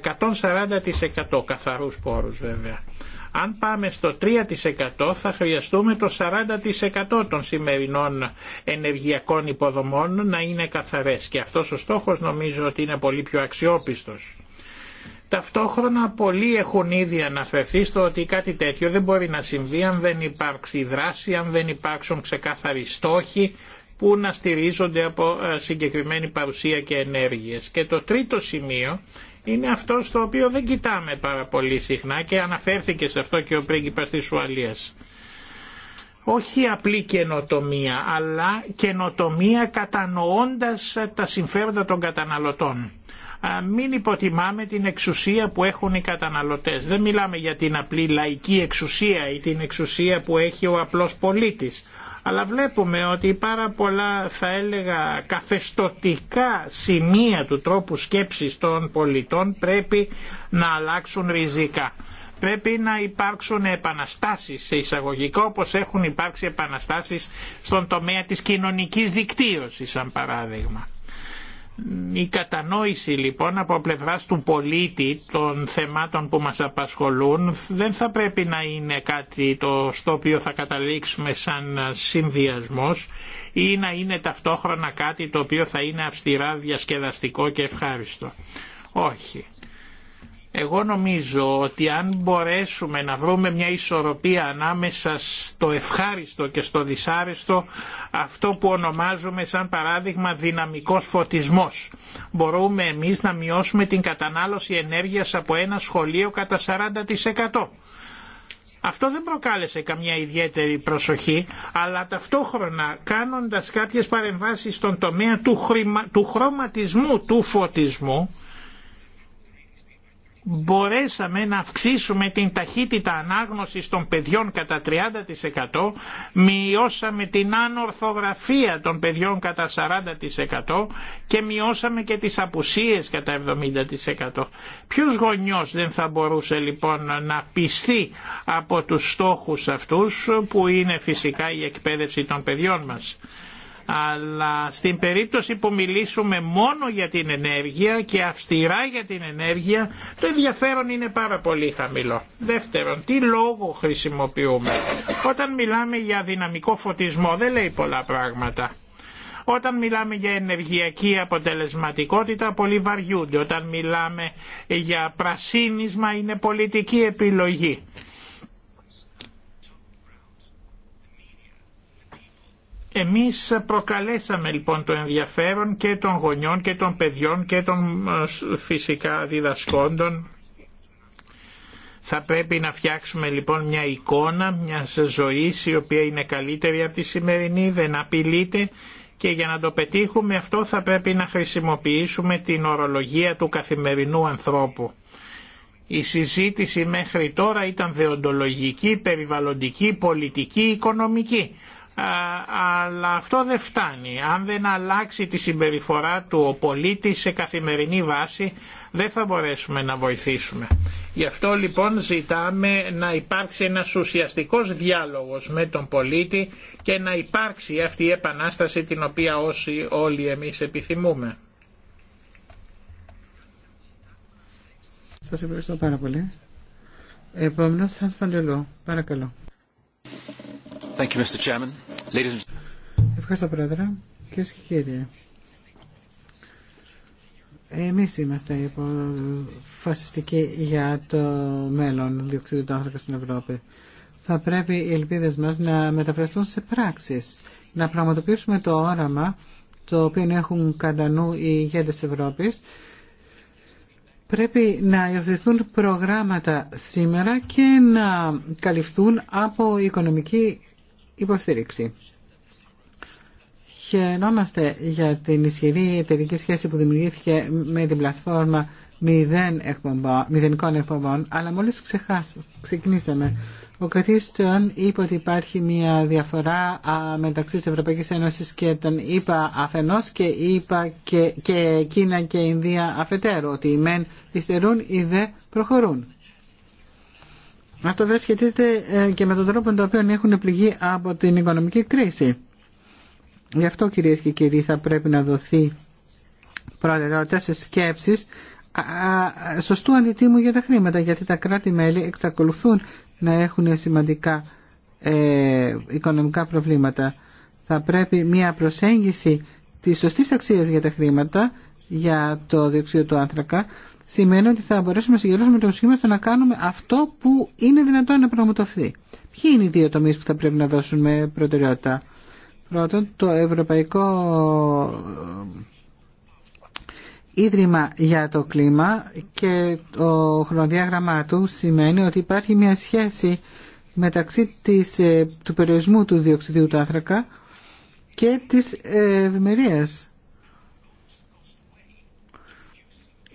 140% καθαρούς πόρους βέβαια. Αν πάμε στο 3% θα χρειαστούμε το 40% των σημερινών ενεργειακών υποδομών να είναι καθαρές και αυτός ο στόχος νομίζω ότι είναι πολύ πιο αξιόπιστος. Ταυτόχρονα πολλοί έχουν ήδη αναφερθεί στο ότι κάτι τέτοιο δεν μπορεί να συμβεί αν δεν υπάρξει δράση, αν δεν υπάρξουν ξεκάθαροι στόχοι, που να στηρίζονται από ε, συγκεκριμένη παρουσία και ενέργειες. Και το τρίτο σημείο είναι αυτό στο οποίο δεν κοιτάμε πάρα πολύ συχνά και αναφέρθηκε σε αυτό και ο πρίγκιπας της Ουαλίας. Όχι απλή καινοτομία, αλλά καινοτομία κατανοώντας ε, τα συμφέροντα των καταναλωτών. Μην υποτιμάμε την εξουσία που έχουν οι καταναλωτές. Δεν μιλάμε για την απλή λαϊκή εξουσία ή την εξουσία που έχει ο απλός πολίτης, αλλά βλέπουμε ότι πάρα πολλά θα έλεγα καθεστοτικά σημεία του τρόπου σκέψης των πολιτών πρέπει να αλλάξουν ριζικά. Πρέπει να υπάρξουν επαναστάσεις σε εισαγωγικό όπως έχουν υπάρξει επαναστάσεις στον τομέα της κοινωνικής δικτύωσης σαν παράδειγμα. Η κατανόηση λοιπόν από πλευράς του πολίτη των θεμάτων που μας απασχολούν δεν θα πρέπει να είναι κάτι το, στο οποίο θα καταλήξουμε σαν συνδυασμός ή να είναι ταυτόχρονα κάτι το οποίο θα είναι αυστηρά διασκεδαστικό και ευχάριστο. Όχι. Εγώ νομίζω ότι αν μπορέσουμε να βρούμε μια ισορροπία ανάμεσα στο ευχάριστο και στο δυσάρεστο, αυτό που ονομάζουμε σαν παράδειγμα δυναμικός φωτισμός, μπορούμε εμείς να μειώσουμε την κατανάλωση ενέργειας από ένα σχολείο κατά 40%. Αυτό δεν προκάλεσε καμιά ιδιαίτερη προσοχή, αλλά ταυτόχρονα κάνοντας κάποιες παρεμβάσεις στον τομέα του, του χρωματισμού του φωτισμού, μπορέσαμε να αυξήσουμε την ταχύτητα ανάγνωσης των παιδιών κατά 30%, μειώσαμε την ανορθογραφία των παιδιών κατά 40% και μειώσαμε και τις απουσίες κατά 70%. Ποιος γονιός δεν θα μπορούσε λοιπόν να πιστεί από τους στόχους αυτούς που είναι φυσικά η εκπαίδευση των παιδιών μας αλλά στην περίπτωση που μιλήσουμε μόνο για την ενέργεια και αυστηρά για την ενέργεια το ενδιαφέρον είναι πάρα πολύ χαμηλό. Δεύτερον, τι λόγο χρησιμοποιούμε. Όταν μιλάμε για δυναμικό φωτισμό δεν λέει πολλά πράγματα. Όταν μιλάμε για ενεργειακή αποτελεσματικότητα πολύ βαριούνται. Όταν μιλάμε για πρασίνισμα είναι πολιτική επιλογή. Εμείς προκαλέσαμε λοιπόν το ενδιαφέρον και των γονιών και των παιδιών και των ε, φυσικά διδασκόντων. Θα πρέπει να φτιάξουμε λοιπόν μια εικόνα μια ζωή η οποία είναι καλύτερη από τη σημερινή, δεν απειλείται και για να το πετύχουμε αυτό θα πρέπει να χρησιμοποιήσουμε την ορολογία του καθημερινού ανθρώπου. Η συζήτηση μέχρι τώρα ήταν δεοντολογική, περιβαλλοντική, πολιτική, οικονομική αλλά αυτό δεν φτάνει. Αν δεν αλλάξει τη συμπεριφορά του ο πολίτης σε καθημερινή βάση δεν θα μπορέσουμε να βοηθήσουμε. Γι' αυτό λοιπόν ζητάμε να υπάρξει ένας ουσιαστικός διάλογος με τον πολίτη και να υπάρξει αυτή η επανάσταση την οποία όσοι όλοι εμείς επιθυμούμε. Σας ευχαριστώ πάρα πολύ. Επόμενος, Παρακαλώ. Ευχαριστώ, Πρόεδρε. Κυρίε και κύριοι, εμεί είμαστε υποφασιστικοί για το μέλλον διοξιδίου του άνθρακα στην Ευρώπη. Θα πρέπει οι ελπίδε μα να μεταφραστούν σε πράξει, να πραγματοποιήσουμε το όραμα το οποίο έχουν κατά νου οι ηγέτε Ευρώπη. Πρέπει να υιοθετηθούν προγράμματα σήμερα και να καλυφθούν από οικονομική υποστήριξη. Χαιρόμαστε για την ισχυρή εταιρική σχέση που δημιουργήθηκε με την πλατφόρμα μηδέν μηδενικών εκπομπών, αλλά μόλις ξεκινήσαμε. Ο καθίστον είπε ότι υπάρχει μια διαφορά μεταξύ της Ευρωπαϊκής Ένωσης και τον ΗΠΑ αφενός και είπα και, και Κίνα και Ινδία αφετέρου, ότι οι μεν υστερούν, ή δε προχωρούν. Αυτό βέβαια σχετίζεται ε, και με τον τρόπο με τον οποίο έχουν πληγεί από την οικονομική κρίση. Γι' αυτό κυρίες και κύριοι θα πρέπει να δοθεί προτεραιότητα σε σκέψεις σωστού αντιτίμου για τα χρήματα γιατί τα κράτη-μέλη εξακολουθούν να έχουν σημαντικά ε, οικονομικά προβλήματα. Θα πρέπει μια προσέγγιση της σωστής αξίας για τα χρήματα για το διοξείο του άνθρακα σημαίνει ότι θα μπορέσουμε να συγκεντρώσουμε το σχήμα στο να κάνουμε αυτό που είναι δυνατόν να πραγματοποιηθεί. Ποιοι είναι οι δύο τομεί που θα πρέπει να δώσουμε προτεραιότητα. Πρώτον, το Ευρωπαϊκό ε, Ίδρυμα για το Κλίμα και το χρονοδιάγραμμά του σημαίνει ότι υπάρχει μια σχέση μεταξύ της, ε, του περιορισμού του διοξιδίου του άνθρακα και της ε, ευημερίας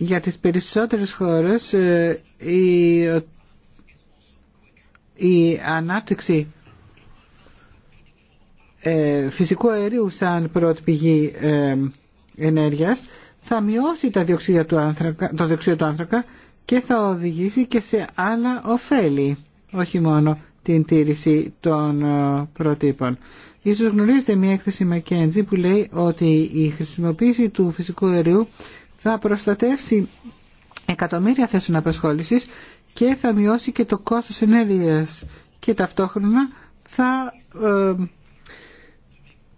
Για τις περισσότερες χώρες ε, η, η ανάπτυξη ε, φυσικού αερίου σαν πρώτη πηγή ε, ενέργειας θα μειώσει τα διοξίδια του άνθρακα, το διοξίδιο του άνθρακα και θα οδηγήσει και σε άλλα ωφέλη, όχι μόνο την τήρηση των προτύπων. Ίσως γνωρίζετε μια έκθεση McKenzie που λέει ότι η χρησιμοποίηση του φυσικού αερίου θα προστατεύσει εκατομμύρια θέσεις απασχόλησης και θα μειώσει και το κόστος ενέργειας και ταυτόχρονα θα ε,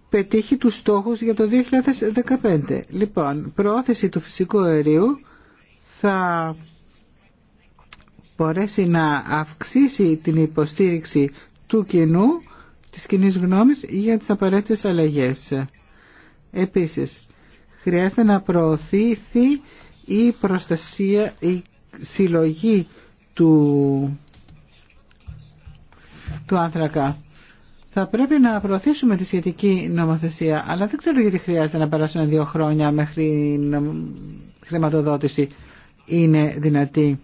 πετύχει τους στόχους για το 2015. Λοιπόν, προώθηση του φυσικού αερίου θα μπορέσει να αυξήσει την υποστήριξη του κοινού, της κοινή γνώμης για τις απαραίτητες αλλαγές. Επίσης, Χρειάζεται να προωθήθει η προστασία, η συλλογή του, του άνθρακα. Θα πρέπει να προωθήσουμε τη σχετική νομοθεσία, αλλά δεν ξέρω γιατί χρειάζεται να περάσουν δύο χρόνια μέχρι χρηματοδότηση είναι δυνατή.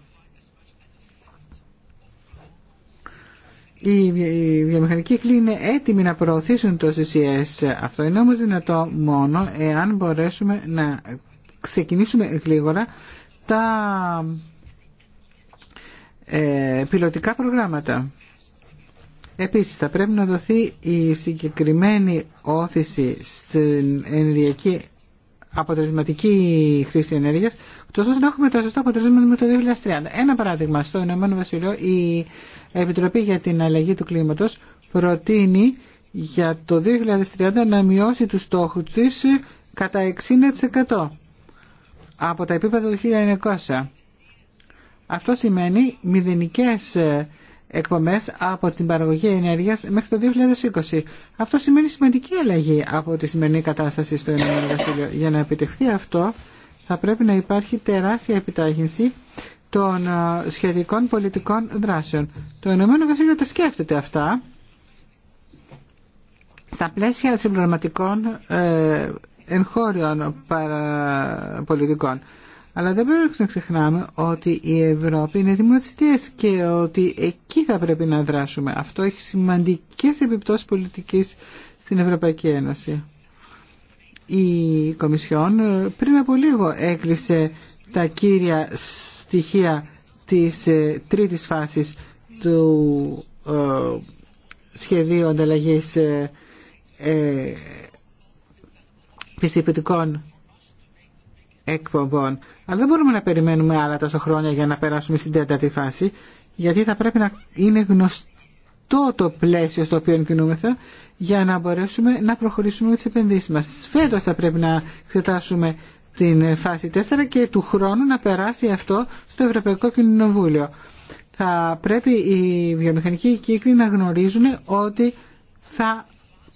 Η βιομηχανική κλή είναι έτοιμη να προωθήσουν το CCS. Αυτό είναι όμως δυνατό μόνο εάν μπορέσουμε να ξεκινήσουμε γλίγορα τα ε, πιλωτικά προγράμματα. Επίσης θα πρέπει να δοθεί η συγκεκριμένη όθηση στην ενεργειακή αποτελεσματική χρήση ενέργειας το σωστό να έχουμε τα σωστά αποτελέσματα με το 2030. Ένα παράδειγμα, στο Ηνωμένο Βασιλείο η Επιτροπή για την Αλλαγή του Κλίματος προτείνει για το 2030 να μειώσει τους στόχους της κατά 60% από τα επίπεδα του 1900. Αυτό σημαίνει μηδενικές εκπομπές από την παραγωγή ενέργειας μέχρι το 2020. Αυτό σημαίνει σημαντική αλλαγή από τη σημερινή κατάσταση στο Ηνωμένο Βασίλειο. Για να επιτευχθεί αυτό θα πρέπει να υπάρχει τεράστια επιτάχυνση των ε, σχετικών πολιτικών δράσεων. Το Ηνωμένο Βασίλειο τα σκέφτεται αυτά στα πλαίσια συμπληρωματικών ε, εγχώριων πολιτικών. Αλλά δεν πρέπει να ξεχνάμε ότι η Ευρώπη είναι δημοκρατίας και ότι εκεί θα πρέπει να δράσουμε. Αυτό έχει σημαντικές επιπτώσεις πολιτικής στην Ευρωπαϊκή Ένωση η Κομισιόν ε, πριν από λίγο έκλεισε τα κύρια στοιχεία της ε, τρίτης φάσης του ε, σχεδίου ανταλλαγής πιστοποιητικών εκπομπών. Αλλά δεν μπορούμε να περιμένουμε άλλα τόσο χρόνια για να περάσουμε στην τέταρτη φάση, γιατί θα πρέπει να είναι γνωστό το πλαίσιο στο οποίο κινούμεθα για να μπορέσουμε να προχωρήσουμε με τις επενδύσεις μας. Φέτος θα πρέπει να εξετάσουμε την φάση 4 και του χρόνου να περάσει αυτό στο Ευρωπαϊκό Κοινοβούλιο. Θα πρέπει οι βιομηχανικοί κύκλοι να γνωρίζουν ότι θα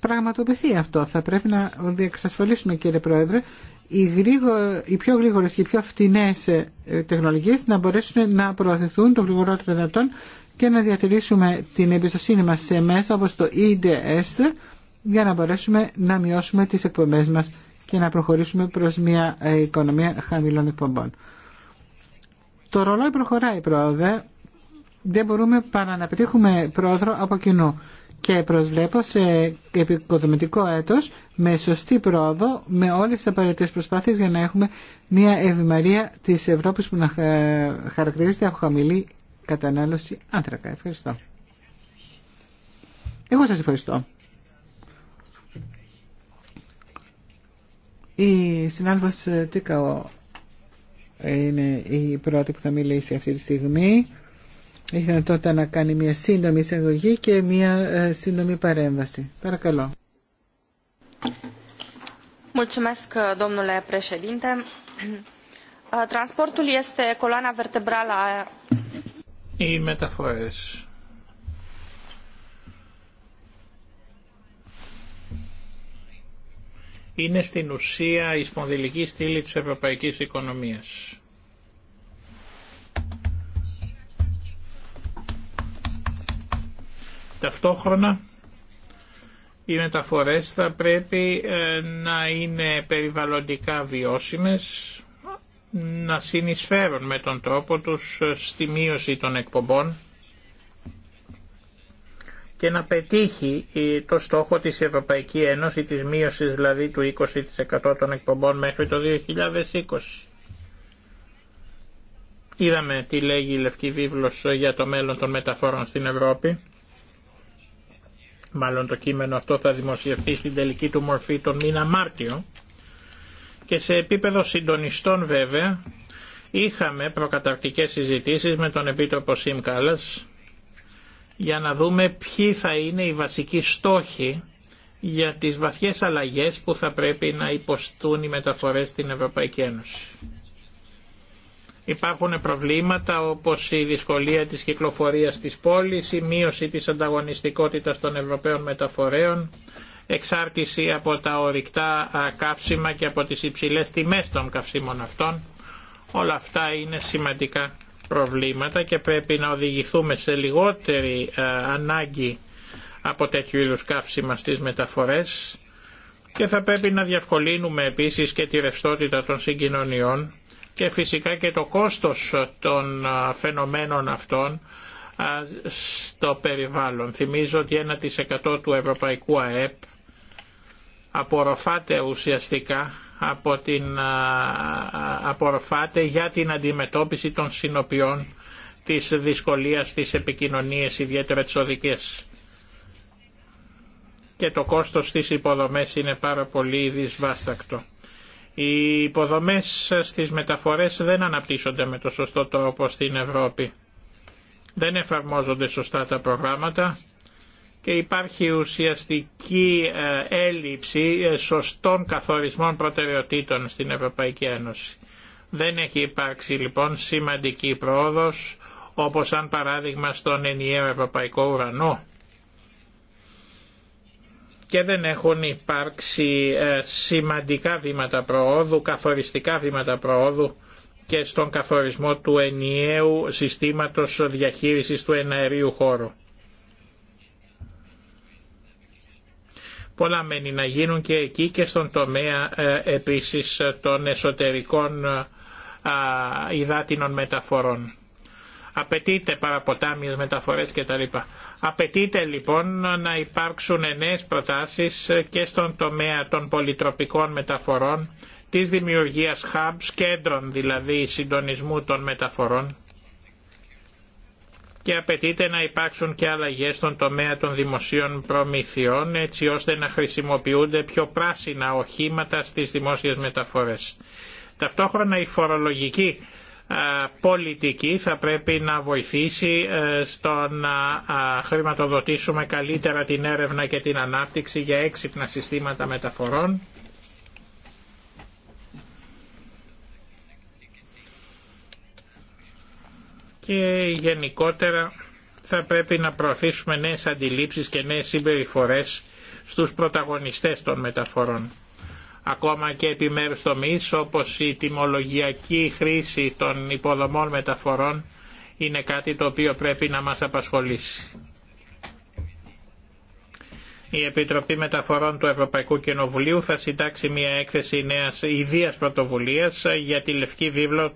πραγματοποιηθεί αυτό. Θα πρέπει να διεξασφαλίσουμε κύριε Πρόεδρε οι, γρήγο, οι πιο γρήγορε και οι πιο φτηνές ε, τεχνολογίες να μπορέσουν να προωθηθούν το γρηγορότερο δυνατόν και να διατηρήσουμε την εμπιστοσύνη μας σε μέσα όπως το EDS για να μπορέσουμε να μειώσουμε τις εκπομπές μας και να προχωρήσουμε προς μια ε, οικονομία χαμηλών εκπομπών. Το ρολόι προχωράει πρόοδε, δεν μπορούμε παρά να πετύχουμε πρόοδο από κοινού και προσβλέπω σε επικοδομητικό έτος με σωστή πρόοδο, με όλες τις απαραίτητες προσπάθειες για να έχουμε μια ευημαρία της Ευρώπης που να χαρακτηρίζεται από χαμηλή κατανάλωση άνθρακα. Ευχαριστώ. Εγώ σας ευχαριστώ. Η συνάλφος Τίκαο είναι η πρώτη που θα μιλήσει αυτή τη στιγμή. Έχει τότε να κάνει μια σύντομη εισαγωγή και μια ε, σύντομη παρέμβαση. Παρακαλώ. Mulțumesc, domnule președinte. Transportul este coloana vertebrală a οι μεταφορές. Είναι στην ουσία η σπονδυλική στήλη της ευρωπαϊκής οικονομίας. Ταυτόχρονα οι μεταφορές θα πρέπει ε, να είναι περιβαλλοντικά βιώσιμες να συνεισφέρουν με τον τρόπο τους ε, στη μείωση των εκπομπών και να πετύχει ε, το στόχο της Ευρωπαϊκή Ένωση της μείωσης δηλαδή του 20% των εκπομπών μέχρι το 2020. Είδαμε τι λέγει η Λευκή Βίβλος ε, για το μέλλον των μεταφόρων στην Ευρώπη. Μάλλον το κείμενο αυτό θα δημοσιευτεί στην τελική του μορφή τον μήνα Μάρτιο. Και σε επίπεδο συντονιστών βέβαια είχαμε προκαταρκτικές συζητήσεις με τον Επίτροπο Σιμ για να δούμε ποιοι θα είναι οι βασικοί στόχοι για τις βαθιές αλλαγές που θα πρέπει να υποστούν οι μεταφορές στην Ευρωπαϊκή Ένωση. Υπάρχουν προβλήματα όπως η δυσκολία της κυκλοφορίας της πόλης, η μείωση της ανταγωνιστικότητας των Ευρωπαίων μεταφορέων, εξάρτηση από τα ορυκτά καύσιμα και από τις υψηλές τιμές των καυσίμων αυτών. Όλα αυτά είναι σημαντικά προβλήματα και πρέπει να οδηγηθούμε σε λιγότερη ανάγκη από τέτοιου είδου καύσιμα στις μεταφορές και θα πρέπει να διευκολύνουμε επίσης και τη ρευστότητα των συγκοινωνιών και φυσικά και το κόστος των φαινομένων αυτών στο περιβάλλον. Θυμίζω ότι 1% του ευρωπαϊκού ΑΕΠ απορροφάται ουσιαστικά από την, απορροφάται για την αντιμετώπιση των συνοπιών της δυσκολίας της επικοινωνίας, ιδιαίτερα τις οδικές. Και το κόστος της υποδομές είναι πάρα πολύ δυσβάστακτο. Οι υποδομές στις μεταφορές δεν αναπτύσσονται με το σωστό τρόπο στην Ευρώπη. Δεν εφαρμόζονται σωστά τα προγράμματα και υπάρχει ουσιαστική ε, έλλειψη ε, σωστών καθορισμών προτεραιοτήτων στην Ευρωπαϊκή Ένωση. Δεν έχει υπάρξει λοιπόν σημαντική πρόοδος όπως σαν παράδειγμα στον ενιαίο ευρωπαϊκό ουρανό και δεν έχουν υπάρξει ε, σημαντικά βήματα προόδου, καθοριστικά βήματα προόδου και στον καθορισμό του ενιαίου συστήματος διαχείρισης του εναερίου χώρου. Πολλά μένει να γίνουν και εκεί και στον τομέα ε, επίσης ε, των εσωτερικών ε, υδάτινων μεταφορών. Απαιτείται παραποτάμιες μεταφορές κτλ. Απαιτείται λοιπόν να υπάρξουν νέες προτάσεις και στον τομέα των πολυτροπικών μεταφορών, της δημιουργίας hubs, κέντρων δηλαδή συντονισμού των μεταφορών και απαιτείται να υπάρξουν και αλλαγέ στον τομέα των δημοσίων προμηθειών έτσι ώστε να χρησιμοποιούνται πιο πράσινα οχήματα στις δημόσιες μεταφορές. Ταυτόχρονα η φορολογική πολιτική θα πρέπει να βοηθήσει ε, στο να χρηματοδοτήσουμε καλύτερα την έρευνα και την ανάπτυξη για έξυπνα συστήματα μεταφορών και γενικότερα θα πρέπει να προωθήσουμε νέες αντιλήψεις και νέες συμπεριφορές στους πρωταγωνιστές των μεταφορών. Ακόμα και επιμέρους τομείς όπως η τιμολογιακή χρήση των υποδομών μεταφορών είναι κάτι το οποίο πρέπει να μας απασχολήσει. Η Επιτροπή Μεταφορών του Ευρωπαϊκού Κοινοβουλίου θα συντάξει μια έκθεση νέας ιδίας πρωτοβουλίας για τη Λευκή Βίβλο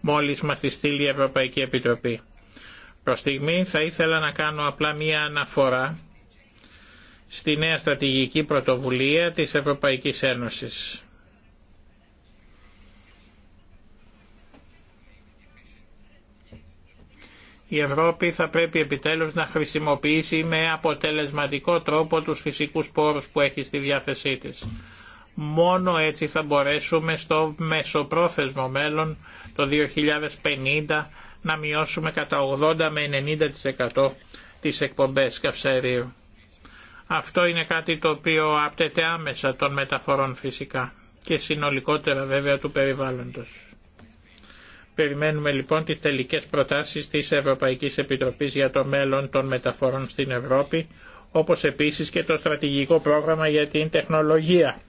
μόλις μας τη στείλει η Ευρωπαϊκή Επιτροπή. Προς στιγμή θα ήθελα να κάνω απλά μία αναφορά στη νέα στρατηγική πρωτοβουλία της Ευρωπαϊκής Ένωσης. Η Ευρώπη θα πρέπει επιτέλους να χρησιμοποιήσει με αποτελεσματικό τρόπο τους φυσικούς πόρους που έχει στη διάθεσή της. Μόνο έτσι θα μπορέσουμε στο μεσοπρόθεσμο μέλλον το 2050 να μειώσουμε κατά 80 με 90% τις εκπομπές καυσαερίου. Αυτό είναι κάτι το οποίο άπτεται άμεσα των μεταφορών φυσικά και συνολικότερα βέβαια του περιβάλλοντος. Περιμένουμε λοιπόν τις τελικές προτάσεις της Ευρωπαϊκής Επιτροπής για το μέλλον των μεταφορών στην Ευρώπη, όπως επίσης και το στρατηγικό πρόγραμμα για την τεχνολογία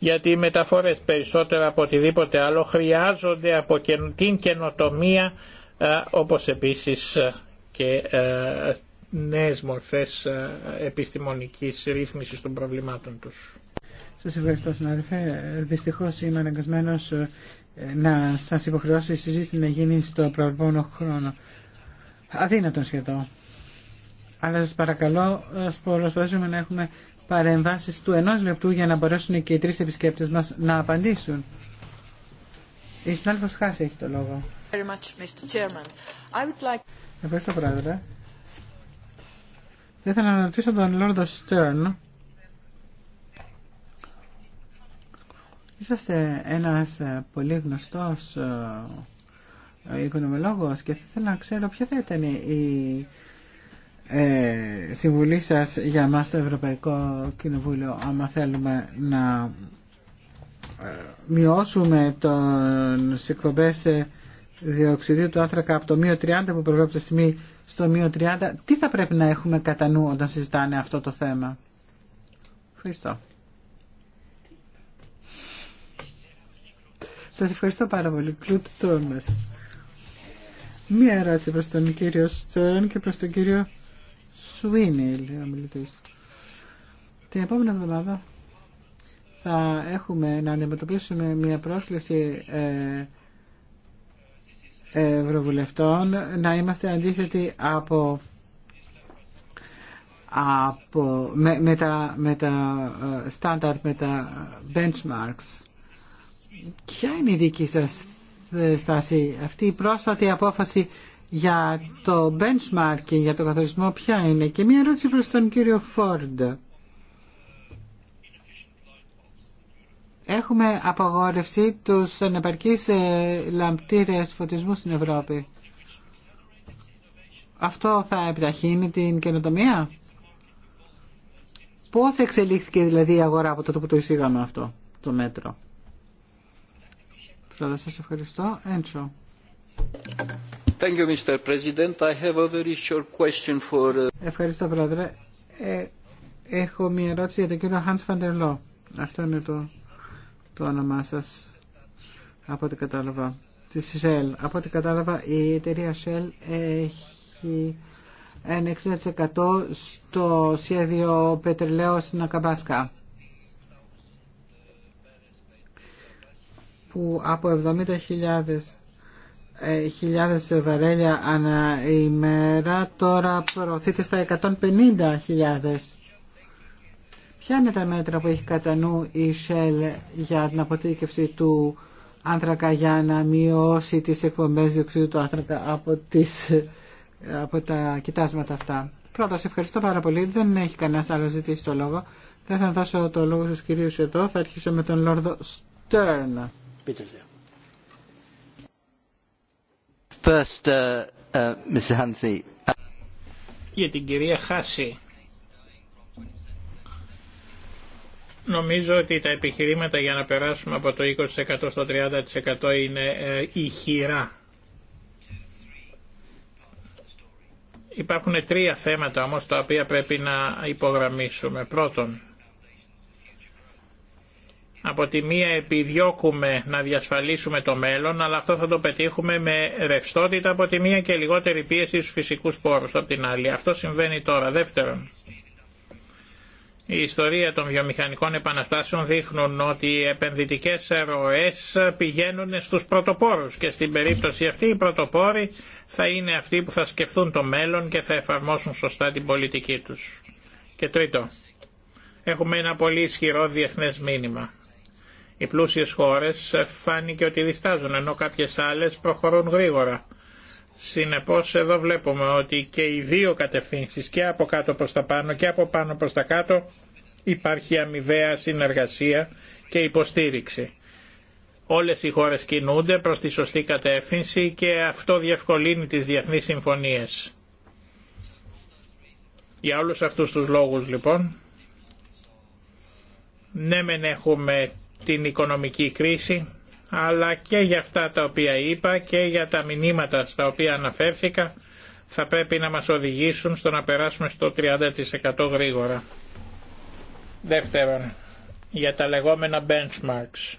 γιατί οι μεταφορές περισσότερα από οτιδήποτε άλλο χρειάζονται από την καινοτομία ε, όπως επίσης ε, και ε, νέες μορφές επιστημονικής ρύθμισης των προβλημάτων τους. Σας ευχαριστώ συνάδελφε. Δυστυχώς είμαι αναγκασμένος να σας υποχρεώσω η συζήτηση να γίνει στο προηγούμενο χρόνο. Αδύνατον σχεδόν. Αλλά σας παρακαλώ, ας προσπαθήσουμε να έχουμε παρεμβάσεις του ενός λεπτού για να μπορέσουν και οι τρεις επισκέπτες μας να απαντήσουν. Η συνάδελφος Χάση έχει το λόγο. Ευχαριστώ, Πρόεδρε. Θα ήθελα να ρωτήσω τον Λόρδο Στέρν. Είσαστε ένας ε, πολύ γνωστός ε, οικονομολόγος και θα ήθελα να ξέρω ποια θα ήταν η ε, συμβουλή σας για μας το Ευρωπαϊκό Κοινοβούλιο άμα θέλουμε να ε, μειώσουμε τον εκπομπέ ε, διοξιδίου του άνθρακα από το μείον 30 που τη στιγμή στο μείον 30 τι θα πρέπει να έχουμε κατά νου όταν συζητάνε αυτό το θέμα Ευχαριστώ Σας ευχαριστώ πάρα πολύ Κλούτ μας. Μία ερώτηση προς τον κύριο Στέρν και προς τον κύριο σου είναι, η Την επόμενη εβδομάδα θα έχουμε να αντιμετωπίσουμε μια πρόσκληση ε, ευρωβουλευτών να είμαστε αντίθετοι από, από με, τα, με τα ε, standard, με τα benchmarks. Ποια είναι η δική σας ε, στάση αυτή η πρόσφατη απόφαση για το benchmarking, για το καθορισμό ποια είναι. Και μία ερώτηση προς τον κύριο Φόρντ. Έχουμε απαγόρευση τους ανεπαρκείς ε, λαμπτήρες φωτισμού στην Ευρώπη. Αυτό θα επιταχύνει την καινοτομία. Πώς εξελίχθηκε δηλαδή η αγορά από τότε που το εισήγαμε αυτό το μέτρο. Πρώτα σας ευχαριστώ. Έντσο. Ευχαριστώ, Πρόεδρε. Ε, έχω μια ερώτηση για τον κύριο Hans van Αυτό είναι το, το όνομά σας, από ό,τι κατάλαβα. Της Shell. Από ό,τι κατάλαβα, η εταιρεία Shell έχει ένα 60% στο σχέδιο πετρελαίου στην Ακαμπάσκα. που από 70.000 ε, χιλιάδες βαρέλια ανά ημέρα, τώρα προωθείται στα 150.000. Ποια είναι τα μέτρα που έχει κατά νου η ΣΕΛ για την αποθήκευση του άνθρακα για να μειώσει τις εκπομπές διοξίου του άνθρακα από, τις, από τα κοιτάσματα αυτά. Πρώτα, σε ευχαριστώ πάρα πολύ. Δεν έχει κανένα άλλο ζητήσει το λόγο. Δεν θα δώσω το λόγο στους κυρίους εδώ. Θα αρχίσω με τον Λόρδο Στέρνα. Uh, uh, για την κυρία Χάση. Νομίζω ότι τα επιχειρήματα για να περάσουμε από το 20% στο 30% είναι ε, ηχηρά. Υπάρχουν τρία θέματα όμως τα οποία πρέπει να υπογραμμίσουμε. Πρώτον, από τη μία επιδιώκουμε να διασφαλίσουμε το μέλλον, αλλά αυτό θα το πετύχουμε με ρευστότητα από τη μία και λιγότερη πίεση στους φυσικούς πόρους από την άλλη. Αυτό συμβαίνει τώρα. Δεύτερον, η ιστορία των βιομηχανικών επαναστάσεων δείχνουν ότι οι επενδυτικές ροές πηγαίνουν στους πρωτοπόρους και στην περίπτωση αυτή οι πρωτοπόροι θα είναι αυτοί που θα σκεφτούν το μέλλον και θα εφαρμόσουν σωστά την πολιτική τους. Και τρίτο, έχουμε ένα πολύ ισχυρό διεθνές μήνυμα. Οι πλούσιες χώρες φάνηκε ότι διστάζουν, ενώ κάποιες άλλες προχωρούν γρήγορα. Συνεπώς εδώ βλέπουμε ότι και οι δύο κατευθύνσεις, και από κάτω προς τα πάνω και από πάνω προς τα κάτω, υπάρχει αμοιβαία συνεργασία και υποστήριξη. Όλες οι χώρες κινούνται προς τη σωστή κατεύθυνση και αυτό διευκολύνει τις διεθνείς συμφωνίες. Για όλους αυτούς τους λόγους λοιπόν, ναι μεν έχουμε την οικονομική κρίση αλλά και για αυτά τα οποία είπα και για τα μηνύματα στα οποία αναφέρθηκα θα πρέπει να μας οδηγήσουν στο να περάσουμε στο 30% γρήγορα. Δεύτερον, για τα λεγόμενα benchmarks.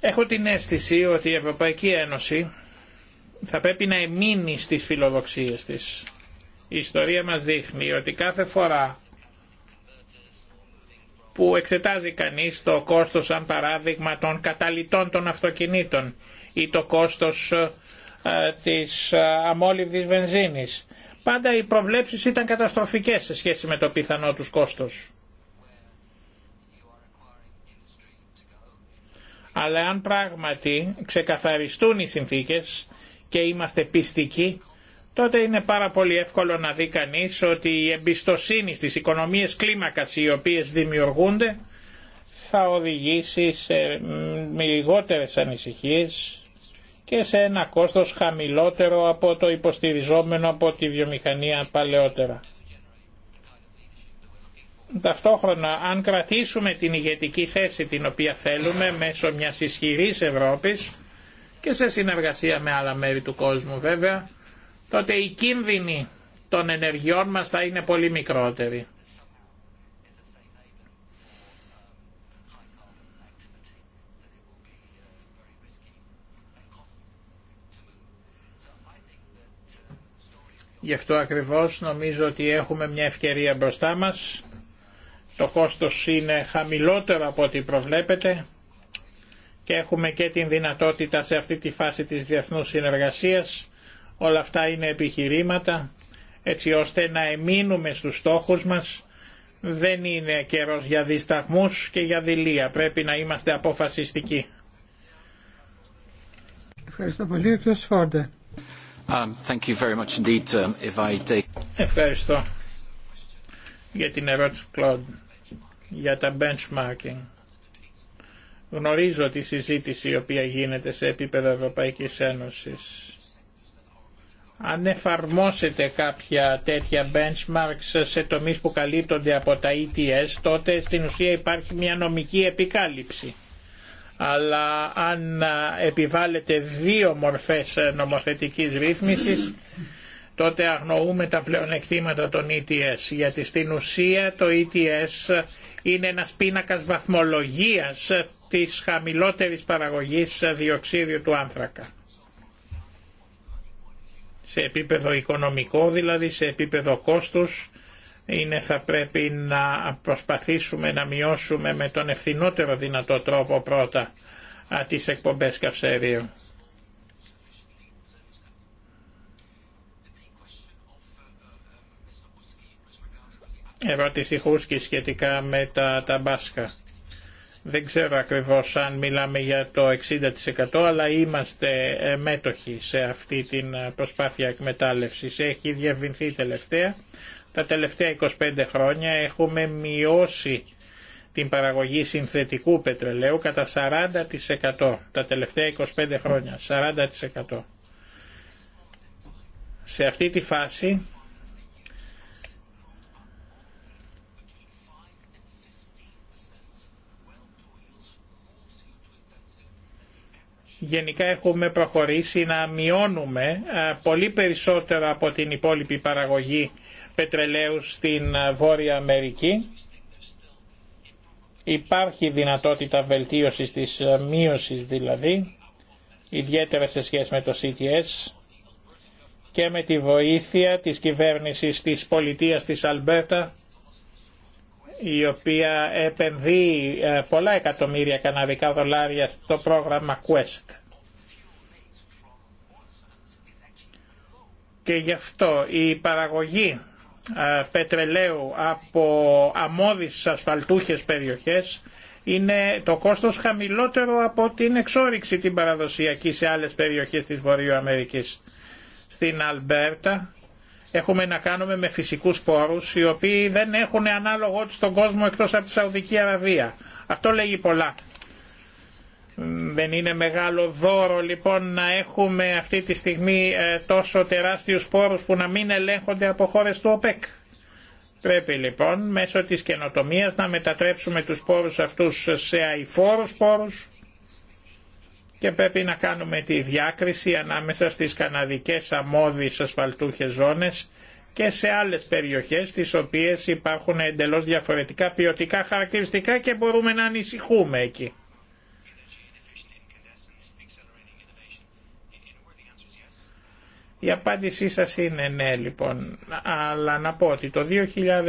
Έχω την αίσθηση ότι η Ευρωπαϊκή Ένωση θα πρέπει να εμείνει στις φιλοδοξίες της. Η ιστορία μας δείχνει ότι κάθε φορά που εξετάζει κανείς το κόστος σαν παράδειγμα των καταλυτών των αυτοκινήτων ή το κόστος ε, της ε, αμόλυβδης βενζίνης. Πάντα οι προβλέψεις ήταν καταστροφικές σε σχέση με το πιθανό τους κόστος. Αλλά αν πράγματι ξεκαθαριστούν οι συνθήκες και είμαστε πιστικοί, τότε είναι πάρα πολύ εύκολο να δει κανεί ότι η εμπιστοσύνη στις οικονομίες κλίμακας οι οποίες δημιουργούνται θα οδηγήσει σε λιγότερες ανησυχίες και σε ένα κόστος χαμηλότερο από το υποστηριζόμενο από τη βιομηχανία παλαιότερα. Ταυτόχρονα, αν κρατήσουμε την ηγετική θέση την οποία θέλουμε μέσω μιας ισχυρής Ευρώπης και σε συνεργασία με άλλα μέρη του κόσμου βέβαια, τότε οι κίνδυνοι των ενεργειών μας θα είναι πολύ μικρότεροι. Γι' αυτό ακριβώς νομίζω ότι έχουμε μια ευκαιρία μπροστά μας. Το κόστος είναι χαμηλότερο από ό,τι προβλέπετε και έχουμε και την δυνατότητα σε αυτή τη φάση της διεθνούς συνεργασίας Όλα αυτά είναι επιχειρήματα έτσι ώστε να εμείνουμε στους στόχους μας. Δεν είναι καιρός για δισταγμούς και για δηλία. Πρέπει να είμαστε αποφασιστικοί. Ευχαριστώ πολύ, κ. Um, um, Ευχαριστώ για την ερώτηση Κλοντ για τα benchmarking. Γνωρίζω τη συζήτηση η οποία γίνεται σε επίπεδο Ευρωπαϊκής Ένωσης αν εφαρμόσετε κάποια τέτοια benchmarks σε τομείς που καλύπτονται από τα ETS, τότε στην ουσία υπάρχει μια νομική επικάλυψη. Αλλά αν επιβάλλετε δύο μορφές νομοθετικής ρύθμισης, τότε αγνοούμε τα πλεονεκτήματα των ETS, γιατί στην ουσία το ETS είναι ένας πίνακας βαθμολογίας της χαμηλότερης παραγωγής διοξίδιου του άνθρακα σε επίπεδο οικονομικό, δηλαδή σε επίπεδο κόστους, είναι θα πρέπει να προσπαθήσουμε να μειώσουμε με τον ευθυνότερο δυνατό τρόπο πρώτα τις εκπομπές καυσαερίου. Ερώτηση Χούσκη σχετικά με τα ταμπάσκα. Δεν ξέρω ακριβώς αν μιλάμε για το 60% αλλά είμαστε μέτοχοι σε αυτή την προσπάθεια εκμετάλλευσης. Έχει διευρυνθεί τελευταία. Τα τελευταία 25 χρόνια έχουμε μειώσει την παραγωγή συνθετικού πετρελαίου κατά 40% τα τελευταία 25 χρόνια. 40%. Σε αυτή τη φάση γενικά έχουμε προχωρήσει να μειώνουμε πολύ περισσότερο από την υπόλοιπη παραγωγή πετρελαίου στην Βόρεια Αμερική. Υπάρχει δυνατότητα βελτίωσης της μείωσης δηλαδή, ιδιαίτερα σε σχέση με το CTS και με τη βοήθεια της κυβέρνησης της πολιτείας της Αλμπέρτα η οποία επενδύει ε, πολλά εκατομμύρια καναδικά δολάρια στο πρόγραμμα Quest. Και γι' αυτό η παραγωγή ε, πετρελαίου από αμμώδεις ασφαλτούχες περιοχές είναι το κόστος χαμηλότερο από την εξόριξη την παραδοσιακή σε άλλες περιοχές της Βορειοαμερικής. Στην Αλμπέρτα Έχουμε να κάνουμε με φυσικούς πόρους οι οποίοι δεν έχουν ανάλογο τους στον κόσμο εκτός από τη Σαουδική Αραβία. Αυτό λέγει πολλά. Δεν είναι μεγάλο δώρο λοιπόν να έχουμε αυτή τη στιγμή ε, τόσο τεράστιους πόρους που να μην ελέγχονται από χώρες του ΟΠΕΚ. Πρέπει λοιπόν μέσω της καινοτομίας να μετατρέψουμε τους πόρους αυτούς σε αηφόρους πόρους και πρέπει να κάνουμε τη διάκριση ανάμεσα στις καναδικές αμμώδεις ασφαλτούχες ζώνες και σε άλλες περιοχές τις οποίες υπάρχουν εντελώς διαφορετικά ποιοτικά χαρακτηριστικά και μπορούμε να ανησυχούμε εκεί. Η απάντησή σας είναι ναι λοιπόν, αλλά να πω ότι το 2008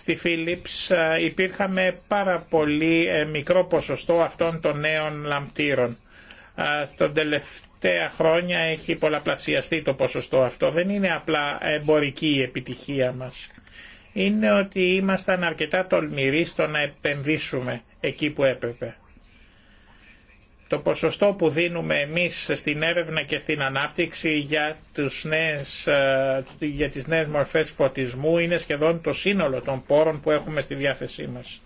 Στη Philips ε, υπήρχαμε πάρα πολύ ε, μικρό ποσοστό αυτών των νέων λαμπτήρων. Ε, στα τελευταία χρόνια έχει πολλαπλασιαστεί το ποσοστό αυτό. Δεν είναι απλά εμπορική η επιτυχία μας. Είναι ότι ήμασταν αρκετά τολμηροί στο να επενδύσουμε εκεί που έπρεπε. Το ποσοστό που δίνουμε εμείς στην έρευνα και στην ανάπτυξη για, τους νέες, ε, για τις νέες μορφές φωτισμού είναι σχεδόν το σύνολο των πόρων που έχουμε στη διάθεσή μας.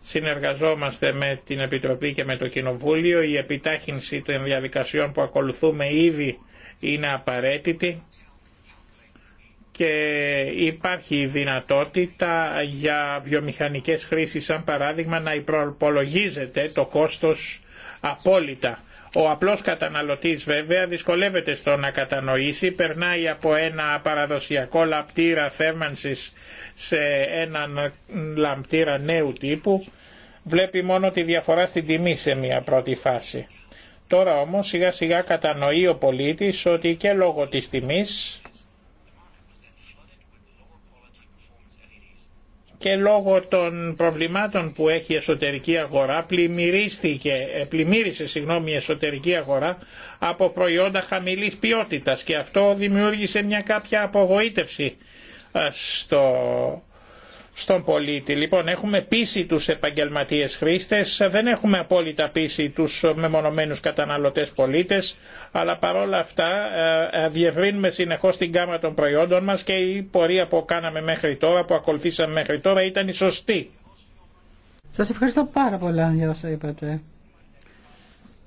Συνεργαζόμαστε με την Επιτροπή και με το Κοινοβούλιο. Η επιτάχυνση των διαδικασιών που ακολουθούμε ήδη είναι απαραίτητη και υπάρχει δυνατότητα για βιομηχανικές χρήσεις σαν παράδειγμα να υπολογίζεται το κόστος απόλυτα. Ο απλός καταναλωτής βέβαια δυσκολεύεται στο να κατανοήσει, περνάει από ένα παραδοσιακό λαμπτήρα θέρμανσης σε έναν λαμπτήρα νέου τύπου, βλέπει μόνο τη διαφορά στην τιμή σε μια πρώτη φάση. Τώρα όμως σιγά σιγά κατανοεί ο πολίτης ότι και λόγω της τιμής και λόγω των προβλημάτων που έχει η εσωτερική αγορά πλημμυρίστηκε, ε, πλημμύρισε συγγνώμη, η εσωτερική αγορά από προϊόντα χαμηλής ποιότητας και αυτό δημιούργησε μια κάποια απογοήτευση ε, στο στον πολίτη. Λοιπόν, έχουμε πείσει του επαγγελματίε χρήστε. δεν έχουμε απόλυτα πείσει του μεμονωμένου καταναλωτέ πολίτε, αλλά παρόλα αυτά ε, ε, διευρύνουμε συνεχώ την κάμα των προϊόντων μα και η πορεία που κάναμε μέχρι τώρα, που ακολουθήσαμε μέχρι τώρα ήταν η σωστή. Σα ευχαριστώ πάρα πολύ για όσα είπατε.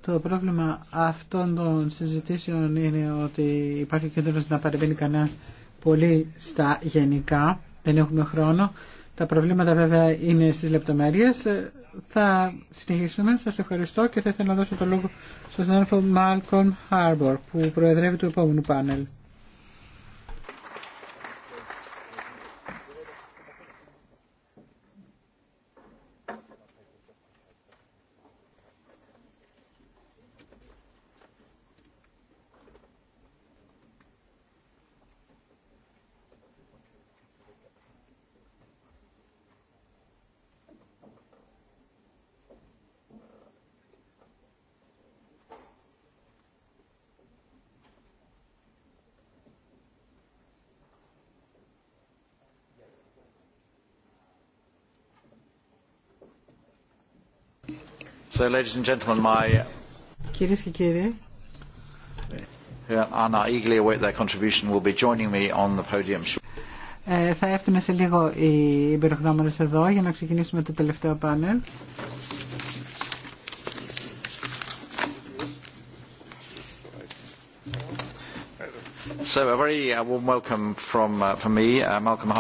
Το πρόβλημα αυτών των συζητήσεων είναι ότι υπάρχει κίνδυνο να παρεμβαίνει κανένα πολύ στα γενικά. Δεν έχουμε χρόνο. Τα προβλήματα βέβαια είναι στις λεπτομέρειες. Θα συνεχίσουμε. Σας ευχαριστώ και θα ήθελα να δώσω το λόγο στον συνάδελφο Μάλκον Χάρμπορ που προεδρεύει το επόμενο πάνελ. και κύριοι, θα έρθουν σε λίγο οι εμπειρογνώμονες εδώ για να ξεκινήσουμε το τελευταίο πάνελ. So a very uh, welcome from, uh, me, uh, Malcolm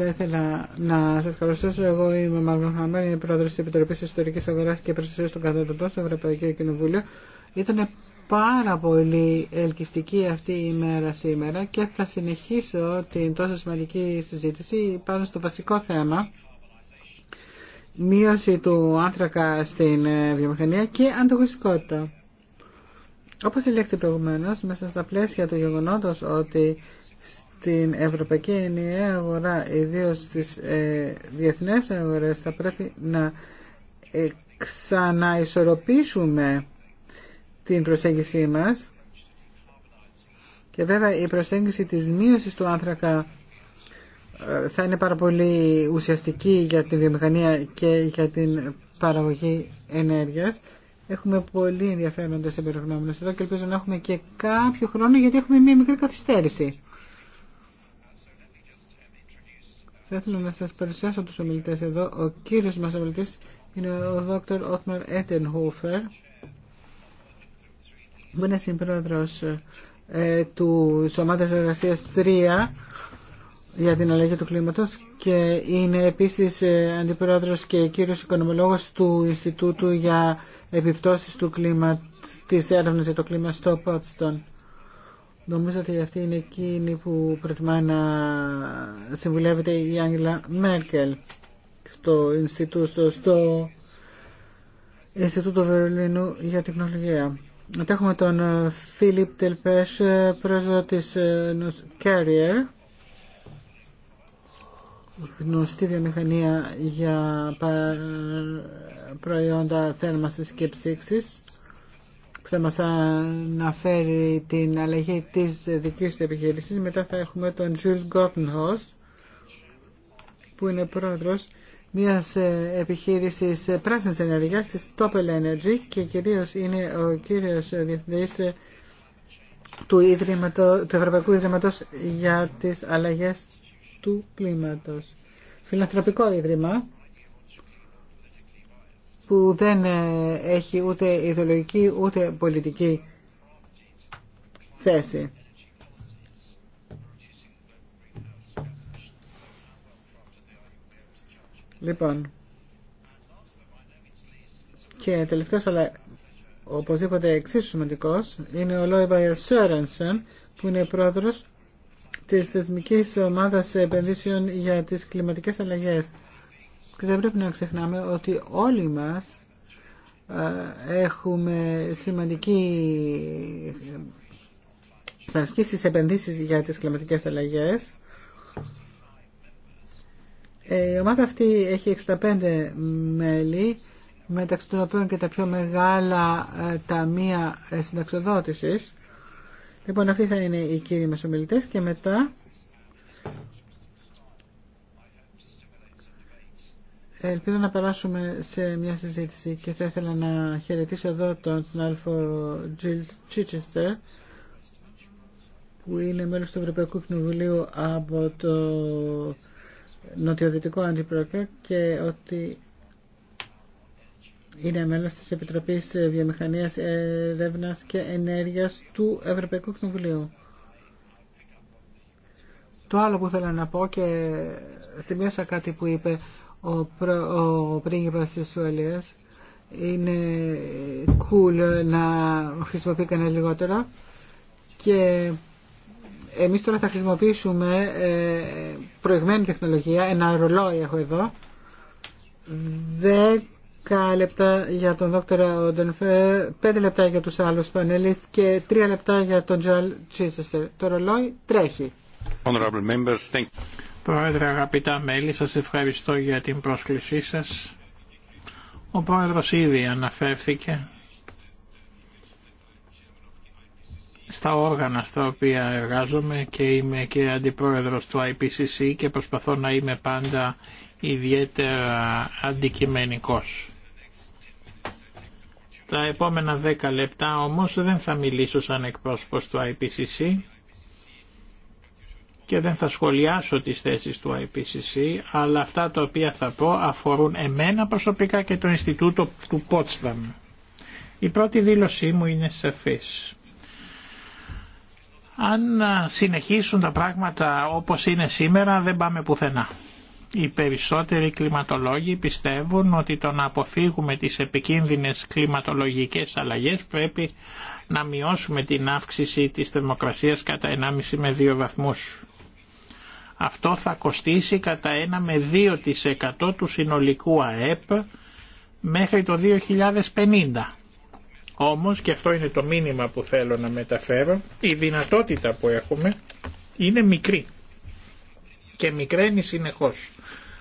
θα ήθελα να σα καλωσορίσω. Εγώ είμαι Μαύρο Χαμπέρ, είμαι τη τη Επιτροπή Ιστορικής Αγορά και Προστασία των Καταναλωτών στο Ευρωπαϊκό Κοινοβούλιο. Ήταν πάρα πολύ ελκυστική αυτή η ημέρα σήμερα και θα συνεχίσω την τόσο σημαντική συζήτηση πάνω στο βασικό θέμα μείωση του άνθρακα στην ε, βιομηχανία και ανταγωνιστικότητα. Όπως ελέγχθη προηγουμένως, μέσα στα πλαίσια του γεγονότος ότι την Ευρωπαϊκή Ενιαία Αγορά, ιδίως στις ε, διεθνές αγορές, θα πρέπει να ε, την προσέγγιση μας και βέβαια η προσέγγιση της μείωσης του άνθρακα ε, θα είναι πάρα πολύ ουσιαστική για την βιομηχανία και για την παραγωγή ενέργειας. Έχουμε πολύ ενδιαφέροντες εμπεριγνώμενες εδώ και ελπίζω να έχουμε και κάποιο χρόνο γιατί έχουμε μια μικρή καθυστέρηση. Θα ήθελα να σας παρουσιάσω τους ομιλητές εδώ. Ο κύριος μας ομιλητής είναι ο Δόκτωρ Ότμαρ Έτενχόφερ, που είναι συμπρόεδρος ε, του Σωμάτας Εργασίας 3 για την αλλαγή του κλίματος και είναι επίσης ε, αντιπρόεδρος και κύριος οικονομολόγος του Ινστιτούτου για επιπτώσεις του κλίματος της έρευνας για το κλίμα στο Πότστον. Νομίζω ότι αυτή είναι εκείνη που προτιμά να συμβουλεύεται η Άγγελα Μέρκελ στο Ινστιτούτο, στο Ινστιτούτο Βερολίνου για Τεχνολογία. Έχουμε τον Φίλιπ Τελπέσ, πρόεδρο της ε, Carrier, γνωστή βιομηχανία για προϊόντα θέρμανσης και ψήξης που θα μας αναφέρει την αλλαγή της δικής του επιχείρησης. Μετά θα έχουμε τον Jules Gottenhaus, που είναι πρόεδρος μιας ε, επιχείρησης ε, πράσινης ενεργειάς της Topel Energy και κυρίως είναι ο κύριος διευθυντής ε, του, Ιδρυματο, του Ευρωπαϊκού Ιδρύματος για τις αλλαγές του κλίματος. Φιλανθρωπικό Ίδρυμα που δεν ε, έχει ούτε ιδεολογική ούτε πολιτική θέση. Λοιπόν, και τελευταίος αλλά οπωσδήποτε εξίσου σημαντικός είναι ο Λόιβα Σόρενσεν που είναι πρόεδρος της θεσμικής ομάδας επενδύσεων για τις κλιματικές αλλαγές. Και δεν πρέπει να ξεχνάμε ότι όλοι μας ε, έχουμε σημαντική ε, αρχή στις επενδύσεις για τις κλιματικές αλλαγές. Ε, η ομάδα αυτή έχει 65 μέλη, μεταξύ των οποίων και τα πιο μεγάλα ταμεία συνταξιοδότησης. Λοιπόν, αυτοί θα είναι οι κύριοι μας και μετά Ελπίζω να περάσουμε σε μια συζήτηση και θα ήθελα να χαιρετήσω εδώ τον συνάδελφο Τζιλ Τσίτσεστερ που είναι μέλος του Ευρωπαϊκού Κοινοβουλίου από το Νοτιοδυτικό Αντιπρόκειο και ότι είναι μέλος της Επιτροπής Βιομηχανίας Ερεύνα και Ενέργειας του Ευρωπαϊκού Κοινοβουλίου. Το άλλο που θέλω να πω και σημείωσα κάτι που είπε ο, προ, ο πρίγκιπας της είναι cool να χρησιμοποιεί κανένα λιγότερο και εμείς τώρα θα χρησιμοποιήσουμε ε, προηγμένη τεχνολογία, ένα ρολόι έχω εδώ 10 λεπτά για τον δόκτωρα Οντενφέ, 5 λεπτά για τους άλλους πανελίστ και 3 λεπτά για τον Τζαλ Τσίσεστερ. Το ρολόι τρέχει. Πρόεδρε, αγαπητά μέλη, σας ευχαριστώ για την πρόσκλησή σας. Ο Πρόεδρος ήδη αναφέρθηκε στα όργανα στα οποία εργάζομαι και είμαι και αντιπρόεδρος του IPCC και προσπαθώ να είμαι πάντα ιδιαίτερα αντικειμενικός. Τα επόμενα δέκα λεπτά όμως δεν θα μιλήσω σαν εκπρόσωπος του IPCC, και δεν θα σχολιάσω τις θέσεις του IPCC, αλλά αυτά τα οποία θα πω αφορούν εμένα προσωπικά και το Ινστιτούτο του Πότσταμ. Η πρώτη δήλωσή μου είναι σαφής. Αν συνεχίσουν τα πράγματα όπως είναι σήμερα δεν πάμε πουθενά. Οι περισσότεροι κλιματολόγοι πιστεύουν ότι το να αποφύγουμε τις επικίνδυνες κλιματολογικές αλλαγές πρέπει να μειώσουμε την αύξηση της θερμοκρασίας κατά 1,5 με 2 βαθμούς. Αυτό θα κοστίσει κατά 1 με 2% του συνολικού ΑΕΠ μέχρι το 2050. Όμως, και αυτό είναι το μήνυμα που θέλω να μεταφέρω, η δυνατότητα που έχουμε είναι μικρή και μικραίνει συνεχώς.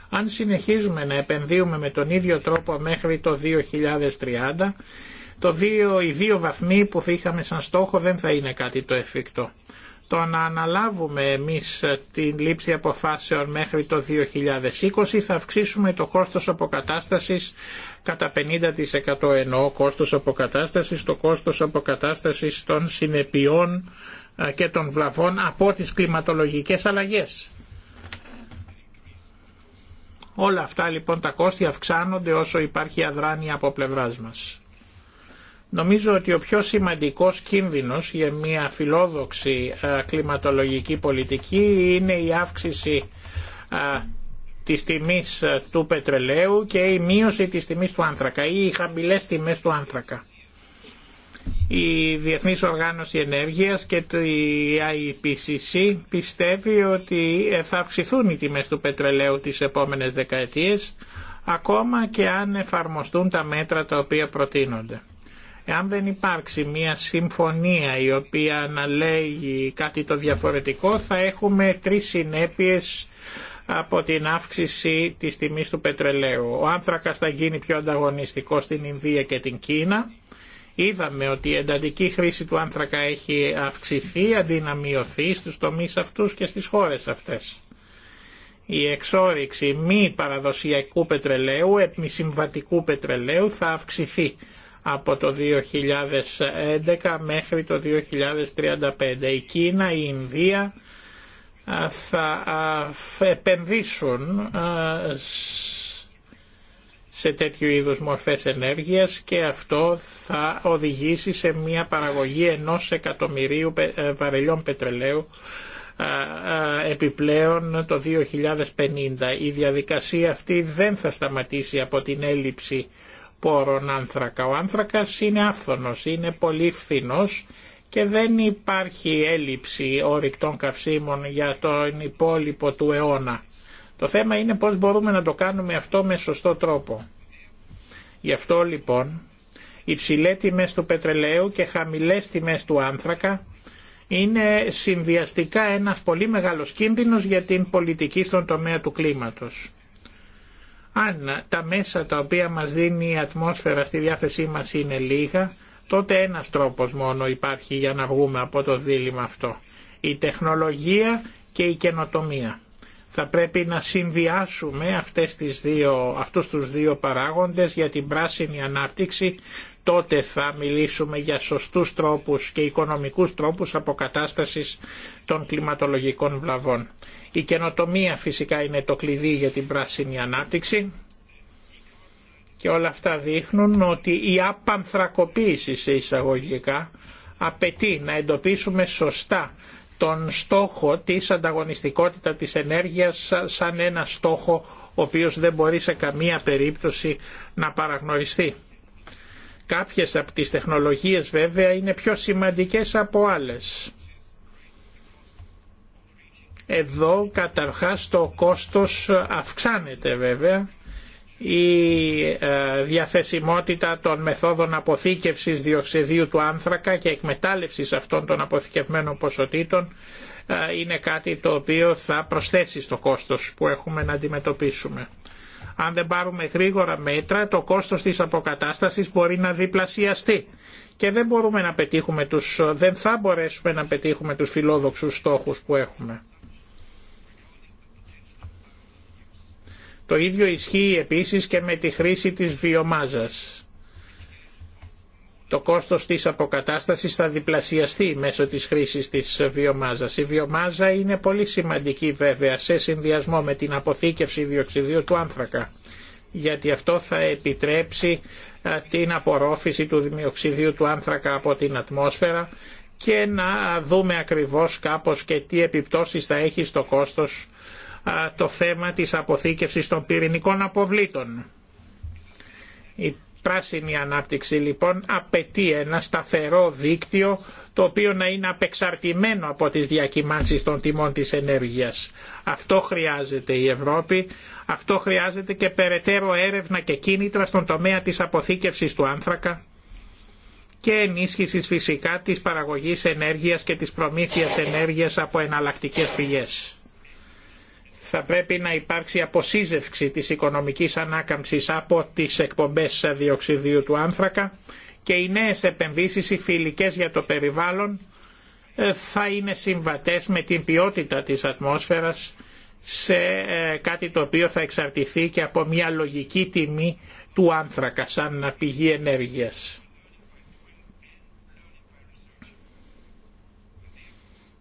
Αν συνεχίζουμε να επενδύουμε με τον ίδιο τρόπο μέχρι το 2030, το δύο, οι δύο βαθμοί που θα είχαμε σαν στόχο δεν θα είναι κάτι το εφικτό το να αναλάβουμε εμείς την λήψη αποφάσεων μέχρι το 2020 θα αυξήσουμε το κόστος αποκατάστασης κατά 50% ενώ κόστος αποκατάστασης, το κόστος αποκατάστασης των συνεπειών και των βλαβών από τις κλιματολογικές αλλαγές. Όλα αυτά λοιπόν τα κόστη αυξάνονται όσο υπάρχει αδράνεια από πλευράς μας. Νομίζω ότι ο πιο σημαντικός κίνδυνος για μια φιλόδοξη κλιματολογική πολιτική είναι η αύξηση της τιμής του πετρελαίου και η μείωση της τιμής του άνθρακα ή οι χαμηλές τιμές του άνθρακα. Η Διεθνής Οργάνωση Ενέργειας και το IPCC πιστεύει ότι ε, θα αυξηθούν οι τιμές του πετρελαίου τις επόμενες δεκαετίες ακόμα και αν εφαρμοστούν τα μέτρα τα οποία προτείνονται. Εάν δεν υπάρξει μια συμφωνία η οποία να λέει κάτι το διαφορετικό θα έχουμε τρεις συνέπειες από την αύξηση της τιμής του πετρελαίου. Ο άνθρακας θα γίνει πιο ανταγωνιστικό στην Ινδία και την Κίνα. Είδαμε ότι η εντατική χρήση του άνθρακα έχει αυξηθεί αντί να μειωθεί στους τομείς αυτούς και στις χώρες αυτές. Η εξόριξη μη παραδοσιακού πετρελαίου, επισυμβατικού πετρελαίου θα αυξηθεί από το 2011 μέχρι το 2035. Η Κίνα, η Ινδία θα επενδύσουν σε τέτοιου είδους μορφές ενέργειας και αυτό θα οδηγήσει σε μια παραγωγή ενός εκατομμυρίου ε, βαρελιών πετρελαίου επιπλέον το 2050. Η διαδικασία αυτή δεν θα σταματήσει από την έλλειψη Πορον άνθρακα. Ο άνθρακας είναι άφθονος, είναι πολύ φθηνός και δεν υπάρχει έλλειψη ορυκτών καυσίμων για τον υπόλοιπο του αιώνα. Το θέμα είναι πώς μπορούμε να το κάνουμε αυτό με σωστό τρόπο. Γι' αυτό λοιπόν υψηλέ τιμές του πετρελαίου και χαμηλές τιμές του άνθρακα είναι συνδυαστικά ένας πολύ μεγάλος κίνδυνος για την πολιτική στον τομέα του κλίματος. Αν τα μέσα τα οποία μας δίνει η ατμόσφαιρα στη διάθεσή μας είναι λίγα, τότε ένας τρόπος μόνο υπάρχει για να βγούμε από το δίλημα αυτό. Η τεχνολογία και η καινοτομία. Θα πρέπει να συνδυάσουμε αυτές τις δύο, αυτούς τους δύο παράγοντες για την πράσινη ανάπτυξη τότε θα μιλήσουμε για σωστούς τρόπους και οικονομικούς τρόπους αποκατάστασης των κλιματολογικών βλαβών. Η καινοτομία φυσικά είναι το κλειδί για την πράσινη ανάπτυξη και όλα αυτά δείχνουν ότι η απανθρακοποίηση σε εισαγωγικά απαιτεί να εντοπίσουμε σωστά τον στόχο της ανταγωνιστικότητα της ενέργειας σαν ένα στόχο ο οποίος δεν μπορεί σε καμία περίπτωση να παραγνωριστεί. Κάποιες από τις τεχνολογίες βέβαια είναι πιο σημαντικές από άλλες. Εδώ καταρχάς το κόστος αυξάνεται βέβαια. Η ε, διαθεσιμότητα των μεθόδων αποθήκευσης διοξιδίου του άνθρακα και εκμετάλλευσης αυτών των αποθηκευμένων ποσοτήτων ε, είναι κάτι το οποίο θα προσθέσει στο κόστος που έχουμε να αντιμετωπίσουμε. Αν δεν πάρουμε γρήγορα μέτρα το κόστος της αποκατάστασης μπορεί να διπλασιαστεί και δεν, μπορούμε να πετύχουμε τους, δεν θα μπορέσουμε να πετύχουμε τους φιλόδοξους στόχους που έχουμε. Το ίδιο ισχύει επίσης και με τη χρήση της βιομάζας το κόστος της αποκατάστασης θα διπλασιαστεί μέσω της χρήσης της βιομάζας. Η βιομάζα είναι πολύ σημαντική βέβαια σε συνδυασμό με την αποθήκευση διοξιδίου του άνθρακα γιατί αυτό θα επιτρέψει την απορρόφηση του διοξιδίου του άνθρακα από την ατμόσφαιρα και να δούμε ακριβώς κάπως και τι επιπτώσεις θα έχει στο κόστος το θέμα της αποθήκευσης των πυρηνικών αποβλήτων πράσινη ανάπτυξη λοιπόν απαιτεί ένα σταθερό δίκτυο το οποίο να είναι απεξαρτημένο από τις διακυμάνσεις των τιμών της ενέργειας. Αυτό χρειάζεται η Ευρώπη, αυτό χρειάζεται και περαιτέρω έρευνα και κίνητρα στον τομέα της αποθήκευσης του άνθρακα και ενίσχυσης φυσικά της παραγωγής ενέργειας και της προμήθειας ενέργειας από εναλλακτικές πηγές θα πρέπει να υπάρξει αποσύζευξη της οικονομικής ανάκαμψης από τις εκπομπές διοξιδίου του άνθρακα και οι νέες επενδύσεις οι φιλικές για το περιβάλλον ε, θα είναι συμβατές με την ποιότητα της ατμόσφαιρας σε ε, κάτι το οποίο θα εξαρτηθεί και από μια λογική τιμή του άνθρακα σαν πηγή ενέργειας.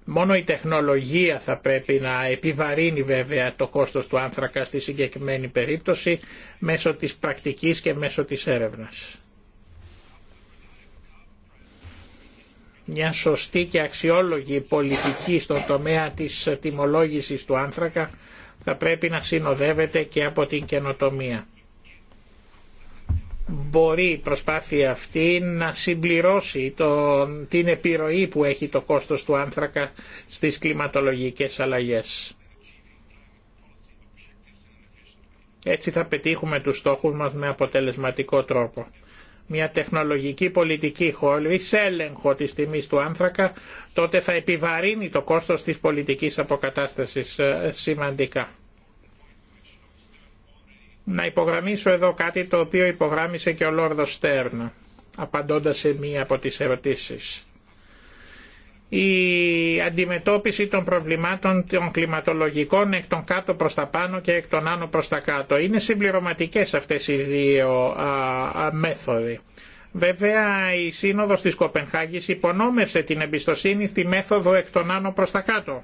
Μόνο η τεχνολογία θα πρέπει να επιβαρύνει βέβαια το κόστος του άνθρακα στη συγκεκριμένη περίπτωση μέσω της πρακτικής και μέσω της έρευνας. Μια σωστή και αξιόλογη πολιτική στον τομέα της τιμολόγησης του άνθρακα θα πρέπει να συνοδεύεται και από την καινοτομία μπορεί η προσπάθεια αυτή να συμπληρώσει το, την επιρροή που έχει το κόστος του άνθρακα στις κλιματολογικές αλλαγές. Έτσι θα πετύχουμε τους στόχους μας με αποτελεσματικό τρόπο. Μια τεχνολογική πολιτική χωρίς έλεγχο της τιμής του άνθρακα τότε θα επιβαρύνει το κόστος της πολιτικής αποκατάστασης ε, σημαντικά. Να υπογραμμίσω εδώ κάτι το οποίο υπογράμμισε και ο Λόρδο Στέρν, απαντώντας σε μία από τις ερωτήσεις. Η αντιμετώπιση των προβλημάτων των κλιματολογικών εκ των κάτω προς τα πάνω και εκ των άνω προς τα κάτω. Είναι συμπληρωματικές αυτές οι δύο α, μέθοδοι. Βέβαια η Σύνοδος της Κοπενχάγης υπονόμευσε την εμπιστοσύνη στη μέθοδο εκ των άνω προς τα κάτω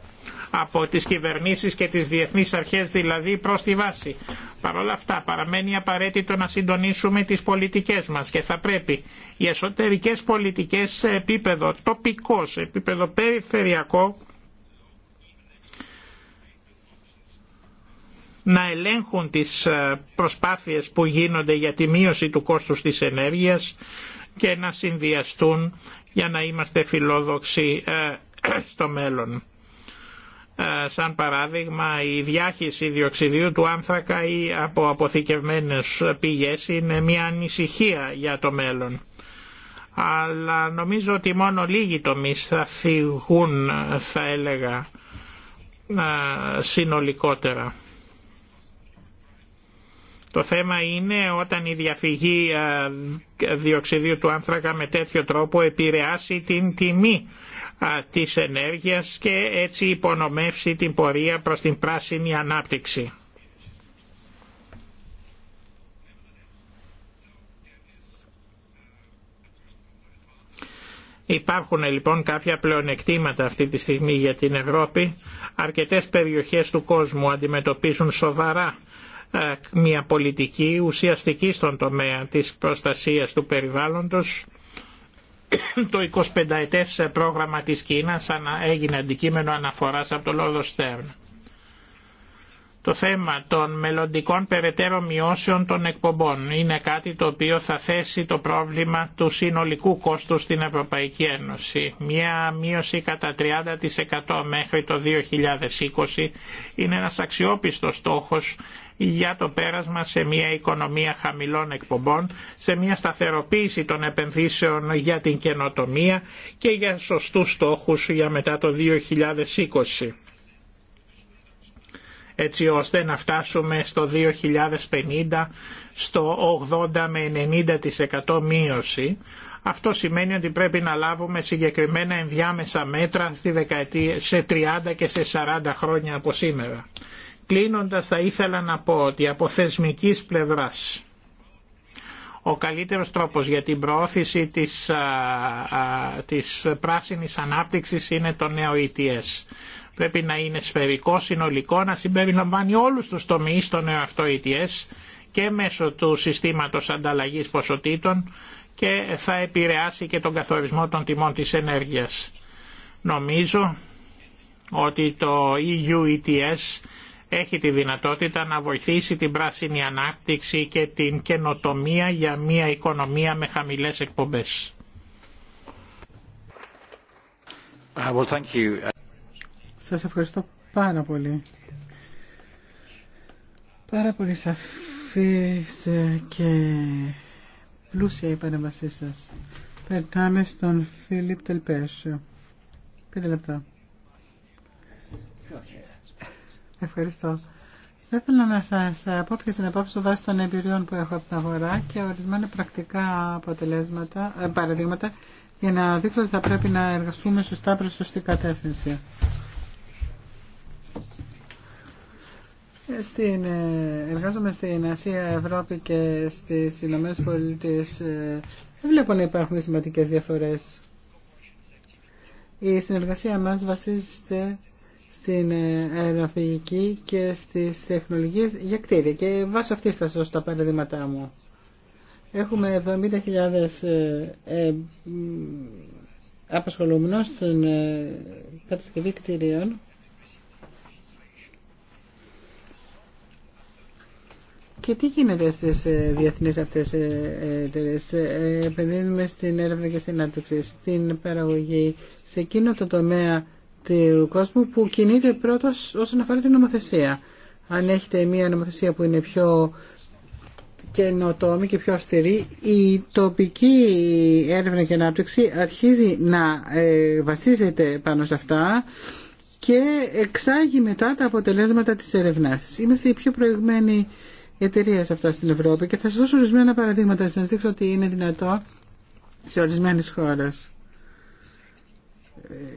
από τις κυβερνήσεις και τις διεθνείς αρχές δηλαδή προς τη βάση. Παρ' όλα αυτά παραμένει απαραίτητο να συντονίσουμε τις πολιτικές μας και θα πρέπει οι εσωτερικές πολιτικές σε επίπεδο τοπικό, σε επίπεδο περιφερειακό να ελέγχουν τις ε, προσπάθειες που γίνονται για τη μείωση του κόστους της ενέργειας και να συνδυαστούν για να είμαστε φιλόδοξοι ε, στο μέλλον. Ε, σαν παράδειγμα η διάχυση διοξιδίου του άνθρακα ή από αποθηκευμένες πηγές είναι μια ανησυχία για το μέλλον. Αλλά νομίζω ότι μόνο λίγοι τομείς θα φυγούν, θα έλεγα, ε, συνολικότερα. Το θέμα είναι όταν η διαφυγή ε, διοξιδίου του άνθρακα με τέτοιο τρόπο επηρεάσει την τιμή της ενέργειας και έτσι υπονομεύσει την πορεία προς την πράσινη ανάπτυξη. Υπάρχουν λοιπόν κάποια πλεονεκτήματα αυτή τη στιγμή για την Ευρώπη. Αρκετές περιοχές του κόσμου αντιμετωπίζουν σοβαρά μια πολιτική ουσιαστική στον τομέα της προστασίας του περιβάλλοντος το 25 ετές πρόγραμμα της Κίνας έγινε αντικείμενο αναφοράς από τον Λόδο Στέρν. Το θέμα των μελλοντικών περαιτέρω μειώσεων των εκπομπών είναι κάτι το οποίο θα θέσει το πρόβλημα του συνολικού κόστου στην Ευρωπαϊκή Ένωση. Μια μείωση κατά 30% μέχρι το 2020 είναι ένας αξιόπιστος στόχος για το πέρασμα σε μια οικονομία χαμηλών εκπομπών, σε μια σταθεροποίηση των επενδύσεων για την καινοτομία και για σωστούς στόχους για μετά το 2020 έτσι ώστε να φτάσουμε στο 2050 στο 80 με 90% μείωση. Αυτό σημαίνει ότι πρέπει να λάβουμε συγκεκριμένα ενδιάμεσα μέτρα στη δεκαετία, σε 30 και σε 40 χρόνια από σήμερα. Κλείνοντας θα ήθελα να πω ότι από θεσμικής πλευράς ο καλύτερος τρόπος για την προώθηση της, α, α, της πράσινης ανάπτυξης είναι το νέο ETS πρέπει να είναι σφαιρικό, συνολικό, να συμπεριλαμβάνει όλους τους τομείς των αυτό ETS και μέσω του συστήματος ανταλλαγής ποσοτήτων και θα επηρεάσει και τον καθορισμό των τιμών της ενέργειας. Νομίζω ότι το EU ETS έχει τη δυνατότητα να βοηθήσει την πράσινη ανάπτυξη και την καινοτομία για μια οικονομία με χαμηλές εκπομπές. Uh, σας ευχαριστώ πάρα πολύ. Πάρα πολύ σαφής ε, και πλούσια η παρέμβασή σας. Περνάμε στον Φίλιπ Τελπέσιο. Πέντε λεπτά. Ευχαριστώ. Θα ήθελα να σα πω ποιε είναι απόψει βάσει των εμπειριών που έχω από την αγορά και ορισμένα πρακτικά αποτελέσματα, ε, παραδείγματα για να δείξω ότι θα πρέπει να εργαστούμε σωστά προ σωστή κατεύθυνση. Στην, ε, εργάζομαι στην Ασία, Ευρώπη και στις Ηνωμένες Πολιτείες. Ε, δεν βλέπω να υπάρχουν σημαντικές διαφορές. Η συνεργασία μας βασίζεται στην ε, αεροφυγική και στις τεχνολογίες για κτίρια και βάσω αυτή στα τα παραδείγματά μου. Έχουμε 70.000 ε, απασχολούμενους στην κατασκευή κτίριων Και τι γίνεται στι ε, διεθνεί αυτές ε, εταιρείε. Ε, επενδύουμε στην έρευνα και στην άπτυξη, στην παραγωγή, σε εκείνο το τομέα του κόσμου που κινείται πρώτος όσον αφορά την νομοθεσία. Αν έχετε μια νομοθεσία που είναι πιο καινοτόμη και πιο αυστηρή, η τοπική έρευνα και ανάπτυξη αρχίζει να βασίζεται πάνω σε αυτά και εξάγει μετά τα αποτελέσματα της έρευνάς Είμαστε οι πιο προηγμένοι εταιρείε αυτά στην Ευρώπη και θα σα δώσω ορισμένα παραδείγματα, σα δείξω ότι είναι δυνατό σε ορισμένες χώρες.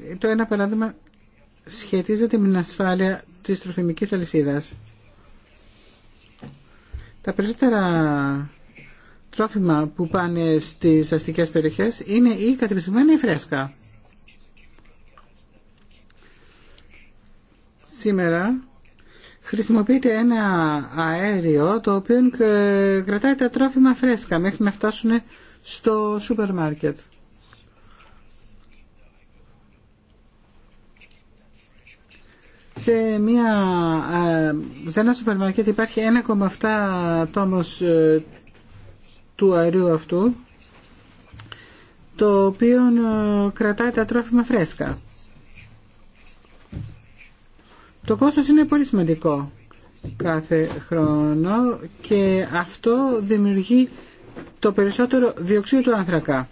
Ε, το ένα παράδειγμα σχετίζεται με την ασφάλεια της τροφιμικής αλυσίδας. Τα περισσότερα τρόφιμα που πάνε στις αστικές περιοχές είναι ή κατεψυγμένα ή φρέσκα. Σήμερα χρησιμοποιείται ένα αέριο το οποίο κρατάει τα τρόφιμα φρέσκα μέχρι να φτάσουν στο σούπερ μάρκετ. Σε, μια, ε, σε ένα σούπερ μάρκετ υπάρχει 1,7 τόμος ε, του αερίου αυτού το οποίο ε, κρατάει τα τρόφιμα φρέσκα. Το κόστος είναι πολύ σημαντικό κάθε χρόνο και αυτό δημιουργεί το περισσότερο διοξείδιο του άνθρακα.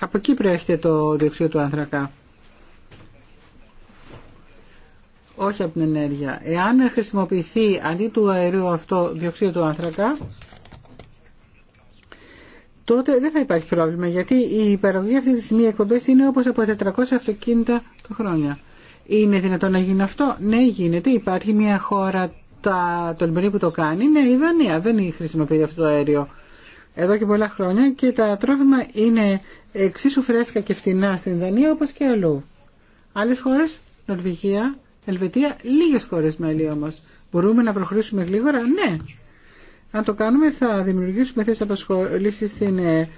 Από εκεί προέρχεται το διοξείδιο του άνθρακα. Όχι από την ενέργεια. Εάν χρησιμοποιηθεί αντί του αερίου αυτό διοξείδιο του άνθρακα, τότε δεν θα υπάρχει πρόβλημα, γιατί η παραγωγή αυτή τη στιγμή εκπομπές είναι όπως από 400 αυτοκίνητα το χρόνια. Είναι δυνατόν να γίνει αυτό. Ναι, γίνεται. Υπάρχει μια χώρα τα, το που το κάνει. Ναι, η Δανία δεν χρησιμοποιεί αυτό το αέριο εδώ και πολλά χρόνια και τα τρόφιμα είναι εξίσου φρέσκα και φτηνά στην Δανία όπως και αλλού. Άλλες χώρες, Νορβηγία, Ελβετία, λίγες χώρες μέλη όμως. Μπορούμε να προχωρήσουμε γλίγορα, ναι. Αν το κάνουμε θα δημιουργήσουμε θέσεις απασχόλησης στην ε,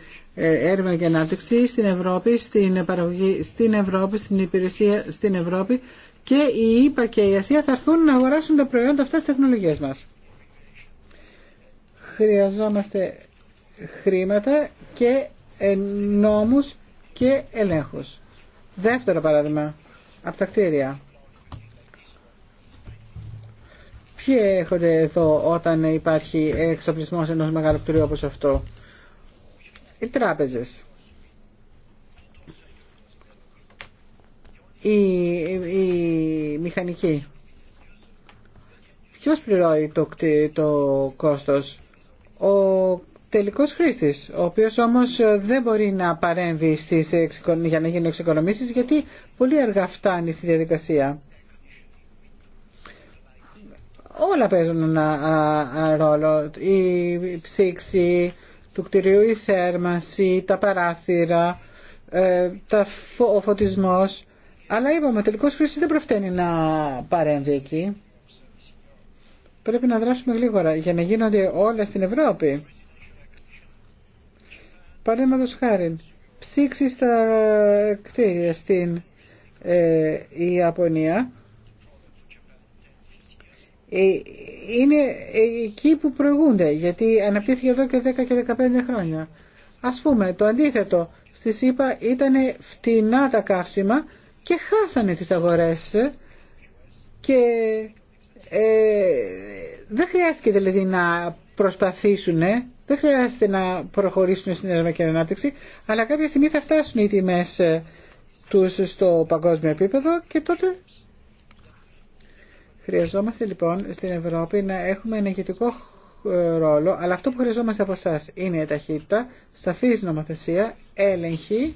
ε, έρευνα και ανάπτυξη στην Ευρώπη, στην παραγωγή στην Ευρώπη, στην υπηρεσία στην Ευρώπη και η ΕΠΑ και η Ασία θα έρθουν να αγοράσουν τα προϊόντα αυτά στις τεχνολογίες μας. Χρειαζόμαστε χρήματα και ε, νόμους και ελέγχους. Δεύτερο παράδειγμα, από τα κτίρια. Ποιοι έρχονται εδώ όταν υπάρχει εξοπλισμός ενός μεγάλου κτίριου όπως αυτό οι τράπεζες. Η, η μηχανική. Ποιος πληρώνει το, το κόστος. Ο τελικός χρήστης, ο οποίος όμως δεν μπορεί να παρέμβει στις, για να γίνουν εξοικονομήσεις γιατί πολύ αργά φτάνει στη διαδικασία. Όλα παίζουν ένα ρόλο. Η ψήξη, του κτηρίου, η θέρμανση, τα παράθυρα, ε, τα, ο φωτισμός. Αλλά είπαμε, ο τελικός δεν προφταίνει να παρέμβει εκεί. Πρέπει να δράσουμε γρήγορα για να γίνονται όλα στην Ευρώπη. Παραδείγματο χάρη, ψήξη στα κτίρια στην ε, Ιαπωνία ε, είναι ε, εκεί που προηγούνται γιατί αναπτύχθηκε εδώ και 10 και 15 χρόνια. Ας πούμε το αντίθετο στη ΣΥΠΑ ήταν φτηνά τα καύσιμα και χάσανε τις αγορές και ε, δεν χρειάστηκε δηλαδή να προσπαθήσουν, δεν χρειάζεται να προχωρήσουν στην έρευνα και ανάπτυξη, αλλά κάποια στιγμή θα φτάσουν οι τιμές ε, τους στο παγκόσμιο επίπεδο και τότε Χρειαζόμαστε λοιπόν στην Ευρώπη να έχουμε ενεργητικό ε, ρόλο, αλλά αυτό που χρειαζόμαστε από εσά είναι η ταχύτητα, σαφή νομοθεσία, έλεγχη,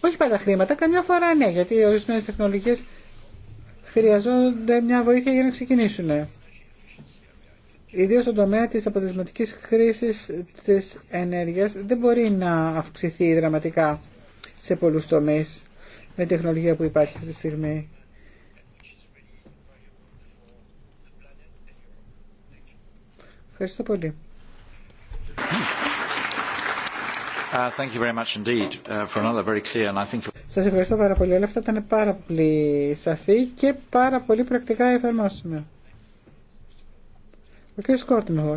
όχι πάντα χρήματα, καμιά φορά ναι, γιατί ορισμένε τεχνολογίε χρειαζόνται μια βοήθεια για να ξεκινήσουν. Ιδίω στον τομέα τη αποτελεσματική χρήση τη ενέργεια δεν μπορεί να αυξηθεί δραματικά σε πολλού τομεί με τεχνολογία που υπάρχει αυτή τη στιγμή. Ευχαριστώ πολύ. Uh, uh, Σα ευχαριστώ πάρα πολύ. Όλα αυτά ήταν πάρα πολύ σαφή και πάρα πολύ πρακτικά εφαρμόσιμα. Ο κ. Σκόρτμεγο.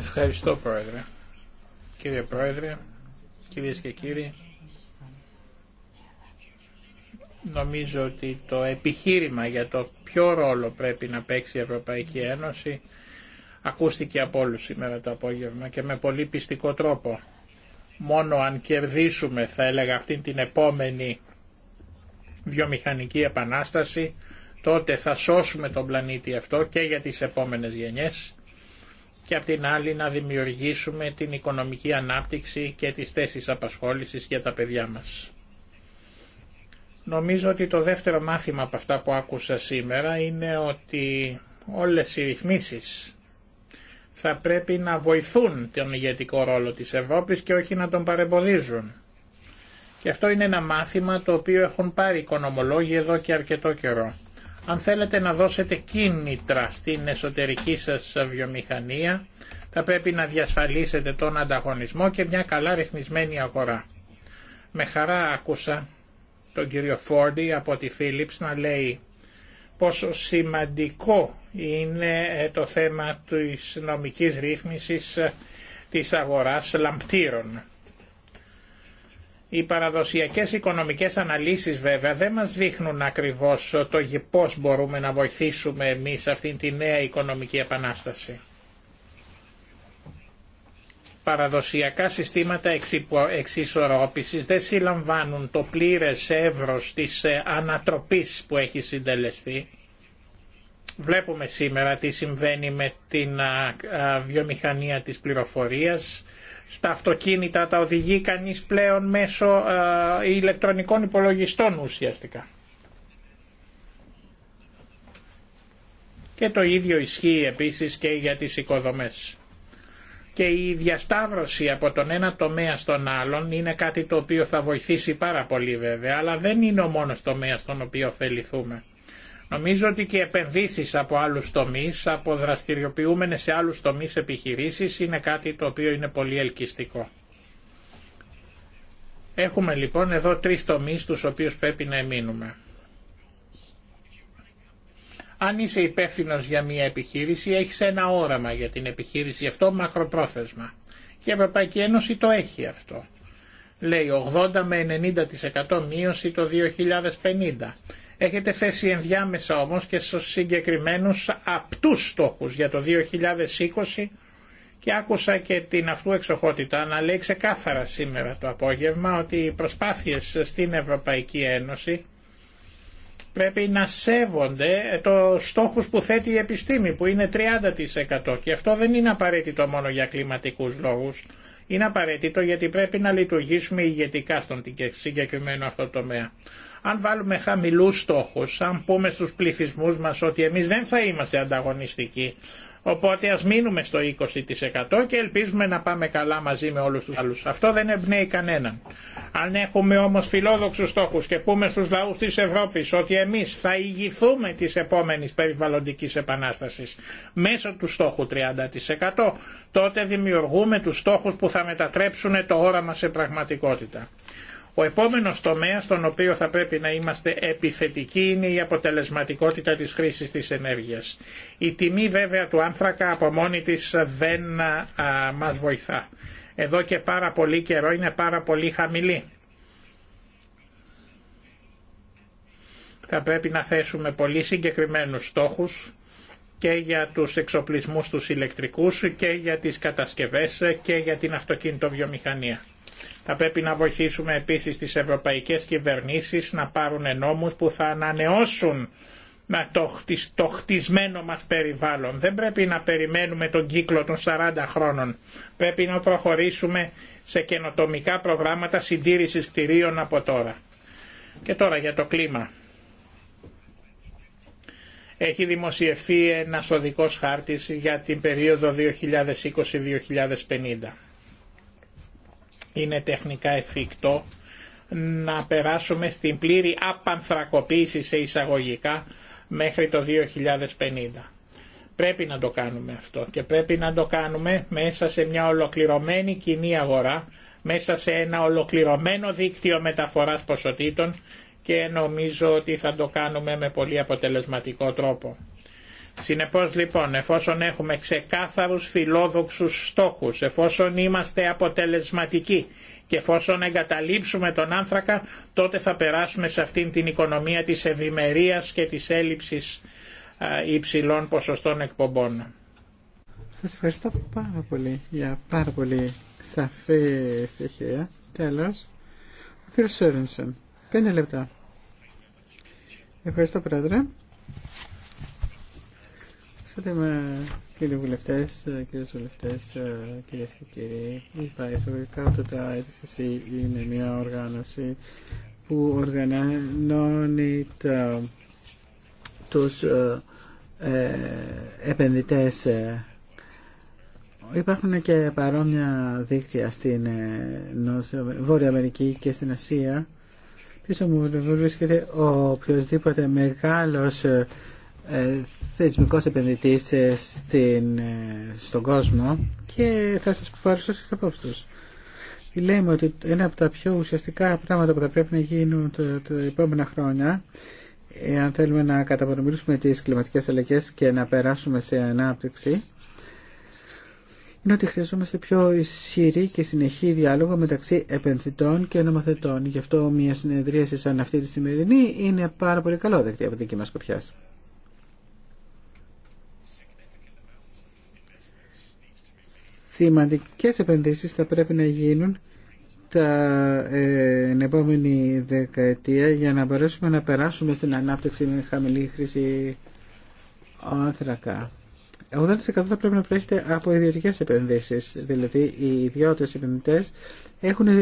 Ευχαριστώ, Πρόεδρε. Κύριε Πρόεδρε, κυρίε και κύριοι. Νομίζω ότι το επιχείρημα για το ποιο ρόλο πρέπει να παίξει η Ευρωπαϊκή Ένωση ακούστηκε από όλους σήμερα το απόγευμα και με πολύ πιστικό τρόπο. Μόνο αν κερδίσουμε θα έλεγα αυτήν την επόμενη βιομηχανική επανάσταση τότε θα σώσουμε τον πλανήτη αυτό και για τις επόμενες γενιές και απ' την άλλη να δημιουργήσουμε την οικονομική ανάπτυξη και τις θέσεις απασχόλησης για τα παιδιά μας. Νομίζω ότι το δεύτερο μάθημα από αυτά που άκουσα σήμερα είναι ότι όλες οι ρυθμίσεις θα πρέπει να βοηθούν τον ηγετικό ρόλο της Ευρώπης και όχι να τον παρεμποδίζουν. Και αυτό είναι ένα μάθημα το οποίο έχουν πάρει οικονομολόγοι εδώ και αρκετό καιρό. Αν θέλετε να δώσετε κίνητρα στην εσωτερική σας βιομηχανία, θα πρέπει να διασφαλίσετε τον ανταγωνισμό και μια καλά ρυθμισμένη αγορά. Με χαρά άκουσα τον κύριο Φόρντι από τη Φίλιπς, να λέει πόσο σημαντικό είναι ε, το θέμα της νομικής ρύθμισης ε, της αγοράς λαμπτήρων. Οι παραδοσιακές οικονομικές αναλύσεις βέβαια δεν μας δείχνουν ακριβώς το πώς μπορούμε να βοηθήσουμε εμείς αυτήν τη νέα οικονομική επανάσταση παραδοσιακά συστήματα εξισορρόπησης δεν συλλαμβάνουν το πλήρες εύρος της ε, ανατροπής που έχει συντελεστεί. Βλέπουμε σήμερα τι συμβαίνει με την βιομηχανία της πληροφορίας. Στα αυτοκίνητα τα οδηγεί κανείς πλέον μέσω ηλεκτρονικών υπολογιστών ουσιαστικά. Και το ίδιο ισχύει επίσης και για τις οικοδομές και η διασταύρωση από τον ένα τομέα στον άλλον είναι κάτι το οποίο θα βοηθήσει πάρα πολύ βέβαια, αλλά δεν είναι ο μόνος τομέας στον οποίο ωφεληθούμε. Νομίζω ότι και επενδύσεις από άλλους τομείς, από δραστηριοποιούμενες σε άλλους τομείς επιχειρήσεις είναι κάτι το οποίο είναι πολύ ελκυστικό. Έχουμε λοιπόν εδώ τρεις τομείς τους οποίους πρέπει να εμείνουμε. Αν είσαι υπεύθυνο για μια επιχείρηση, έχει ένα όραμα για την επιχείρηση αυτό μακροπρόθεσμα. Και η Ευρωπαϊκή Ένωση το έχει αυτό. Λέει 80 με 90% μείωση το 2050. Έχετε θέσει ενδιάμεσα όμως και στους συγκεκριμένους απτούς στόχους για το 2020 και άκουσα και την αυτού εξοχότητα να λέει ξεκάθαρα σήμερα το απόγευμα ότι οι προσπάθειες στην Ευρωπαϊκή Ένωση πρέπει να σέβονται το στόχους που θέτει η επιστήμη που είναι 30% και αυτό δεν είναι απαραίτητο μόνο για κλιματικούς λόγους. Είναι απαραίτητο γιατί πρέπει να λειτουργήσουμε ηγετικά στον συγκεκριμένο αυτό τομέα. Αν βάλουμε χαμηλούς στόχους, αν πούμε στους πληθυσμούς μας ότι εμείς δεν θα είμαστε ανταγωνιστικοί Οπότε ας μείνουμε στο 20% και ελπίζουμε να πάμε καλά μαζί με όλους τους άλλους. Αυτό δεν εμπνέει κανέναν. Αν έχουμε όμως φιλόδοξους στόχους και πούμε στους λαούς της Ευρώπης ότι εμείς θα ηγηθούμε τη επόμενης περιβαλλοντικής επανάστασης μέσω του στόχου 30% τότε δημιουργούμε τους στόχους που θα μετατρέψουν το όραμα σε πραγματικότητα. Ο επόμενος τομέας στον οποίο θα πρέπει να είμαστε επιθετικοί είναι η αποτελεσματικότητα της χρήσης της ενέργειας. Η τιμή βέβαια του άνθρακα από μόνη της δεν μα μας βοηθά. Εδώ και πάρα πολύ καιρό είναι πάρα πολύ χαμηλή. Θα πρέπει να θέσουμε πολύ συγκεκριμένους στόχους και για τους εξοπλισμούς τους ηλεκτρικούς και για τις κατασκευές και για την αυτοκίνητο βιομηχανία. Θα πρέπει να βοηθήσουμε επίσης τις ευρωπαϊκές κυβερνήσεις να πάρουν νόμους που θα ανανεώσουν το χτισμένο μας περιβάλλον. Δεν πρέπει να περιμένουμε τον κύκλο των 40 χρόνων. Πρέπει να προχωρήσουμε σε καινοτομικά προγράμματα συντήρησης κτηρίων από τώρα. Και τώρα για το κλίμα. Έχει δημοσιευθεί ένας οδικός χάρτης για την περίοδο 2020-2050 είναι τεχνικά εφικτό να περάσουμε στην πλήρη απανθρακοποίηση σε εισαγωγικά μέχρι το 2050. Πρέπει να το κάνουμε αυτό και πρέπει να το κάνουμε μέσα σε μια ολοκληρωμένη κοινή αγορά, μέσα σε ένα ολοκληρωμένο δίκτυο μεταφοράς ποσοτήτων και νομίζω ότι θα το κάνουμε με πολύ αποτελεσματικό τρόπο. Συνεπώς λοιπόν, εφόσον έχουμε ξεκάθαρους φιλόδοξους στόχους, εφόσον είμαστε αποτελεσματικοί και εφόσον εγκαταλείψουμε τον άνθρακα, τότε θα περάσουμε σε αυτήν την οικονομία της ευημερία και της έλλειψης υψηλών ποσοστών εκπομπών. Σας ευχαριστώ πάρα πολύ για πάρα πολύ σαφή στοιχεία. Τέλος, ο κ. Σόρενσον. Πέντε λεπτά. Ευχαριστώ, Πρόεδρε κύριε βουλευτέ, κύριε βουλευτέ, κυρίε και κύριοι, η εισαγωγικά ότι τα είναι μια οργάνωση που οργανώνει τα, τους ε, ε Υπάρχουν και παρόμοια δίκτυα στην ε, Βόρεια Αμερική και στην Ασία. Πίσω μου βρίσκεται ο οποιοδήποτε μεγάλος ε, ε, θεσμικός επενδυτής ε, στην, ε, στον κόσμο και θα σας παρουσιάσω τις απόψεις τους. Λέμε ότι ένα από τα πιο ουσιαστικά πράγματα που θα πρέπει να γίνουν τα επόμενα χρόνια αν θέλουμε να καταπονομήσουμε τις κλιματικές αλλαγές και να περάσουμε σε ανάπτυξη είναι ότι χρειαζόμαστε πιο ισχυρή και συνεχή διάλογο μεταξύ επενδυτών και νομοθετών. Γι' αυτό μια συνεδρίαση σαν αυτή τη σημερινή είναι πάρα πολύ καλό δεκτή από δική μας κοπιάς. σημαντικές επενδύσεις θα πρέπει να γίνουν τα ε, επόμενη δεκαετία για να μπορέσουμε να περάσουμε στην ανάπτυξη με χαμηλή χρήση άνθρακα. 80% θα πρέπει να προέρχεται από ιδιωτικέ επενδύσει. Δηλαδή, οι ιδιώτε επενδυτέ έχουν ε,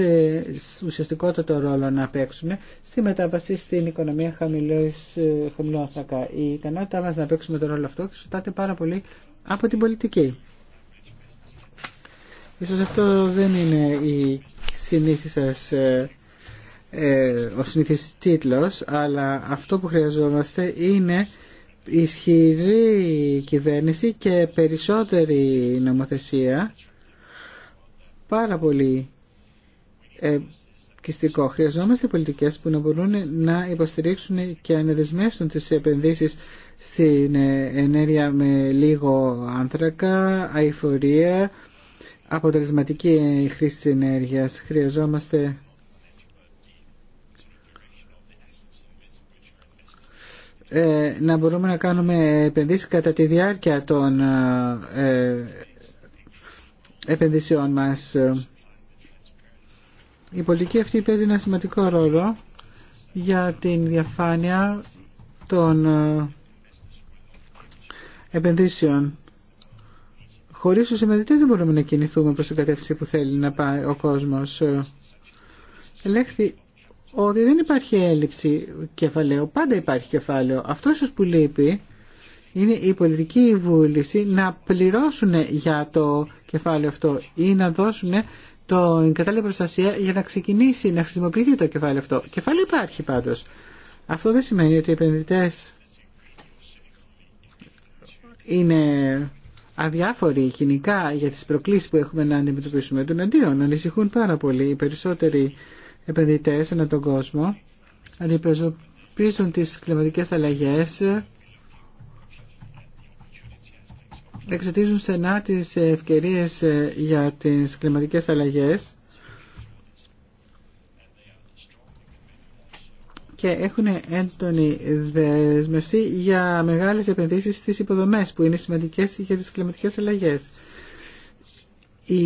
ουσιαστικότατο ρόλο να παίξουν στη μετάβαση στην οικονομία χαμηλής ε, άνθρακα. Η ικανότητά μα να παίξουμε τον ρόλο αυτό εξαρτάται πάρα πολύ από την πολιτική. Ίσως αυτό δεν είναι η συνήθι ε, ε, ο συνήθις τίτλος, αλλά αυτό που χρειαζόμαστε είναι ισχυρή κυβέρνηση και περισσότερη νομοθεσία. Πάρα πολύ κυστικό. Χρειαζόμαστε πολιτικές που να μπορούν να υποστηρίξουν και να δεσμεύσουν τις επενδύσεις στην ε, ενέργεια με λίγο άνθρακα, αηφορία, αποτελεσματική χρήση της ενέργειας. Χρειαζόμαστε ε, να μπορούμε να κάνουμε επενδύσεις κατά τη διάρκεια των ε, ε, επενδύσεων μας. Η πολιτική αυτή παίζει ένα σημαντικό ρόλο για την διαφάνεια των επενδύσεων. Χωρίς τους επενδυτές δεν μπορούμε να κινηθούμε προς την κατεύθυνση που θέλει να πάει ο κόσμος. Ελέγχθη ότι δεν υπάρχει έλλειψη κεφαλαίου. Πάντα υπάρχει κεφάλαιο. Αυτό ίσω που λείπει είναι η πολιτική βούληση να πληρώσουν για το κεφάλαιο αυτό ή να δώσουν το κατάλληλη προστασία για να ξεκινήσει να χρησιμοποιηθεί το κεφάλαιο αυτό. Κεφάλαιο υπάρχει πάντως. Αυτό δεν σημαίνει ότι οι επενδυτές είναι αδιάφοροι κοινικά για τις προκλήσεις που έχουμε να αντιμετωπίσουμε των αντίον. Ανησυχούν πάρα πολύ οι περισσότεροι επενδυτές ανά τον κόσμο, αντιπροσωπίζουν τις κλιματικές αλλαγές, εξετίζουν στενά τις ευκαιρίες για τις κλιματικές αλλαγές και έχουν έντονη δεσμευσή για μεγάλες επενδύσεις στις υποδομές που είναι σημαντικές για τις κλιματικές αλλαγές. Οι,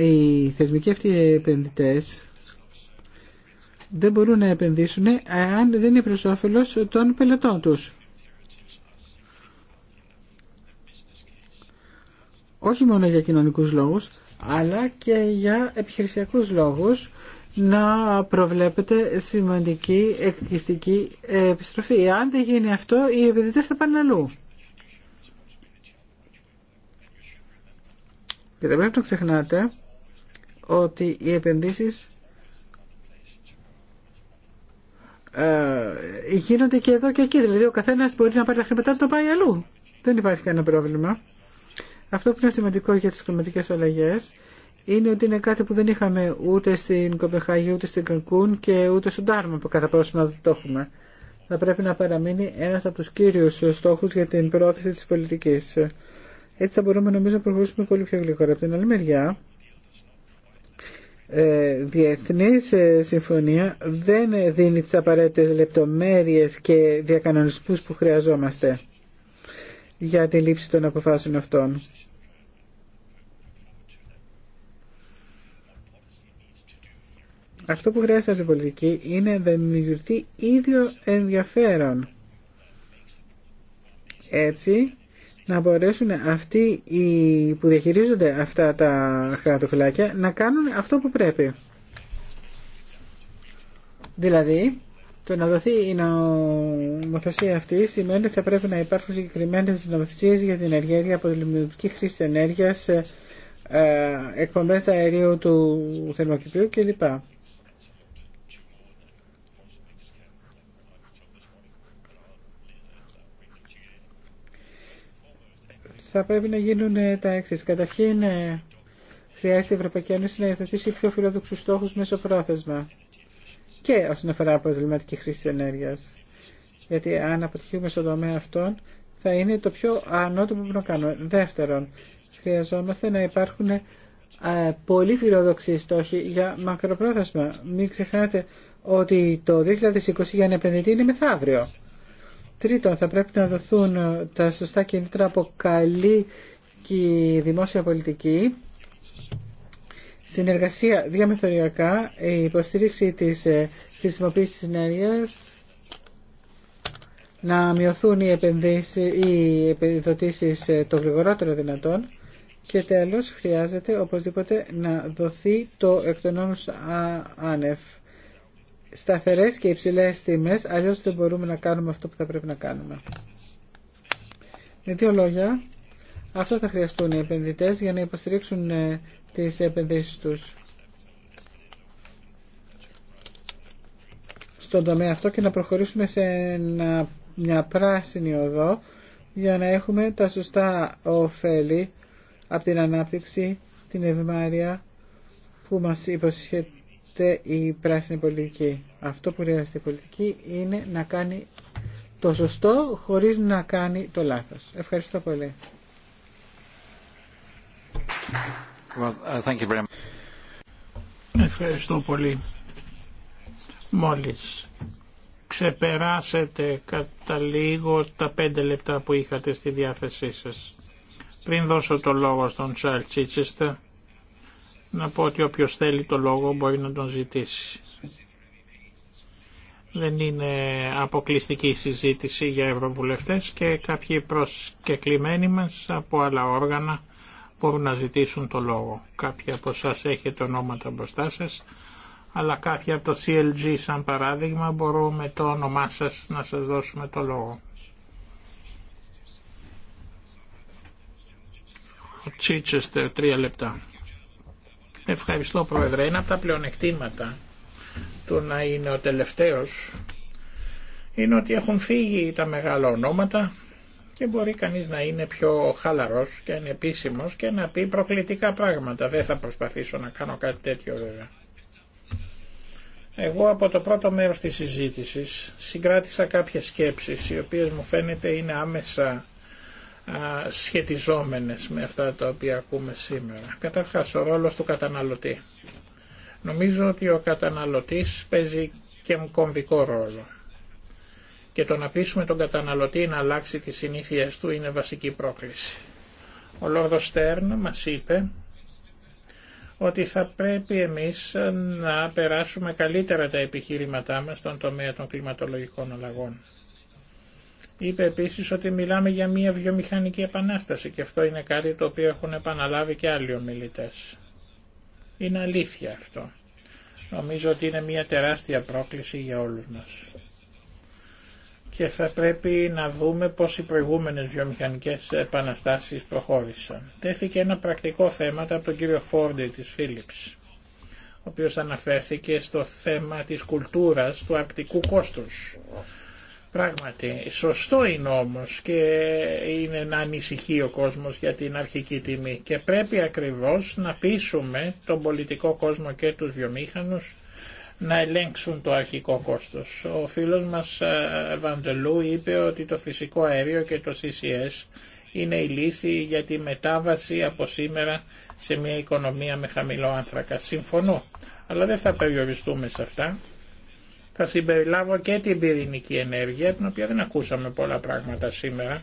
οι θεσμικοί αυτοί οι επενδυτές δεν μπορούν να επενδύσουν ε, αν δεν είναι προς όφελος των πελατών τους. Όχι μόνο για κοινωνικούς λόγους, αλλά και για επιχειρησιακούς λόγους να προβλέπετε σημαντική εκκληστική επιστροφή. Αν δεν γίνει αυτό, οι επενδυτέ θα πάνε αλλού. Και δεν πρέπει να ξεχνάτε ότι οι επενδύσεις ε, γίνονται και εδώ και εκεί. Δηλαδή ο καθένας μπορεί να πάρει τα χρήματα το πάει αλλού. Δεν υπάρχει κανένα πρόβλημα. Αυτό που είναι σημαντικό για τις κλιματικέ αλλαγές είναι ότι είναι κάτι που δεν είχαμε ούτε στην Κοπεχάγη, ούτε στην Κανκούν και ούτε στον Τάρμα που κατά πρόσωπο να το έχουμε. Θα πρέπει να παραμείνει ένας από τους κύριους στόχους για την πρόθεση της πολιτικής. Έτσι θα μπορούμε νομίζω να προχωρήσουμε πολύ πιο γλυκόρα. Από την άλλη μεριά, ε, διεθνής ε, συμφωνία δεν δίνει τις απαραίτητες λεπτομέρειες και διακανονισμούς που χρειαζόμαστε για τη λήψη των αποφάσεων αυτών. Αυτό που χρειάζεται από την πολιτική είναι να δημιουργηθεί ίδιο ενδιαφέρον. Έτσι, να μπορέσουν αυτοί οι που διαχειρίζονται αυτά τα χαρατοφυλάκια να κάνουν αυτό που πρέπει. Δηλαδή, το να δοθεί η νομοθεσία αυτή σημαίνει ότι θα πρέπει να υπάρχουν συγκεκριμένε νομοθεσίε για την ενέργεια από τη δημιουργική χρήση ενέργεια, ε, ε, εκπομπέ αερίου του θερμοκηπίου κλπ. θα πρέπει να γίνουν ε, τα έξι. Καταρχήν, ε, χρειάζεται η Ευρωπαϊκή Ένωση να υιοθετήσει πιο φιλόδοξου στόχου μέσω πρόθεσμα και όσον αφορά αποτελεσματική χρήση ενέργεια. Γιατί αν αποτυχούμε στον τομέα αυτόν, θα είναι το πιο ανώτο που μπορούμε να κάνουμε. Δεύτερον, χρειαζόμαστε να υπάρχουν ε, πολύ φιλόδοξοι στόχοι για μακροπρόθεσμα. Μην ξεχνάτε ότι το 2020 για να επενδυτή είναι μεθαύριο. Τρίτον, θα πρέπει να δοθούν ε, τα σωστά κινήτρα από καλή και δημόσια πολιτική, συνεργασία διαμεθοριακά, η ε, υποστήριξη της ε, χρησιμοποίησης της ενέργειας, να μειωθούν οι επενδύσεις, οι επιδοτήσεις το γρηγορότερο δυνατόν και τέλος χρειάζεται οπωσδήποτε να δοθεί το εκ άνευ σταθερές και υψηλές τιμές, αλλιώς δεν μπορούμε να κάνουμε αυτό που θα πρέπει να κάνουμε. Με δύο λόγια, αυτό θα χρειαστούν οι επενδυτές για να υποστηρίξουν ε, τις επενδύσεις τους. Στον τομέα αυτό και να προχωρήσουμε σε μια πράσινη οδό για να έχουμε τα σωστά ωφέλη από την ανάπτυξη, την ευημάρεια που μας υποσχέτει χρειάζεται η πράσινη πολιτική. Αυτό που χρειάζεται η πολιτική είναι να κάνει το σωστό χωρίς να κάνει το λάθος. Ευχαριστώ πολύ. Uh, Ευχαριστώ πολύ. Μόλις ξεπεράσετε κατά λίγο τα πέντε λεπτά που είχατε στη διάθεσή σας. Πριν δώσω το λόγο στον Τσάλ Τσίτσιστα να πω ότι όποιος θέλει το λόγο μπορεί να τον ζητήσει. Δεν είναι αποκλειστική συζήτηση για ευρωβουλευτές και κάποιοι προσκεκλημένοι μας από άλλα όργανα μπορούν να ζητήσουν το λόγο. Κάποιοι από εσά έχετε ονόματα μπροστά σα, αλλά κάποιοι από το CLG σαν παράδειγμα μπορούμε το όνομά σας να σας δώσουμε το λόγο. Τσίτσεστερ, τρία λεπτά. Ευχαριστώ Πρόεδρε. Ένα από τα πλεονεκτήματα του να είναι ο τελευταίος είναι ότι έχουν φύγει τα μεγάλα ονόματα και μπορεί κανείς να είναι πιο χαλαρός και ανεπίσημος και να πει προκλητικά πράγματα. Δεν θα προσπαθήσω να κάνω κάτι τέτοιο βέβαια. Εγώ από το πρώτο μέρος της συζήτησης συγκράτησα κάποιες σκέψεις οι οποίες μου φαίνεται είναι άμεσα σχετιζόμενες με αυτά τα οποία ακούμε σήμερα. Καταρχάς, ο ρόλος του καταναλωτή. Νομίζω ότι ο καταναλωτής παίζει και κομβικό ρόλο. Και το να πείσουμε τον καταναλωτή να αλλάξει τις συνήθειες του είναι βασική πρόκληση. Ο Λόρδος Στέρν μας είπε ότι θα πρέπει εμείς να περάσουμε καλύτερα τα επιχείρηματά μας στον τομέα των κλιματολογικών αλλαγών. Είπε επίση ότι μιλάμε για μια βιομηχανική επανάσταση και αυτό είναι κάτι το οποίο έχουν επαναλάβει και άλλοι ομιλητέ. Είναι αλήθεια αυτό. Νομίζω ότι είναι μια τεράστια πρόκληση για όλους μας. Και θα πρέπει να δούμε πώς οι προηγούμενες βιομηχανικές επαναστάσεις προχώρησαν. Τέθηκε ένα πρακτικό θέμα από τον κύριο Φόρντι της Φίλιπς, ο οποίος αναφέρθηκε στο θέμα της κουλτούρας του αρκτικού κόστους Πράγματι, σωστό είναι όμως και είναι να ανησυχεί ο κόσμος για την αρχική τιμή και πρέπει ακριβώς να πείσουμε τον πολιτικό κόσμο και τους βιομήχανους να ελέγξουν το αρχικό κόστος. Ο φίλος μας ε, Βαντελού είπε ότι το φυσικό αέριο και το CCS είναι η λύση για τη μετάβαση από σήμερα σε μια οικονομία με χαμηλό άνθρακα. Συμφωνώ, αλλά δεν θα περιοριστούμε σε αυτά. Θα συμπεριλάβω και την πυρηνική ενέργεια, την οποία δεν ακούσαμε πολλά πράγματα σήμερα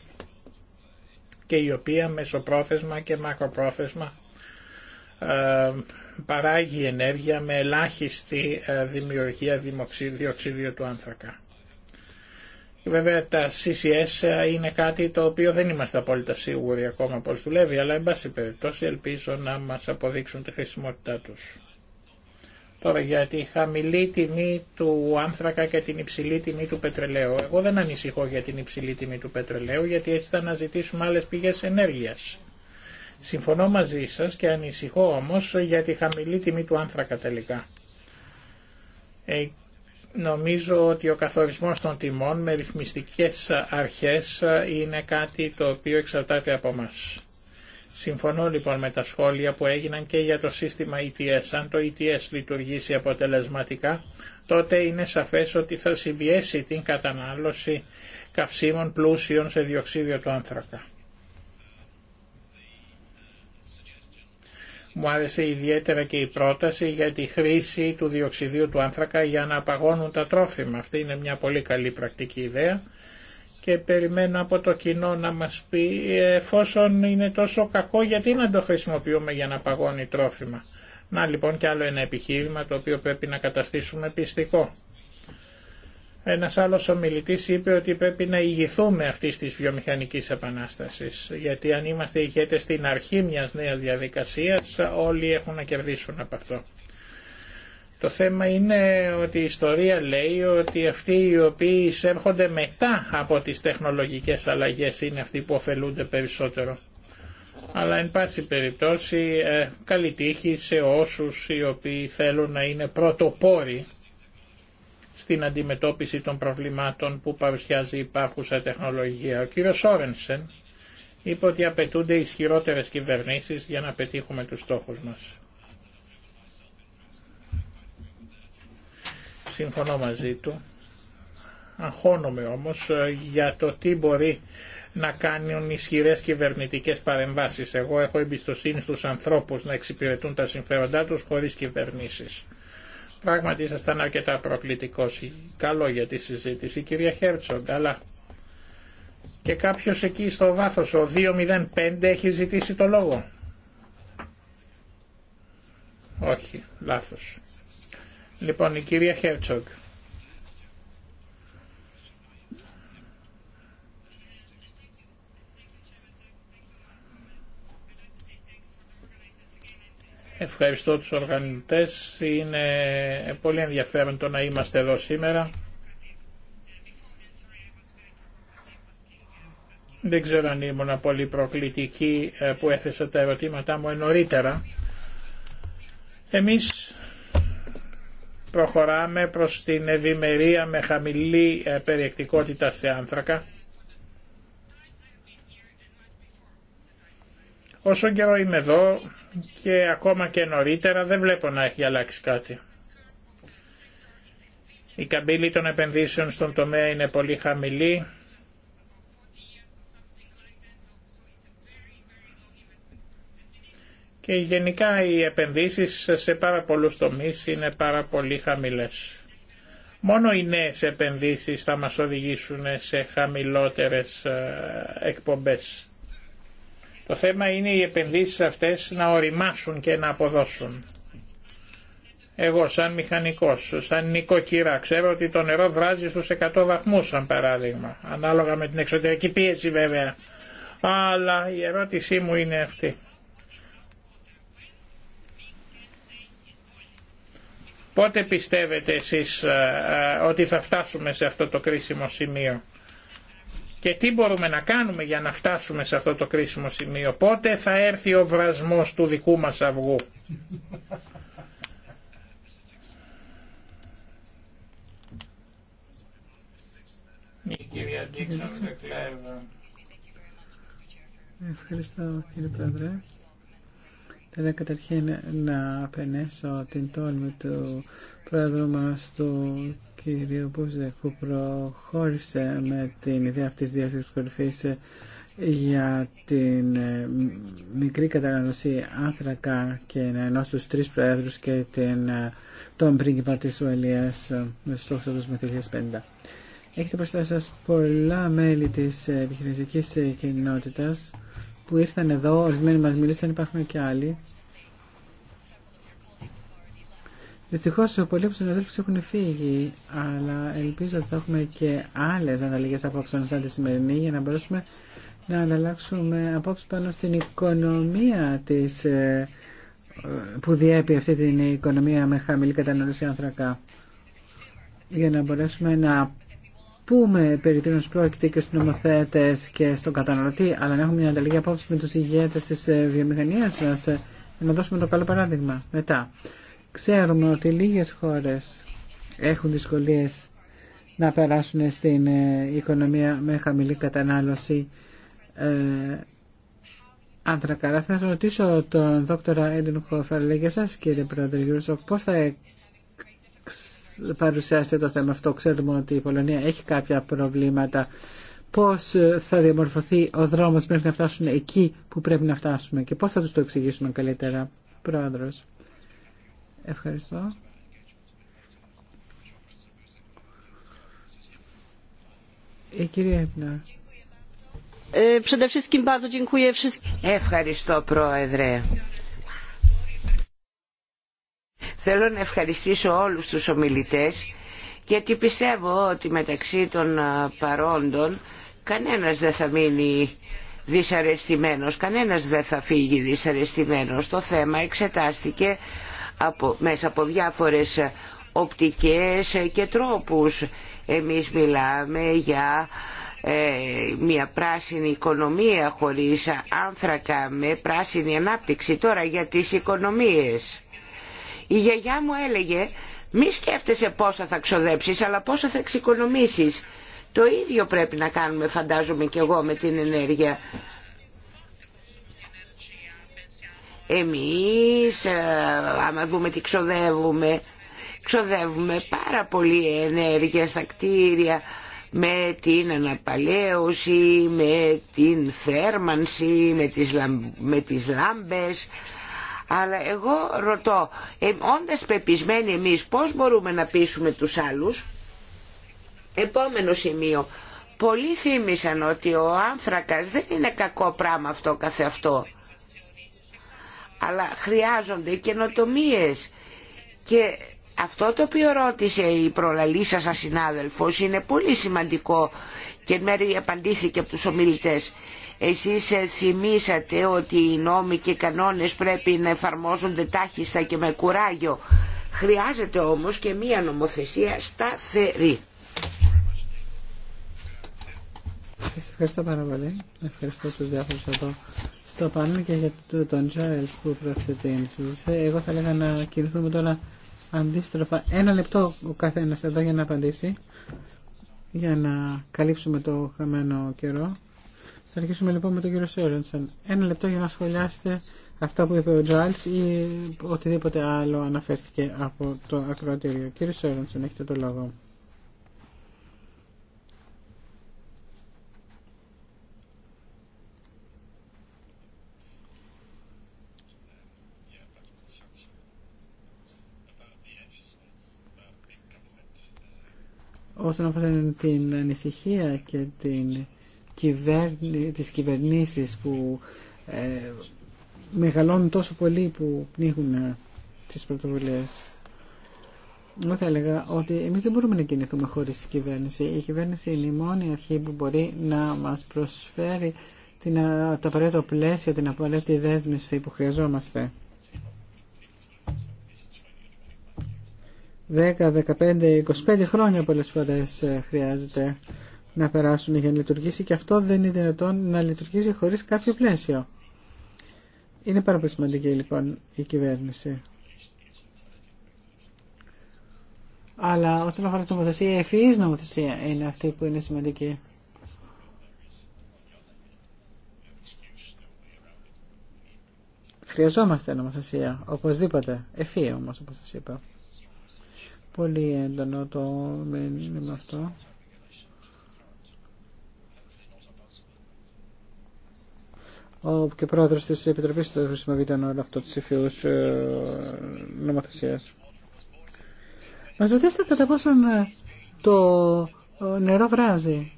και η οποία μεσοπρόθεσμα και μακροπρόθεσμα ε, παράγει ενέργεια με ελάχιστη ε, δημιουργία διοξίδιο του άνθρακα. Βέβαια τα CCS ε, είναι κάτι το οποίο δεν είμαστε απόλυτα σίγουροι ακόμα πώς δουλεύει, αλλά εν πάση περιπτώσει ελπίζω να μας αποδείξουν τη χρησιμότητά τους. Τώρα για τη χαμηλή τιμή του άνθρακα και την υψηλή τιμή του πετρελαίου. Εγώ δεν ανησυχώ για την υψηλή τιμή του πετρελαίου γιατί έτσι θα αναζητήσουμε άλλες πηγές ενέργειας. Συμφωνώ μαζί σας και ανησυχώ όμως για τη χαμηλή τιμή του άνθρακα τελικά. Ε, νομίζω ότι ο καθορισμός των τιμών με ρυθμιστικές αρχές είναι κάτι το οποίο εξαρτάται από μας. Συμφωνώ λοιπόν με τα σχόλια που έγιναν και για το σύστημα ETS. Αν το ETS λειτουργήσει αποτελεσματικά, τότε είναι σαφές ότι θα συμπιέσει την κατανάλωση καυσίμων πλούσιων σε διοξίδιο του άνθρακα. Μου άρεσε ιδιαίτερα και η πρόταση για τη χρήση του διοξιδίου του άνθρακα για να απαγώνουν τα τρόφιμα. Αυτή είναι μια πολύ καλή πρακτική ιδέα και περιμένω από το κοινό να μας πει εφόσον είναι τόσο κακό γιατί να το χρησιμοποιούμε για να παγώνει τρόφιμα. Να λοιπόν και άλλο ένα επιχείρημα το οποίο πρέπει να καταστήσουμε πιστικό. Ένας άλλος ομιλητής είπε ότι πρέπει να ηγηθούμε αυτή της βιομηχανικής επανάσταση. γιατί αν είμαστε ηγέτες στην αρχή μιας νέας διαδικασίας όλοι έχουν να κερδίσουν από αυτό. Το θέμα είναι ότι η ιστορία λέει ότι αυτοί οι οποίοι εισέρχονται μετά από τις τεχνολογικές αλλαγές είναι αυτοί που ωφελούνται περισσότερο. Αλλά εν πάση περιπτώσει ε, καλή τύχη σε όσους οι οποίοι θέλουν να είναι πρωτοπόροι στην αντιμετώπιση των προβλημάτων που παρουσιάζει η υπάρχουσα τεχνολογία. Ο κύριος Όρενσεν είπε ότι απαιτούνται ισχυρότερες κυβερνήσεις για να πετύχουμε τους στόχους μας. συμφωνώ μαζί του. Αγχώνομαι όμως ε, για το τι μπορεί να κάνουν ισχυρές κυβερνητικές παρεμβάσεις. Εγώ έχω εμπιστοσύνη στους ανθρώπους να εξυπηρετούν τα συμφέροντά τους χωρίς κυβερνήσεις. Πράγματι ήσασταν αρκετά προκλητικός. Καλό για τη συζήτηση, κυρία Χέρτσοντ, αλλά και κάποιος εκεί στο βάθος, ο 205, έχει ζητήσει το λόγο. Όχι, λάθος. Λοιπόν, η κυρία Χερτσοκ. Ευχαριστώ τους οργανωτές. Είναι πολύ ενδιαφέρον το να είμαστε εδώ σήμερα. Δεν ξέρω αν ήμουν πολύ προκλητική ε, που έθεσα τα ερωτήματά μου ε, νωρίτερα. Εμείς Προχωράμε προς την ευημερία με χαμηλή ε, περιεκτικότητα σε άνθρακα. Όσο καιρό είμαι εδώ και ακόμα και νωρίτερα δεν βλέπω να έχει αλλάξει κάτι. Η καμπύλη των επενδύσεων στον τομέα είναι πολύ χαμηλή και γενικά οι επενδύσεις σε πάρα πολλούς τομείς είναι πάρα πολύ χαμηλές. Μόνο οι νέες επενδύσεις θα μας οδηγήσουν σε χαμηλότερες ε, εκπομπές. Το θέμα είναι οι επενδύσεις αυτές να οριμάσουν και να αποδώσουν. Εγώ σαν μηχανικός, σαν νοικοκύρα, ξέρω ότι το νερό βράζει στους 100 βαθμούς σαν παράδειγμα, ανάλογα με την εξωτερική πίεση βέβαια. Αλλά η ερώτησή μου είναι αυτή. Πότε πιστεύετε εσείς ε, ε, ότι θα φτάσουμε σε αυτό το κρίσιμο σημείο και τι μπορούμε να κάνουμε για να φτάσουμε σε αυτό το κρίσιμο σημείο. Πότε θα έρθει ο βρασμός του δικού μας αυγού. Ευχαριστώ κύριε Πρόεδρε. Θέλω καταρχήν να απενέσω την τόλμη του πρόεδρου μας, του κυρίου Μπούζε, που προχώρησε με την ιδέα αυτής τη διάστασης για την ε, μικρή καταναλωσή άνθρακα και να ενώσει τους τρεις προέδρους και την, ε, τον πρίγκιπα της Ουέλιας ε, με στόχο του με 2050. Έχετε προστάσει σας πολλά μέλη της επιχειρηματική κοινότητας που ήρθαν εδώ, ορισμένοι μας μιλήσαν, υπάρχουν και άλλοι. Δυστυχώς πολλοί από τους συναδέλφους έχουν φύγει, αλλά ελπίζω ότι θα έχουμε και άλλες αναλογές απόψεων σαν τη σημερινή για να μπορέσουμε να ανταλλάξουμε απόψεις πάνω στην οικονομία της, ε, που διέπει αυτή την οικονομία με χαμηλή κατανάλωση ανθρακά για να μπορέσουμε να πούμε περί τίνος πρόκειται και στους νομοθέτες και στον καταναλωτή, αλλά να έχουμε μια ανταλλαγή απόψη με τους ηγέτες της ε, βιομηχανίας μας, ε, να δώσουμε το καλό παράδειγμα μετά. Ξέρουμε ότι λίγες χώρες έχουν δυσκολίες να περάσουν στην ε, οικονομία με χαμηλή κατανάλωση άνθρακα. θα ρωτήσω τον δόκτωρα Έντιν Χόφερ, για κύριε Πρόεδρε Γιούρσοκ, πώς θα παρουσιάσετε το θέμα αυτό. Ξέρουμε ότι η Πολωνία έχει κάποια προβλήματα. Πώς ε, θα διαμορφωθεί ο δρόμος μέχρι να φτάσουν εκεί που πρέπει να φτάσουμε και πώς θα τους το εξηγήσουμε καλύτερα. Πρόεδρος. Ευχαριστώ. Η κυρία Επνά. Ευχαριστώ, Πρόεδρε. Θέλω να ευχαριστήσω όλους τους ομιλητές γιατί πιστεύω ότι μεταξύ των παρόντων κανένας δεν θα μείνει δυσαρεστημένος, κανένας δεν θα φύγει δυσαρεστημένος. Το θέμα εξετάστηκε μέσα από διάφορες οπτικές και τρόπους. Εμείς μιλάμε για ε, μια πράσινη οικονομία χωρίς άνθρακα με πράσινη ανάπτυξη τώρα για τις οικονομίες. Η γιαγιά μου έλεγε μη σκέφτεσαι πόσα θα ξοδέψεις αλλά πόσα θα εξοικονομήσεις. Το ίδιο πρέπει να κάνουμε φαντάζομαι και εγώ με την ενέργεια. Εμείς, ε, άμα δούμε τι ξοδεύουμε, ξοδεύουμε πάρα πολύ ενέργεια στα κτίρια με την αναπαλαίωση, με την θέρμανση, με τις, λαμ... με τις λάμπες, αλλά εγώ ρωτώ, ε, όντας πεπισμένοι εμείς πώς μπορούμε να πείσουμε τους άλλους. Επόμενο σημείο. Πολλοί θύμισαν ότι ο άνθρακας δεν είναι κακό πράγμα αυτό καθεαυτό. Αλλά χρειάζονται καινοτομίες. Και αυτό το οποίο ρώτησε η προλαλή σας ασυνάδελφος είναι πολύ σημαντικό και μέρη απαντήθηκε από τους ομιλητές. Εσείς ε, θυμήσατε ότι οι νόμοι και οι κανόνες πρέπει να εφαρμόζονται τάχιστα και με κουράγιο. Χρειάζεται όμως και μία νομοθεσία σταθερή. Σας ευχαριστώ πάρα πολύ. Ευχαριστώ τους διάφορους εδώ στο πάνω και για τον Τζάιλ που πρόκειται. την συζήτηση. Εγώ θα έλεγα να κυριθούμε τώρα αντίστροφα. Ένα λεπτό ο καθένας εδώ για να απαντήσει, για να καλύψουμε το χαμένο καιρό. Θα αρχίσουμε λοιπόν με τον κύριο Σόρενσον. Ένα λεπτό για να σχολιάσετε αυτά που είπε ο Τζάλ ή οτιδήποτε άλλο αναφέρθηκε από το ακροατήριο. Κύριε Σόρενσον, έχετε το λόγο. όσον αφορά την ανησυχία και την τις κυβερνήσεις που ε, μεγαλώνουν τόσο πολύ που πνίγουν ε, τις πρωτοβουλίες. Εγώ θα έλεγα ότι εμείς δεν μπορούμε να κινηθούμε χωρίς τη κυβέρνηση. Η κυβέρνηση είναι η μόνη αρχή που μπορεί να μας προσφέρει την, το απαραίτητο πλαίσιο, την απαραίτητη δέσμηση που χρειαζόμαστε. 10, 15, 25 χρόνια πολλές φορές ε, χρειάζεται να περάσουν για να λειτουργήσει και αυτό δεν είναι δυνατόν να λειτουργήσει χωρίς κάποιο πλαίσιο. Είναι πάρα πολύ σημαντική λοιπόν η κυβέρνηση. Αλλά όσον αφορά την νομοθεσία, η ευφυής νομοθεσία είναι αυτή που είναι σημαντική. Χρειαζόμαστε νομοθεσία, οπωσδήποτε. Ευφύη όμως, όπως σας είπα. Πολύ έντονο το μήνυμα αυτό. ο και τη επιτροπή Επιτροπής χρησιμοποιείται όλο αυτό τη υφίους ε, νομοθεσία. Μα ρωτήσετε κατά πόσο ε, το ε, νερό βράζει.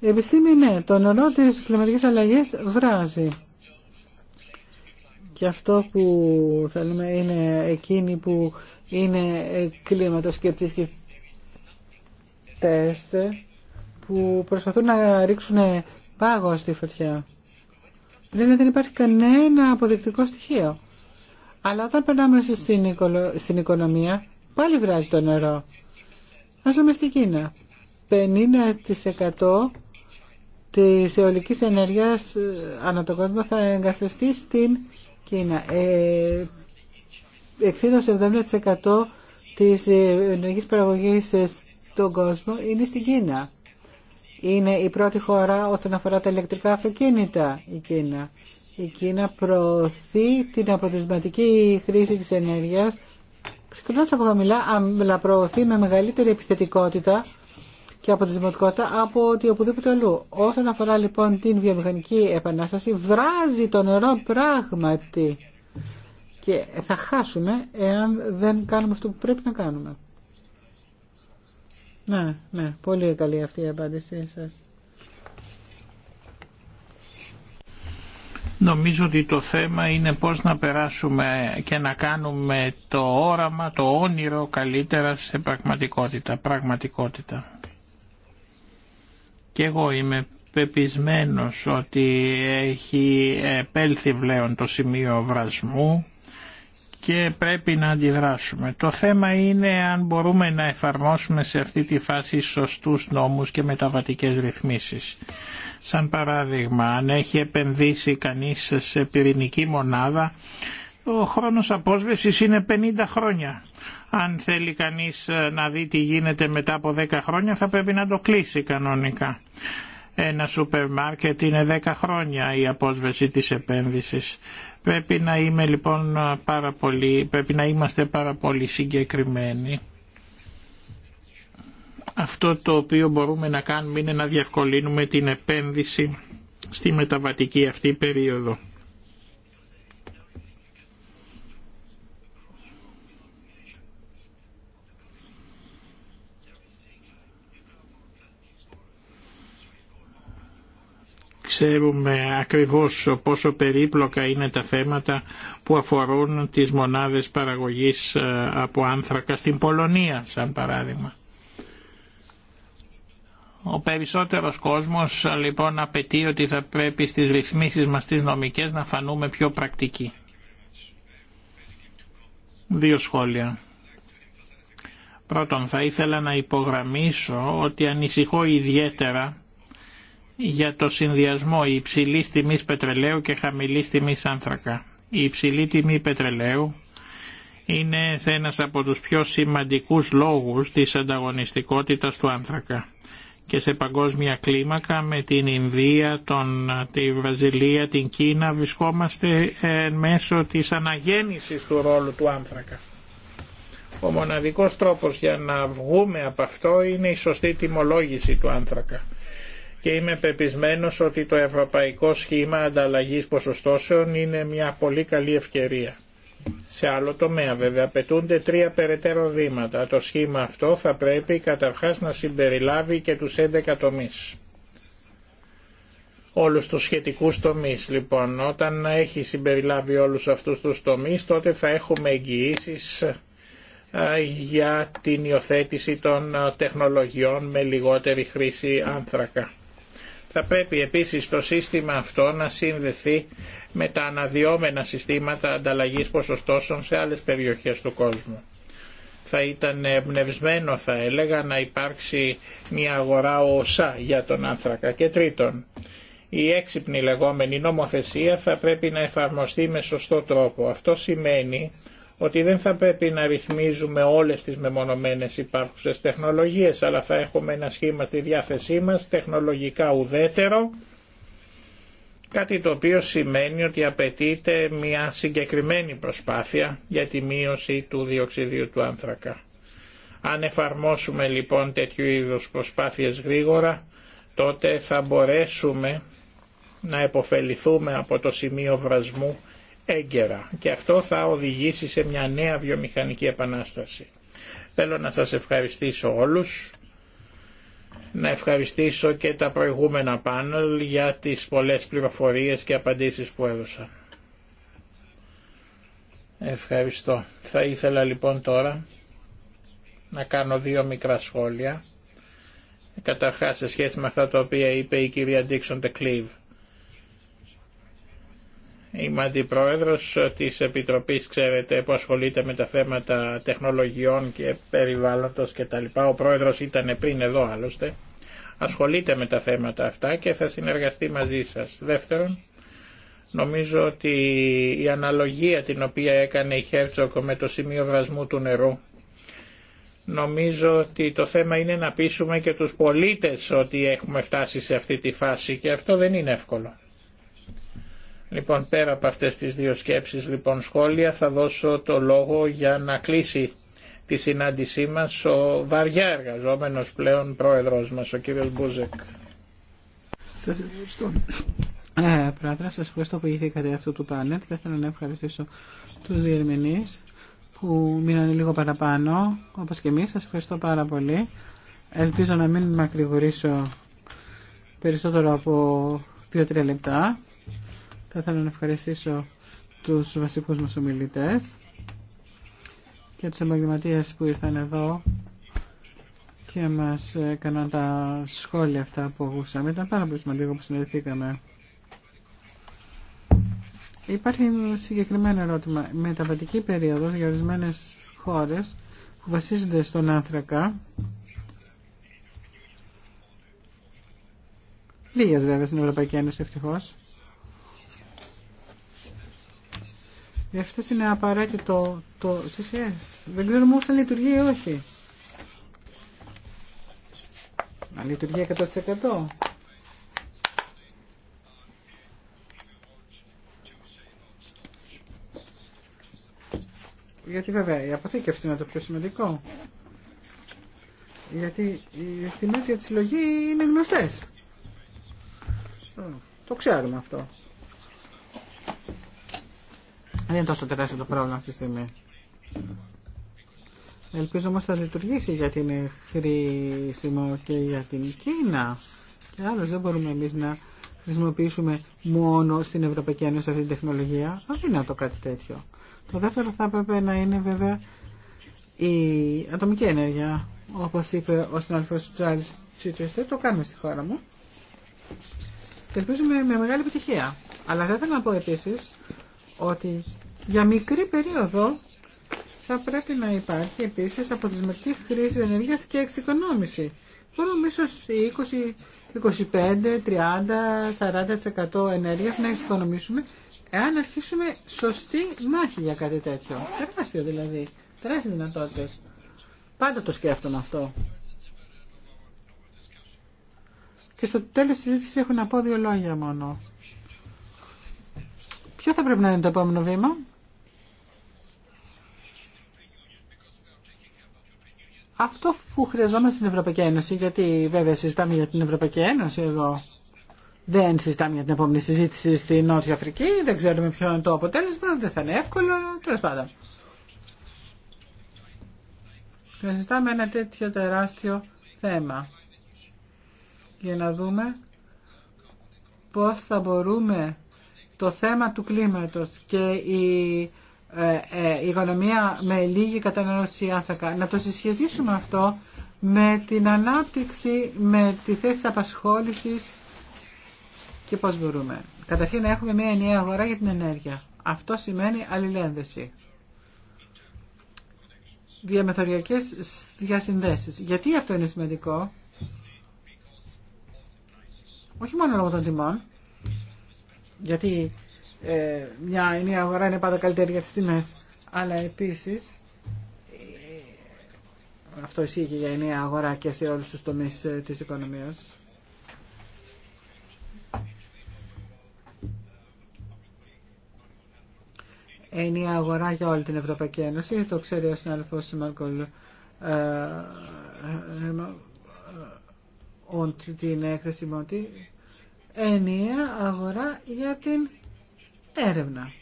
Η επιστήμη ναι, το νερό τη κλιματική αλλαγής βράζει. Και αυτό που θέλουμε είναι εκείνοι που είναι και τέστε που προσπαθούν να ρίξουν πάγο στη φωτιά δεν υπάρχει κανένα αποδεικτικό στοιχείο. Αλλά όταν περνάμε στην, στην οικονομία, πάλι βράζει το νερό. Α δούμε στην Κίνα. 50% τη αιωλική ενέργεια ε, ανά τον κόσμο θα εγκαθιστεί στην Κίνα. Ε, 60-70% τη ενεργή παραγωγή στον κόσμο είναι στην Κίνα είναι η πρώτη χώρα όσον αφορά τα ηλεκτρικά αυτοκίνητα η Κίνα. Η Κίνα προωθεί την αποτελεσματική χρήση της ενέργειας ξεκινώντας από χαμηλά, αλλά προωθεί με μεγαλύτερη επιθετικότητα και αποτελεσματικότητα από ότι οπουδήποτε αλλού. Όσον αφορά λοιπόν την βιομηχανική επανάσταση, βράζει το νερό πράγματι και θα χάσουμε εάν δεν κάνουμε αυτό που πρέπει να κάνουμε. Ναι, ναι, πολύ καλή αυτή η απάντησή σας. Νομίζω ότι το θέμα είναι πώς να περάσουμε και να κάνουμε το όραμα, το όνειρο καλύτερα σε πραγματικότητα, πραγματικότητα. Και εγώ είμαι πεπισμένος ότι έχει επέλθει βλέον το σημείο βρασμού και πρέπει να αντιδράσουμε. Το θέμα είναι αν μπορούμε να εφαρμόσουμε σε αυτή τη φάση σωστούς νόμους και μεταβατικές ρυθμίσεις. Σαν παράδειγμα, αν έχει επενδύσει κανείς σε πυρηνική μονάδα, ο χρόνος απόσβεσης είναι 50 χρόνια. Αν θέλει κανείς να δει τι γίνεται μετά από 10 χρόνια θα πρέπει να το κλείσει κανονικά ένα σούπερ μάρκετ είναι 10 χρόνια η απόσβεση της επένδυσης. Πρέπει να, λοιπόν, πάρα πολύ, πρέπει να είμαστε πάρα πολύ συγκεκριμένοι. Αυτό το οποίο μπορούμε να κάνουμε είναι να διευκολύνουμε την επένδυση στη μεταβατική αυτή περίοδο. Ξέρουμε ακριβώς πόσο περίπλοκα είναι τα θέματα που αφορούν τις μονάδες παραγωγής ε, από άνθρακα στην Πολωνία, σαν παράδειγμα. Ο περισσότερος κόσμος λοιπόν απαιτεί ότι θα πρέπει στις ρυθμίσεις μας τις νομικές να φανούμε πιο πρακτικοί. Δύο σχόλια. Πρώτον, θα ήθελα να υπογραμμίσω ότι ανησυχώ ιδιαίτερα για το συνδυασμό υψηλή τιμή πετρελαίου και χαμηλή τιμή άνθρακα. Η υψηλή τιμή πετρελαίου είναι ένας από τους πιο σημαντικούς λόγους της ανταγωνιστικότητας του άνθρακα και σε παγκόσμια κλίμακα με την Ινδία, τον, τη Βραζιλία, την Κίνα βρισκόμαστε ε, μέσω της αναγέννησης του ρόλου του άνθρακα. Ο μοναδικός τρόπος για να βγούμε από αυτό είναι η σωστή τιμολόγηση του άνθρακα και είμαι πεπισμένος ότι το ευρωπαϊκό σχήμα ανταλλαγής ποσοστώσεων είναι μια πολύ καλή ευκαιρία. Σε άλλο τομέα βέβαια απαιτούνται τρία περαιτέρω βήματα. Το σχήμα αυτό θα πρέπει καταρχάς να συμπεριλάβει και τους 11 τομείς. Όλους τους σχετικούς τομείς λοιπόν. Όταν έχει συμπεριλάβει όλους αυτούς τους τομείς τότε θα έχουμε εγγυήσεις ε, για την υιοθέτηση των ε, τεχνολογιών με λιγότερη χρήση άνθρακα. Θα πρέπει επίσης το σύστημα αυτό να συνδεθεί με τα αναδυόμενα συστήματα ανταλλαγής ποσοστώσεων σε άλλες περιοχές του κόσμου. Θα ήταν εμπνευσμένο θα έλεγα να υπάρξει μια αγορά ΟΣΑ για τον άνθρακα και τρίτον. Η έξυπνη λεγόμενη νομοθεσία θα πρέπει να εφαρμοστεί με σωστό τρόπο. Αυτό σημαίνει ότι δεν θα πρέπει να ρυθμίζουμε όλες τις μεμονωμένες υπάρχουσες τεχνολογίες, αλλά θα έχουμε ένα σχήμα στη διάθεσή μας, τεχνολογικά ουδέτερο, κάτι το οποίο σημαίνει ότι απαιτείται μια συγκεκριμένη προσπάθεια για τη μείωση του διοξιδίου του άνθρακα. Αν εφαρμόσουμε λοιπόν τέτοιου είδους προσπάθειες γρήγορα, τότε θα μπορέσουμε να επωφεληθούμε από το σημείο βρασμού έγκαιρα και αυτό θα οδηγήσει σε μια νέα βιομηχανική επανάσταση. Θέλω να σας ευχαριστήσω όλους, να ευχαριστήσω και τα προηγούμενα πάνελ για τις πολλές πληροφορίες και απαντήσεις που έδωσαν. Ευχαριστώ. Θα ήθελα λοιπόν τώρα να κάνω δύο μικρά σχόλια. Καταρχάς σε σχέση με αυτά τα οποία είπε η κυρία Ντίξον Τεκλίβ. Είμαι αντιπρόεδρος της Επιτροπής, ξέρετε, που ασχολείται με τα θέματα τεχνολογιών και περιβάλλοντος κτλ. Ο πρόεδρος ήταν πριν εδώ άλλωστε. Ασχολείται με τα θέματα αυτά και θα συνεργαστεί μαζί σας. Δεύτερον, νομίζω ότι η αναλογία την οποία έκανε η Χέρτσοκ με το σημείο βρασμού του νερού Νομίζω ότι το θέμα είναι να πείσουμε και τους πολίτες ότι έχουμε φτάσει σε αυτή τη φάση και αυτό δεν είναι εύκολο. Λοιπόν, πέρα από αυτές τις δύο σκέψεις, λοιπόν, σχόλια, θα δώσω το λόγο για να κλείσει τη συνάντησή μας ο βαριά εργαζόμενος πλέον πρόεδρος μας, ο κύριος Μπούζεκ. Σας ευχαριστώ. Ε, πρόεδρε, σας ευχαριστώ που ήρθατε αυτού του πάνελ θα ήθελα να ευχαριστήσω τους διερμηνείς που μείνανε λίγο παραπάνω, όπως και εμείς. Σας ευχαριστώ πάρα πολύ. Ελπίζω να μην μακρηγορήσω περισσότερο από δύο-τρία λεπτά. Θα ήθελα να ευχαριστήσω τους βασικούς μας ομιλητές και τους επαγγελματίες που ήρθαν εδώ και μας έκαναν τα σχόλια αυτά που ακούσαμε. Ήταν πάρα πολύ σημαντικό που συναντηθήκαμε. Υπάρχει ένα συγκεκριμένο ερώτημα. Μεταβατική περίοδος για ορισμένε χώρες που βασίζονται στον άνθρακα Λίγες βέβαια στην Ευρωπαϊκή Ένωση ευτυχώς Γι' ε, αυτό είναι απαραίτητο το CCS. Δεν ξέρουμε όμω αν λειτουργεί ή όχι. Να λειτουργεί 100%. Γιατί βέβαια η αποθήκευση είναι το πιο σημαντικό. Γιατί οι τιμέ για τη συλλογή είναι γνωστέ. Ε, το ξέρουμε αυτό. Δεν είναι τόσο τεράστιο το πρόβλημα αυτή τη στιγμή. Ελπίζω όμως θα λειτουργήσει γιατί είναι χρήσιμο και για την Κίνα. Και άλλως δεν μπορούμε εμείς να χρησιμοποιήσουμε μόνο στην Ευρωπαϊκή Ένωση αυτή την τεχνολογία. Αδύνατο κάτι τέτοιο. Το δεύτερο θα έπρεπε να είναι βέβαια η ατομική ενέργεια. Όπως είπε ο συνάδελφος Τζάρις Τσίτσεστερ, το κάνουμε στη χώρα μου. ελπίζουμε με μεγάλη επιτυχία. Αλλά θα ήθελα να πω επίση ότι για μικρή περίοδο θα πρέπει να υπάρχει επίσης αποτελεσματική χρήση ενέργειας και εξοικονόμηση. Μπορούμε νομιζω 20, 25, 30, 40% ενέργειας να εξοικονομήσουμε εάν αρχίσουμε σωστή μάχη για κάτι τέτοιο. Τεράστιο δηλαδή. Τεράστιες δυνατότητες. Πάντα το σκέφτομαι αυτό. Και στο τέλος της συζήτησης έχω να πω δύο λόγια μόνο. Ποιο θα πρέπει να είναι το επόμενο βήμα. Αυτό που χρειαζόμαστε στην Ευρωπαϊκή Ένωση, γιατί βέβαια συζητάμε για την Ευρωπαϊκή Ένωση εδώ, δεν συζητάμε για την επόμενη συζήτηση στη Νότια Αφρική, δεν ξέρουμε ποιο είναι το αποτέλεσμα, δεν θα είναι εύκολο, τέλο πάντων. Συζητάμε ένα τέτοιο τεράστιο θέμα για να δούμε πώς θα μπορούμε το θέμα του κλίματος και ε, ε, η, οικονομία με λίγη κατανάλωση άνθρακα. Να το συσχετίσουμε αυτό με την ανάπτυξη, με τη θέση της απασχόλησης και πώς μπορούμε. Καταρχήν να έχουμε μια ενιαία αγορά για την ενέργεια. Αυτό σημαίνει αλληλένδεση. Διαμεθοριακές διασυνδέσεις. Γιατί αυτό είναι σημαντικό. Όχι μόνο λόγω των τιμών, γιατί μια ενιαία αγορά είναι πάντα καλύτερη για τις τιμές. Αλλά επίσης, αυτό ισχύει και για ενιαία αγορά και σε όλους τους τομείς της οικονομίας. Ενιαία αγορά για όλη την Ευρωπαϊκή Ένωση, το ξέρει ο συνάδελφος Μαρκολ ε, την έκθεση ότι ενιαία αγορά για την έρευνα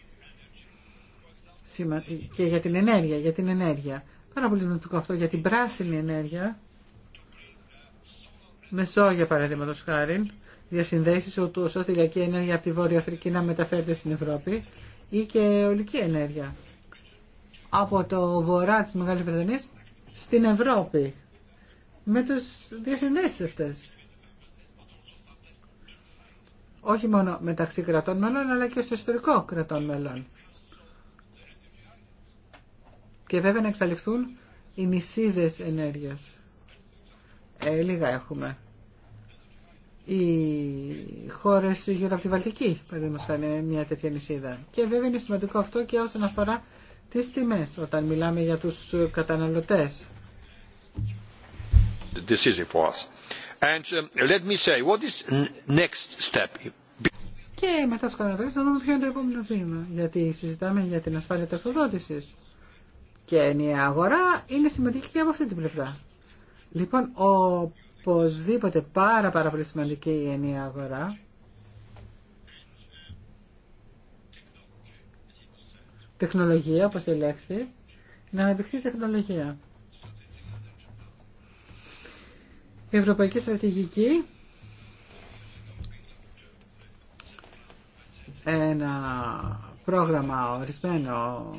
και για την ενέργεια, για την ενέργεια. Πάρα πολύ σημαντικό αυτό για την πράσινη ενέργεια. Μεσόγεια παραδείγματο χάρη, ούτω ώστε η ηλιακή ενέργεια από τη Βόρεια Αφρική να μεταφέρεται στην Ευρώπη ή και ολική ενέργεια από το βορρά της Μεγάλης Βρετανίας στην Ευρώπη με τους διασυνδέσεις αυτές όχι μόνο μεταξύ κρατών μελών, αλλά και στο ιστορικό κρατών μελών. Και βέβαια να εξαλειφθούν οι νησίδες ενέργειας. Ε, λίγα έχουμε. Οι χώρες γύρω από τη Βαλτική, παραδείγματος, είναι μια τέτοια νησίδα. Και βέβαια είναι σημαντικό αυτό και όσον αφορά τις τιμές, όταν μιλάμε για τους καταναλωτές. Και μετά τους να δούμε ποιο είναι το επόμενο βήμα. Γιατί συζητάμε για την ασφάλεια οδότησης. Και η αγορά είναι σημαντική και από αυτή την πλευρά. Λοιπόν, οπωσδήποτε πάρα πάρα πολύ σημαντική η ενιαία αγορά. Τεχνολογία, όπως ελέγχθη, να αναπτυχθεί τεχνολογία. Ευρωπαϊκή Στρατηγική ένα πρόγραμμα ορισμένο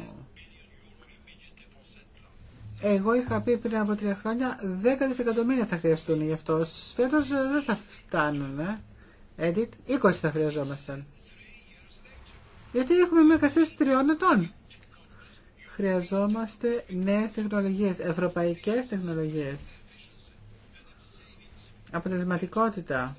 εγώ είχα πει πριν από τρία χρόνια 10 δισεκατομμύρια θα χρειαστούν γι' αυτό. Φέτο ε, δεν θα φτάνουν. Ε. Edit, 20 θα χρειαζόμασταν. Γιατί έχουμε μια τριών ετών. Χρειαζόμαστε νέες τεχνολογίες, ευρωπαϊκές τεχνολογίες αποτελεσματικότητα.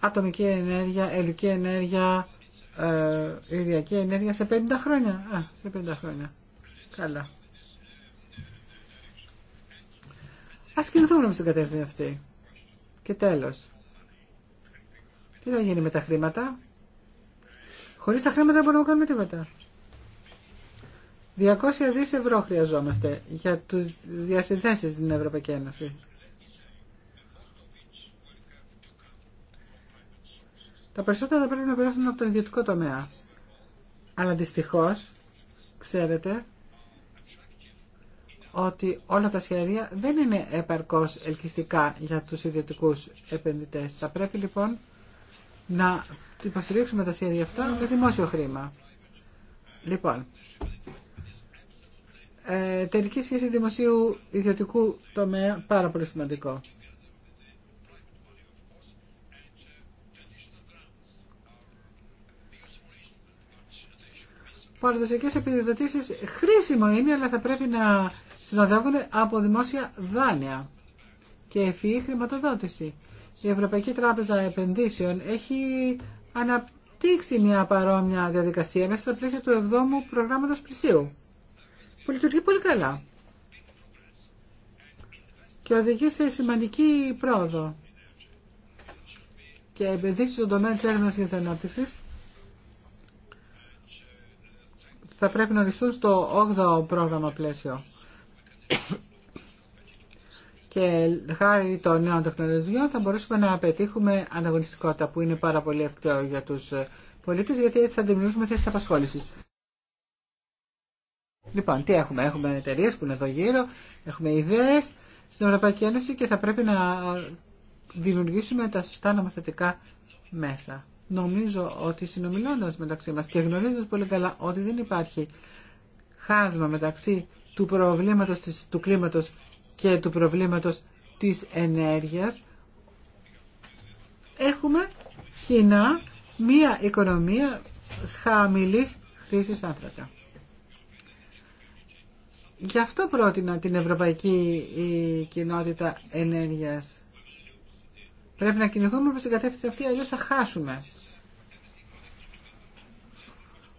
Ατομική ενέργεια, ελληνική ενέργεια, ε, ηλιακή ενέργεια σε 50 χρόνια. Α, σε 50 χρόνια. Καλά. Ας κινηθούμε στην κατεύθυνση αυτή. Και τέλος. Τι θα γίνει με τα χρήματα. Χωρίς τα χρήματα μπορούμε να κάνουμε τίποτα. 200 δις ευρώ χρειαζόμαστε για τους διασυνθέσεις στην Ευρωπαϊκή Ένωση. Τα περισσότερα θα πρέπει να περάσουν από τον ιδιωτικό τομέα. Αλλά δυστυχώς, ξέρετε, ότι όλα τα σχέδια δεν είναι επαρκώς ελκυστικά για τους ιδιωτικούς επενδυτές. Θα πρέπει λοιπόν να υποστηρίξουμε τα σχέδια αυτά με δημόσιο χρήμα. Λοιπόν, ε, τελική σχέση δημοσίου ιδιωτικού τομέα πάρα πολύ σημαντικό. Παραδοσιακέ επιδοτήσει χρήσιμο είναι, αλλά θα πρέπει να συνοδεύουν από δημόσια δάνεια και ευφυή χρηματοδότηση. Η Ευρωπαϊκή Τράπεζα Επενδύσεων έχει αναπτύξει μια παρόμοια διαδικασία μέσα στα πλαίσια του 7ου προγράμματο πλησίου που λειτουργεί πολύ καλά και οδηγεί σε σημαντική πρόοδο και επενδύσει στον τομέα τη έρευνας και τη ανάπτυξη θα πρέπει να οριστούν στο 8ο πρόγραμμα πλαίσιο. και χάρη των νέων τεχνολογιών θα μπορούσαμε να πετύχουμε ανταγωνιστικότητα που είναι πάρα πολύ εύκολο για τους πολίτες γιατί θα δημιουργήσουμε θέσεις απασχόλησης. Λοιπόν, τι έχουμε. Έχουμε εταιρείε που είναι εδώ γύρω, έχουμε ιδέε στην Ευρωπαϊκή Ένωση και θα πρέπει να δημιουργήσουμε τα σωστά νομοθετικά μέσα. Νομίζω ότι συνομιλώντα μεταξύ μα και γνωρίζοντα πολύ καλά ότι δεν υπάρχει χάσμα μεταξύ του προβλήματος του κλίματος και του προβλήματος της ενέργειας έχουμε κοινά μία οικονομία χαμηλής χρήσης άνθρακα. Γι' αυτό πρότεινα την Ευρωπαϊκή Κοινότητα Ενέργειας. Πρέπει να κινηθούμε προς την κατεύθυνση αυτή, αλλιώς θα χάσουμε.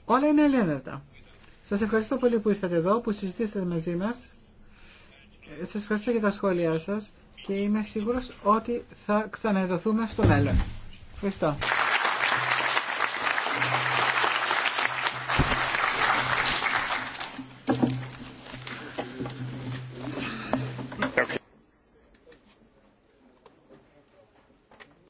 Όλα είναι ελεύθερα. Σας ευχαριστώ πολύ που ήρθατε εδώ, που συζητήσατε μαζί μας. Σας ευχαριστώ για τα σχόλιά σας και είμαι σίγουρος ότι θα ξαναεδωθούμε στο μέλλον. Ευχαριστώ.